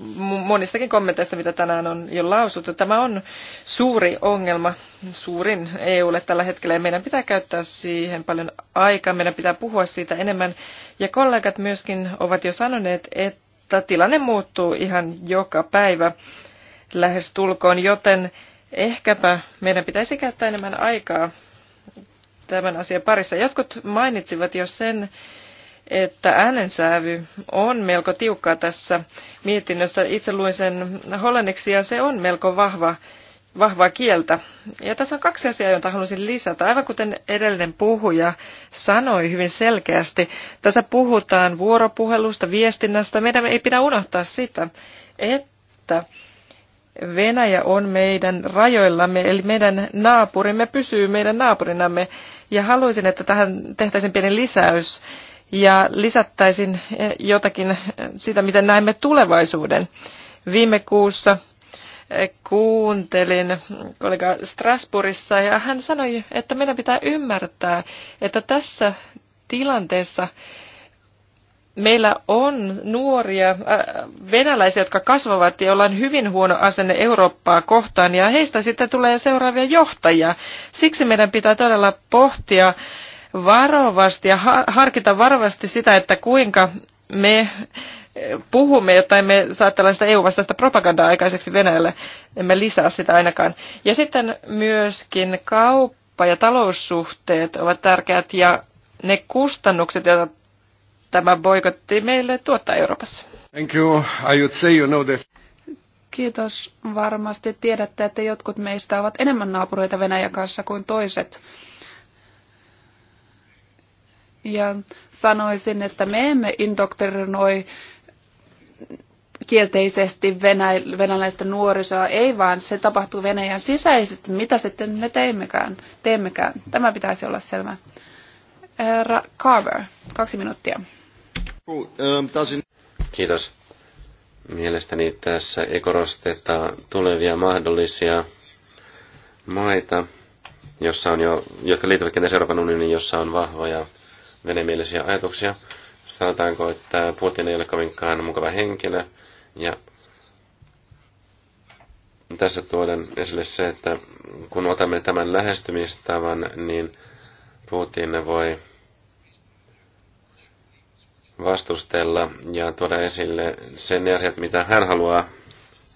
monistakin kommenteista, mitä tänään on jo lausuttu. Tämä on suuri ongelma, suurin EUlle tällä hetkellä, ja meidän pitää käyttää siihen paljon aikaa, meidän pitää puhua siitä enemmän. Ja kollegat myöskin ovat jo sanoneet, että tilanne muuttuu ihan joka päivä lähes tulkoon, joten ehkäpä meidän pitäisi käyttää enemmän aikaa tämän asian parissa. Jotkut mainitsivat jo sen, että äänensävy on melko tiukka tässä mietinnössä. Itse luin sen hollanniksi ja se on melko vahva, vahvaa kieltä. Ja tässä on kaksi asiaa, joita haluaisin lisätä. Aivan kuten edellinen puhuja sanoi hyvin selkeästi, tässä puhutaan vuoropuhelusta, viestinnästä. Meidän ei pidä unohtaa sitä, että Venäjä on meidän rajoillamme, eli meidän naapurimme pysyy meidän naapurinamme. Ja haluaisin, että tähän tehtäisiin pieni lisäys ja lisättäisin eh, jotakin eh, siitä, miten näemme tulevaisuuden. Viime kuussa eh, kuuntelin kollega Strasbourgissa ja hän sanoi, että meidän pitää ymmärtää, että tässä tilanteessa meillä on nuoria venäläisiä, jotka kasvavat ja ollaan hyvin huono asenne Eurooppaa kohtaan ja heistä sitten tulee seuraavia johtajia. Siksi meidän pitää todella pohtia, varovasti ja harkita varovasti sitä, että kuinka me puhumme, jotta emme saa tällaista EU-vastaista propagandaa aikaiseksi Venäjälle, emme lisää sitä ainakaan. Ja sitten myöskin kauppa- ja taloussuhteet ovat tärkeät ja ne kustannukset, joita tämä boikotti meille tuottaa Euroopassa. Thank you. I would say you know this. Kiitos. Varmasti tiedätte, että jotkut meistä ovat enemmän naapureita Venäjän kanssa kuin toiset. Ja sanoisin, että me emme indoktrinoi kielteisesti venäläistä nuorisoa, ei vaan se tapahtuu Venäjän sisäisesti, mitä sitten me teemmekään? teemmekään. Tämä pitäisi olla selvä. Ra- Carver, kaksi minuuttia. Kiitos. Mielestäni tässä ei korosteta tulevia mahdollisia maita, jossa on jo, jotka liittyvät kenties Euroopan unioniin, jossa on vahvoja venemielisiä ajatuksia. Sanotaanko, että Putin ei ole kovinkaan mukava henkilö. Ja tässä tuodaan esille se, että kun otamme tämän lähestymistavan, niin Putin voi vastustella ja tuoda esille sen asiat, mitä hän haluaa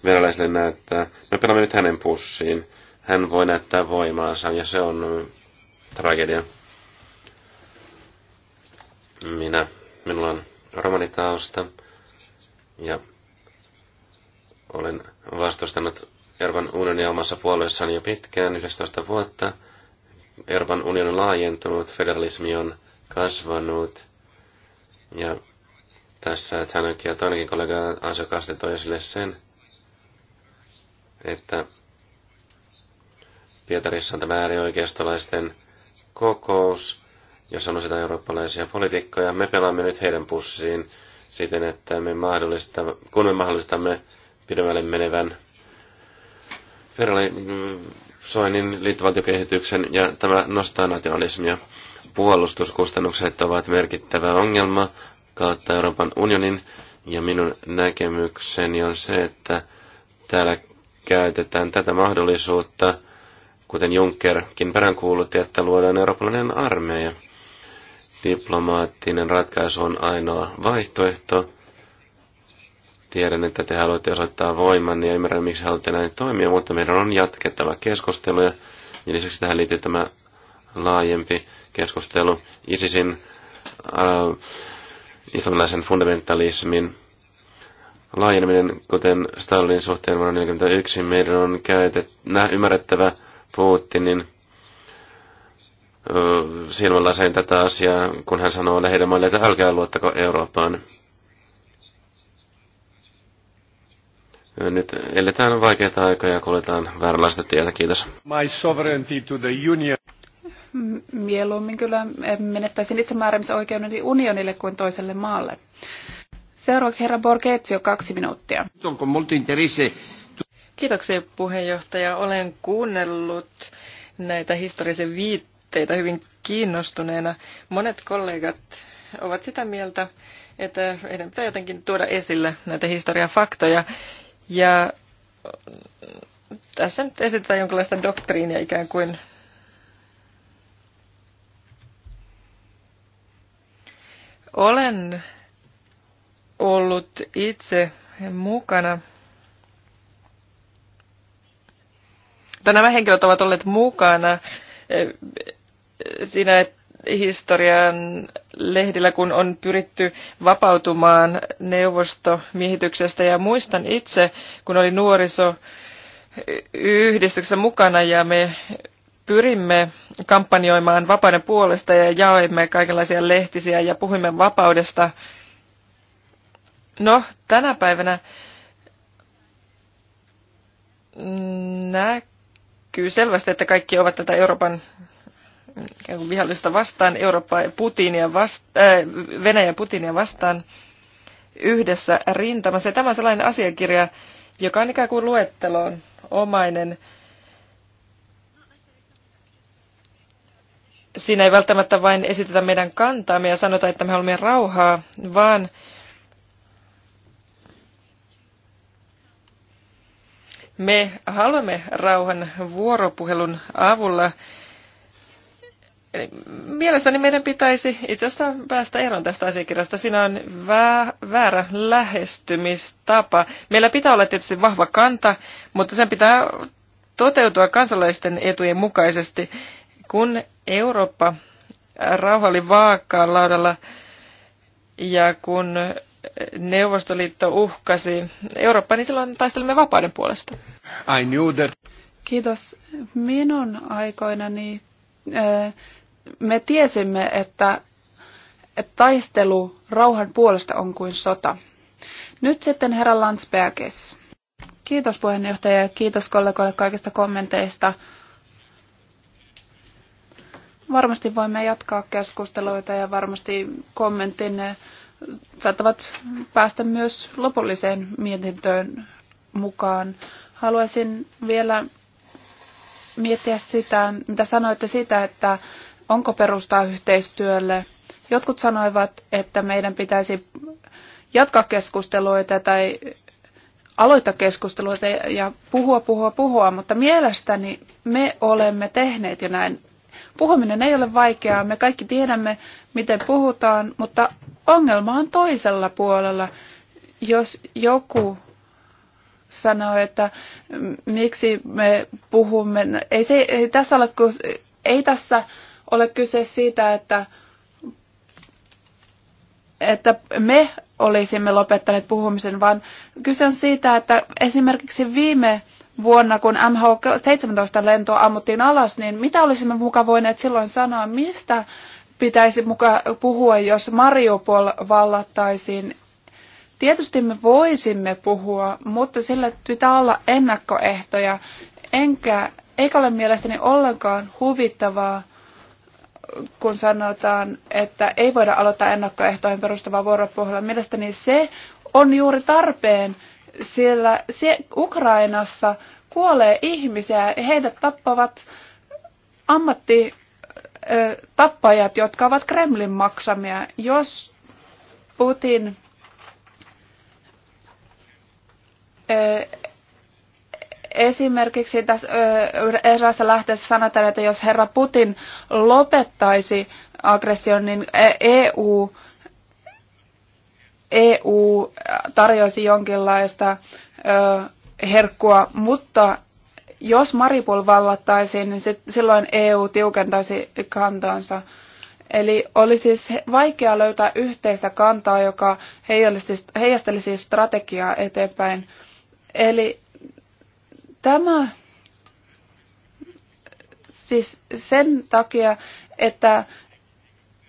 venäläisille näyttää. Me pelaamme nyt hänen pussiin. Hän voi näyttää voimaansa ja se on tragedia. Minä, minulla on romanitausta ja olen vastustanut Euroopan unionia omassa puolueessani jo pitkään, 11 vuotta. Euroopan union on laajentunut, federalismi on kasvanut ja tässä Tänäkin ja toinenkin kollega ansiokkaasti toi esille sen, että Pietarissa on tämä äärioikeistolaisten kokous, jos on useita eurooppalaisia poliitikkoja. Me pelaamme nyt heidän pussiin siten, että me mahdollistamme, kun me mahdollistamme pidemmälle menevän Soinin liittovaltiokehityksen ja tämä nostaa nationalismia. Puolustuskustannukset ovat merkittävä ongelma kautta Euroopan unionin ja minun näkemykseni on se, että täällä käytetään tätä mahdollisuutta, kuten Junckerkin peräänkuulutti, että luodaan eurooppalainen armeija. Diplomaattinen ratkaisu on ainoa vaihtoehto. Tiedän, että te haluatte osoittaa voiman niin ymmärrän, miksi haluatte näin toimia, mutta meidän on jatkettava keskusteluja. Ja lisäksi tähän liittyy tämä laajempi keskustelu ISISin äh, islamilaisen fundamentalismin laajeneminen, kuten Stalinin suhteen vuonna 1941, meidän on käytet, nä, ymmärrettävä Putinin silmälasein tätä asiaa, kun hän sanoo lähellä maille, että älkää luottako Eurooppaan. Nyt eletään vaikeita aikoja ja kuljetaan vääränlaista tietä. Kiitos. My sovereignty to the union. Mieluummin kyllä menettäisin itsemääräämisoikeudeni unionille kuin toiselle maalle. Seuraavaksi herra Borgetsio, kaksi minuuttia. Kiitoksia puheenjohtaja. Olen kuunnellut näitä historiallisen viit- teitä hyvin kiinnostuneena. Monet kollegat ovat sitä mieltä, että meidän pitää jotenkin tuoda esille näitä historian faktoja. Ja mm, tässä nyt esitetään jonkinlaista doktriinia ikään kuin. Olen ollut itse mukana. Tai nämä henkilöt ovat olleet mukana eh, siinä historian lehdillä, kun on pyritty vapautumaan neuvostomiehityksestä. Ja muistan itse, kun oli yhdistyksessä mukana ja me pyrimme kampanjoimaan vapauden puolesta ja jaoimme kaikenlaisia lehtisiä ja puhuimme vapaudesta. No, tänä päivänä näkyy selvästi, että kaikki ovat tätä Euroopan vihollista vastaan, Eurooppaa ja Putinia vasta, äh, Venäjä Putinia vastaan yhdessä rintamassa. Ja tämä on sellainen asiakirja, joka on ikään kuin luetteloon omainen. Siinä ei välttämättä vain esitetä meidän kantaamme ja sanota, että me haluamme rauhaa, vaan me haluamme rauhan vuoropuhelun avulla Eli mielestäni meidän pitäisi itse asiassa päästä eroon tästä asiakirjasta. Siinä on väärä lähestymistapa. Meillä pitää olla tietysti vahva kanta, mutta sen pitää toteutua kansalaisten etujen mukaisesti. Kun Eurooppa oli vaakkaan laudalla ja kun Neuvostoliitto uhkasi Eurooppaa, niin silloin taistelimme vapauden puolesta. I knew that. Kiitos. Minun aikoinani äh, me tiesimme, että, että taistelu rauhan puolesta on kuin sota. Nyt sitten herra Landsbergis. Kiitos puheenjohtaja ja kiitos kollegoille kaikista kommenteista. Varmasti voimme jatkaa keskusteluita ja varmasti kommentin saattavat päästä myös lopulliseen mietintöön mukaan. Haluaisin vielä miettiä sitä, mitä sanoitte sitä, että onko perustaa yhteistyölle. Jotkut sanoivat, että meidän pitäisi jatkaa keskusteluita tai aloittaa keskusteluita ja puhua, puhua, puhua, mutta mielestäni me olemme tehneet jo näin. Puhuminen ei ole vaikeaa, me kaikki tiedämme, miten puhutaan, mutta ongelma on toisella puolella. Jos joku sanoo, että miksi me puhumme, ei, se, ei tässä ole, kun, ei tässä ole kyse siitä, että, että me olisimme lopettaneet puhumisen, vaan kyse on siitä, että esimerkiksi viime vuonna, kun MH17-lentoa ammuttiin alas, niin mitä olisimme muka voineet silloin sanoa, mistä pitäisi muka puhua, jos Mariupol vallattaisiin. Tietysti me voisimme puhua, mutta sillä pitää olla ennakkoehtoja, enkä, eikä ole mielestäni ollenkaan huvittavaa, kun sanotaan, että ei voida aloittaa ennakkoehtoihin perustuvaa vuoropuhelua. Mielestäni se on juuri tarpeen, sillä Ukrainassa kuolee ihmisiä. Heidät tappavat ammattitappajat, jotka ovat Kremlin maksamia. Jos Putin Esimerkiksi tässä eräässä lähteessä sanotaan, että jos herra Putin lopettaisi aggression, niin EU, e EU tarjoisi jonkinlaista herkkua, mutta jos Maripol vallattaisiin, niin sit, silloin EU tiukentaisi kantaansa. Eli olisi siis vaikea löytää yhteistä kantaa, joka heijastelisi strategiaa eteenpäin. Eli Tämä siis sen takia, että,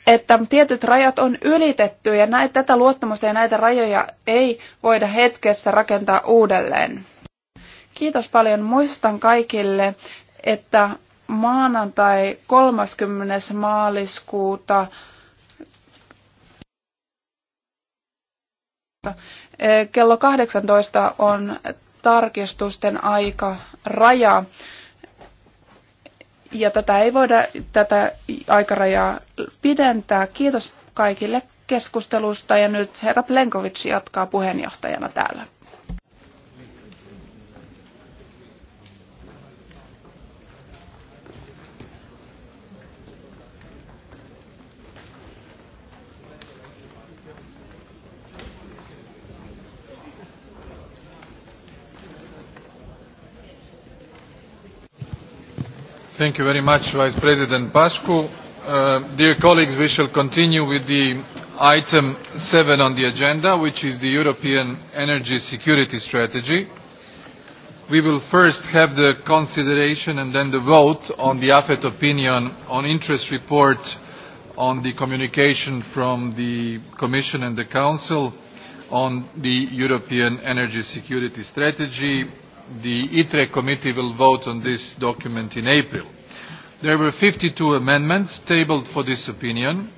että tietyt rajat on ylitetty ja näitä, tätä luottamusta ja näitä rajoja ei voida hetkessä rakentaa uudelleen. Kiitos paljon. Muistan kaikille, että maanantai 30. maaliskuuta kello 18 on tarkistusten aika raja. Ja tätä ei voida tätä aikarajaa pidentää. Kiitos kaikille keskustelusta ja nyt herra Plenkovic jatkaa puheenjohtajana täällä. Thank you very much, Vice President Pascu. Uh, dear colleagues, we shall continue with the item seven on the agenda, which is the European Energy Security Strategy. We will first have the consideration and then the vote on the AFET opinion on interest report on the communication from the Commission and the Council on the European Energy Security Strategy the ITRE committee will vote on this document in April. There were fifty two amendments tabled for this opinion.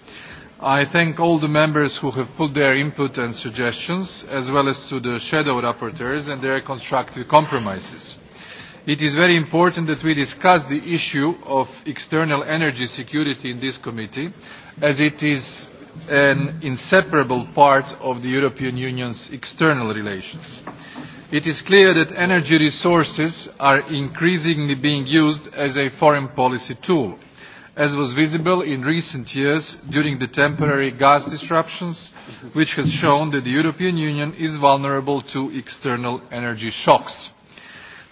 I thank all the members who have put their input and suggestions, as well as to the shadow rapporteurs and their constructive compromises. It is very important that we discuss the issue of external energy security in this committee, as it is an inseparable part of the European Union's external relations. It is clear that energy resources are increasingly being used as a foreign policy tool, as was visible in recent years during the temporary gas disruptions, which has shown that the European Union is vulnerable to external energy shocks.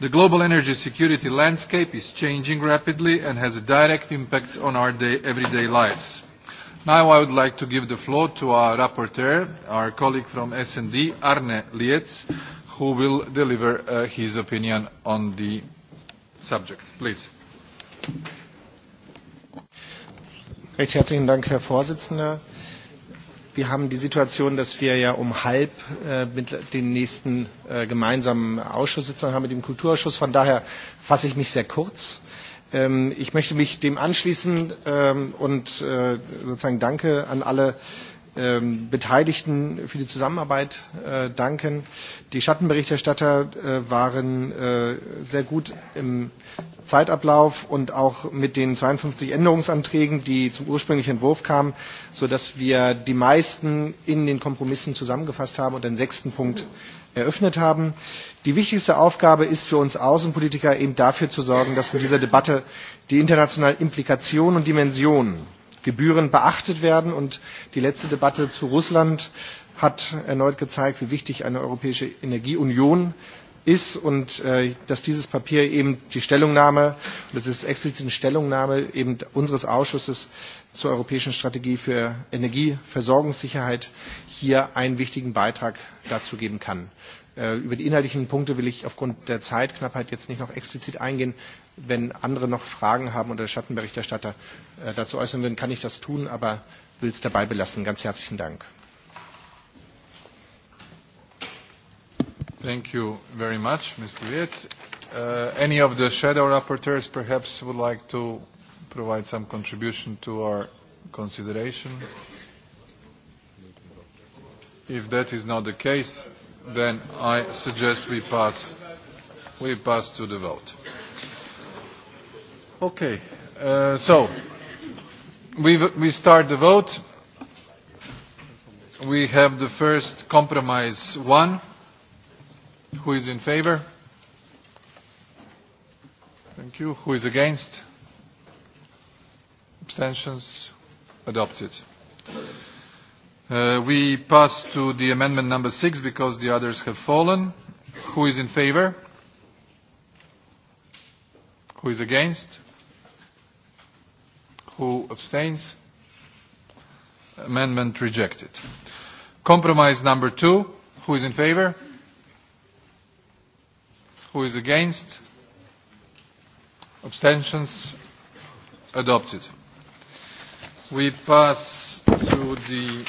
The global energy security landscape is changing rapidly and has a direct impact on our day, everyday lives. Now I would like to give the floor to our rapporteur, our colleague from S&D, Arne Lietz, who will deliver uh, his opinion on the subject. Please. Recht herzlichen Dank, Herr Vorsitzender. Wir haben die Situation, dass wir ja um halb äh, mit den nächsten äh, gemeinsamen Ausschusssitzung haben mit dem Kulturausschuss. Von daher fasse ich mich sehr kurz. Ähm, ich möchte mich dem anschließen ähm, und äh, sozusagen Danke an alle äh, ähm, Beteiligten für die Zusammenarbeit äh, danken. Die Schattenberichterstatter äh, waren äh, sehr gut im Zeitablauf und auch mit den 52 Änderungsanträgen, die zum ursprünglichen Entwurf kamen, sodass wir die meisten in den Kompromissen zusammengefasst haben und den sechsten Punkt eröffnet haben. Die wichtigste Aufgabe ist für uns Außenpolitiker eben dafür zu sorgen, dass in dieser Debatte die internationalen Implikationen und Dimensionen Gebühren beachtet werden. Und die letzte Debatte zu Russland hat erneut gezeigt, wie wichtig eine europäische Energieunion ist und äh, dass dieses Papier eben die Stellungnahme, das ist explizit eine Stellungnahme eben unseres Ausschusses zur europäischen Strategie für Energieversorgungssicherheit, hier einen wichtigen Beitrag dazu geben kann. Äh, über die inhaltlichen Punkte will ich aufgrund der Zeitknappheit jetzt nicht noch explizit eingehen. Wenn andere noch Fragen haben oder der Schattenberichterstatter äh, dazu äußern würden, kann ich das tun, aber will es dabei belassen. Ganz herzlichen Dank. Thank you very much, Mr. Wirtz. Uh, any of the shadow rapporteurs perhaps would like to provide some contribution to our consideration? If that is not the case, then I suggest we pass, we pass to the vote. Okay, uh, so we, we start the vote. We have the first compromise one. Who is in favor? Thank you. Who is against? Abstentions? Adopted. Uh, we pass to the amendment number six because the others have fallen. Who is in favor? Who is against? Who abstains? Amendment rejected. Compromise number two. Who is in favor? Who is against? Abstentions? Adopted. We pass to the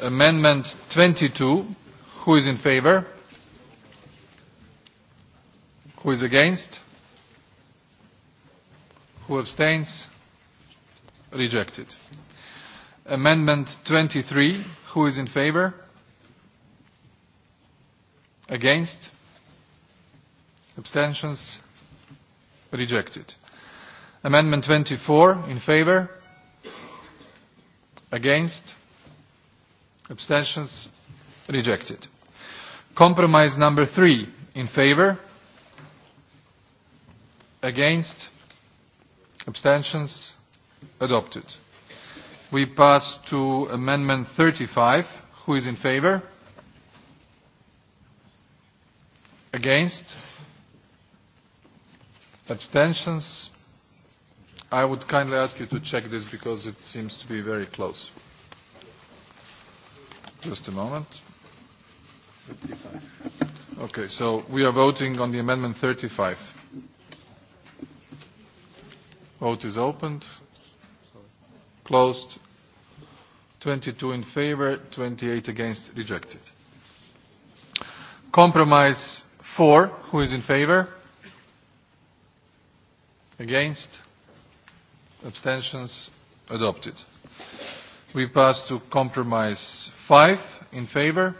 Amendment 22. Who is in favor? Who is against? Who abstains? Rejected. Amendment 23. Who is in favor? Against? Abstentions? Rejected. Amendment 24. In favor? Against? Abstentions? Rejected. Compromise number three. In favor? Against? Abstentions? Adopted. We pass to Amendment 35. Who is in favor? Against? Abstentions? I would kindly ask you to check this because it seems to be very close. Just a moment. Okay, so we are voting on the amendment 35. Vote is opened. Closed. 22 in favor, 28 against, rejected. Compromise 4, who is in favor? Against? abstentions adopted. We pass to compromise five in favor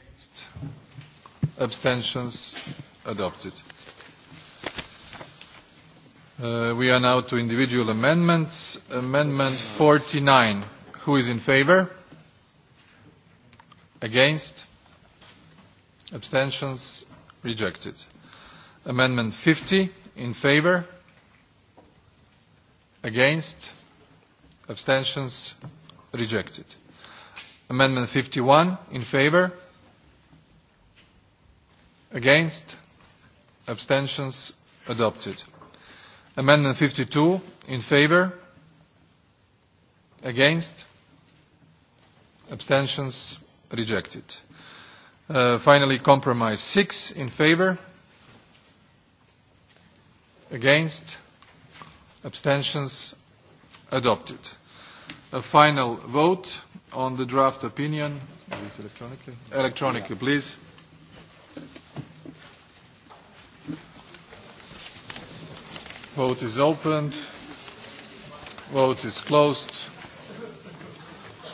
against abstentions adopted. Uh, we are now to individual amendments. Amendment 49. Who is in favor? Against? Abstentions? Rejected. Amendment 50. In favor? against abstentions rejected amendment 51 in favor against abstentions adopted amendment 52 in favor against abstentions rejected uh, finally compromise 6 in favor against abstentions adopted. A final vote on the draft opinion. Is this electronically? Electronically, please. Vote is opened. Vote is closed.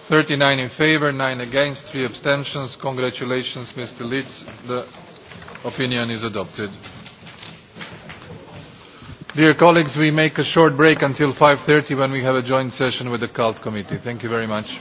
39 in favor, 9 against, 3 abstentions. Congratulations, Mr. Litz. The opinion is adopted. Dear colleagues, we make a short break until 5.30 when we have a joint session with the Cult committee. Thank you very much.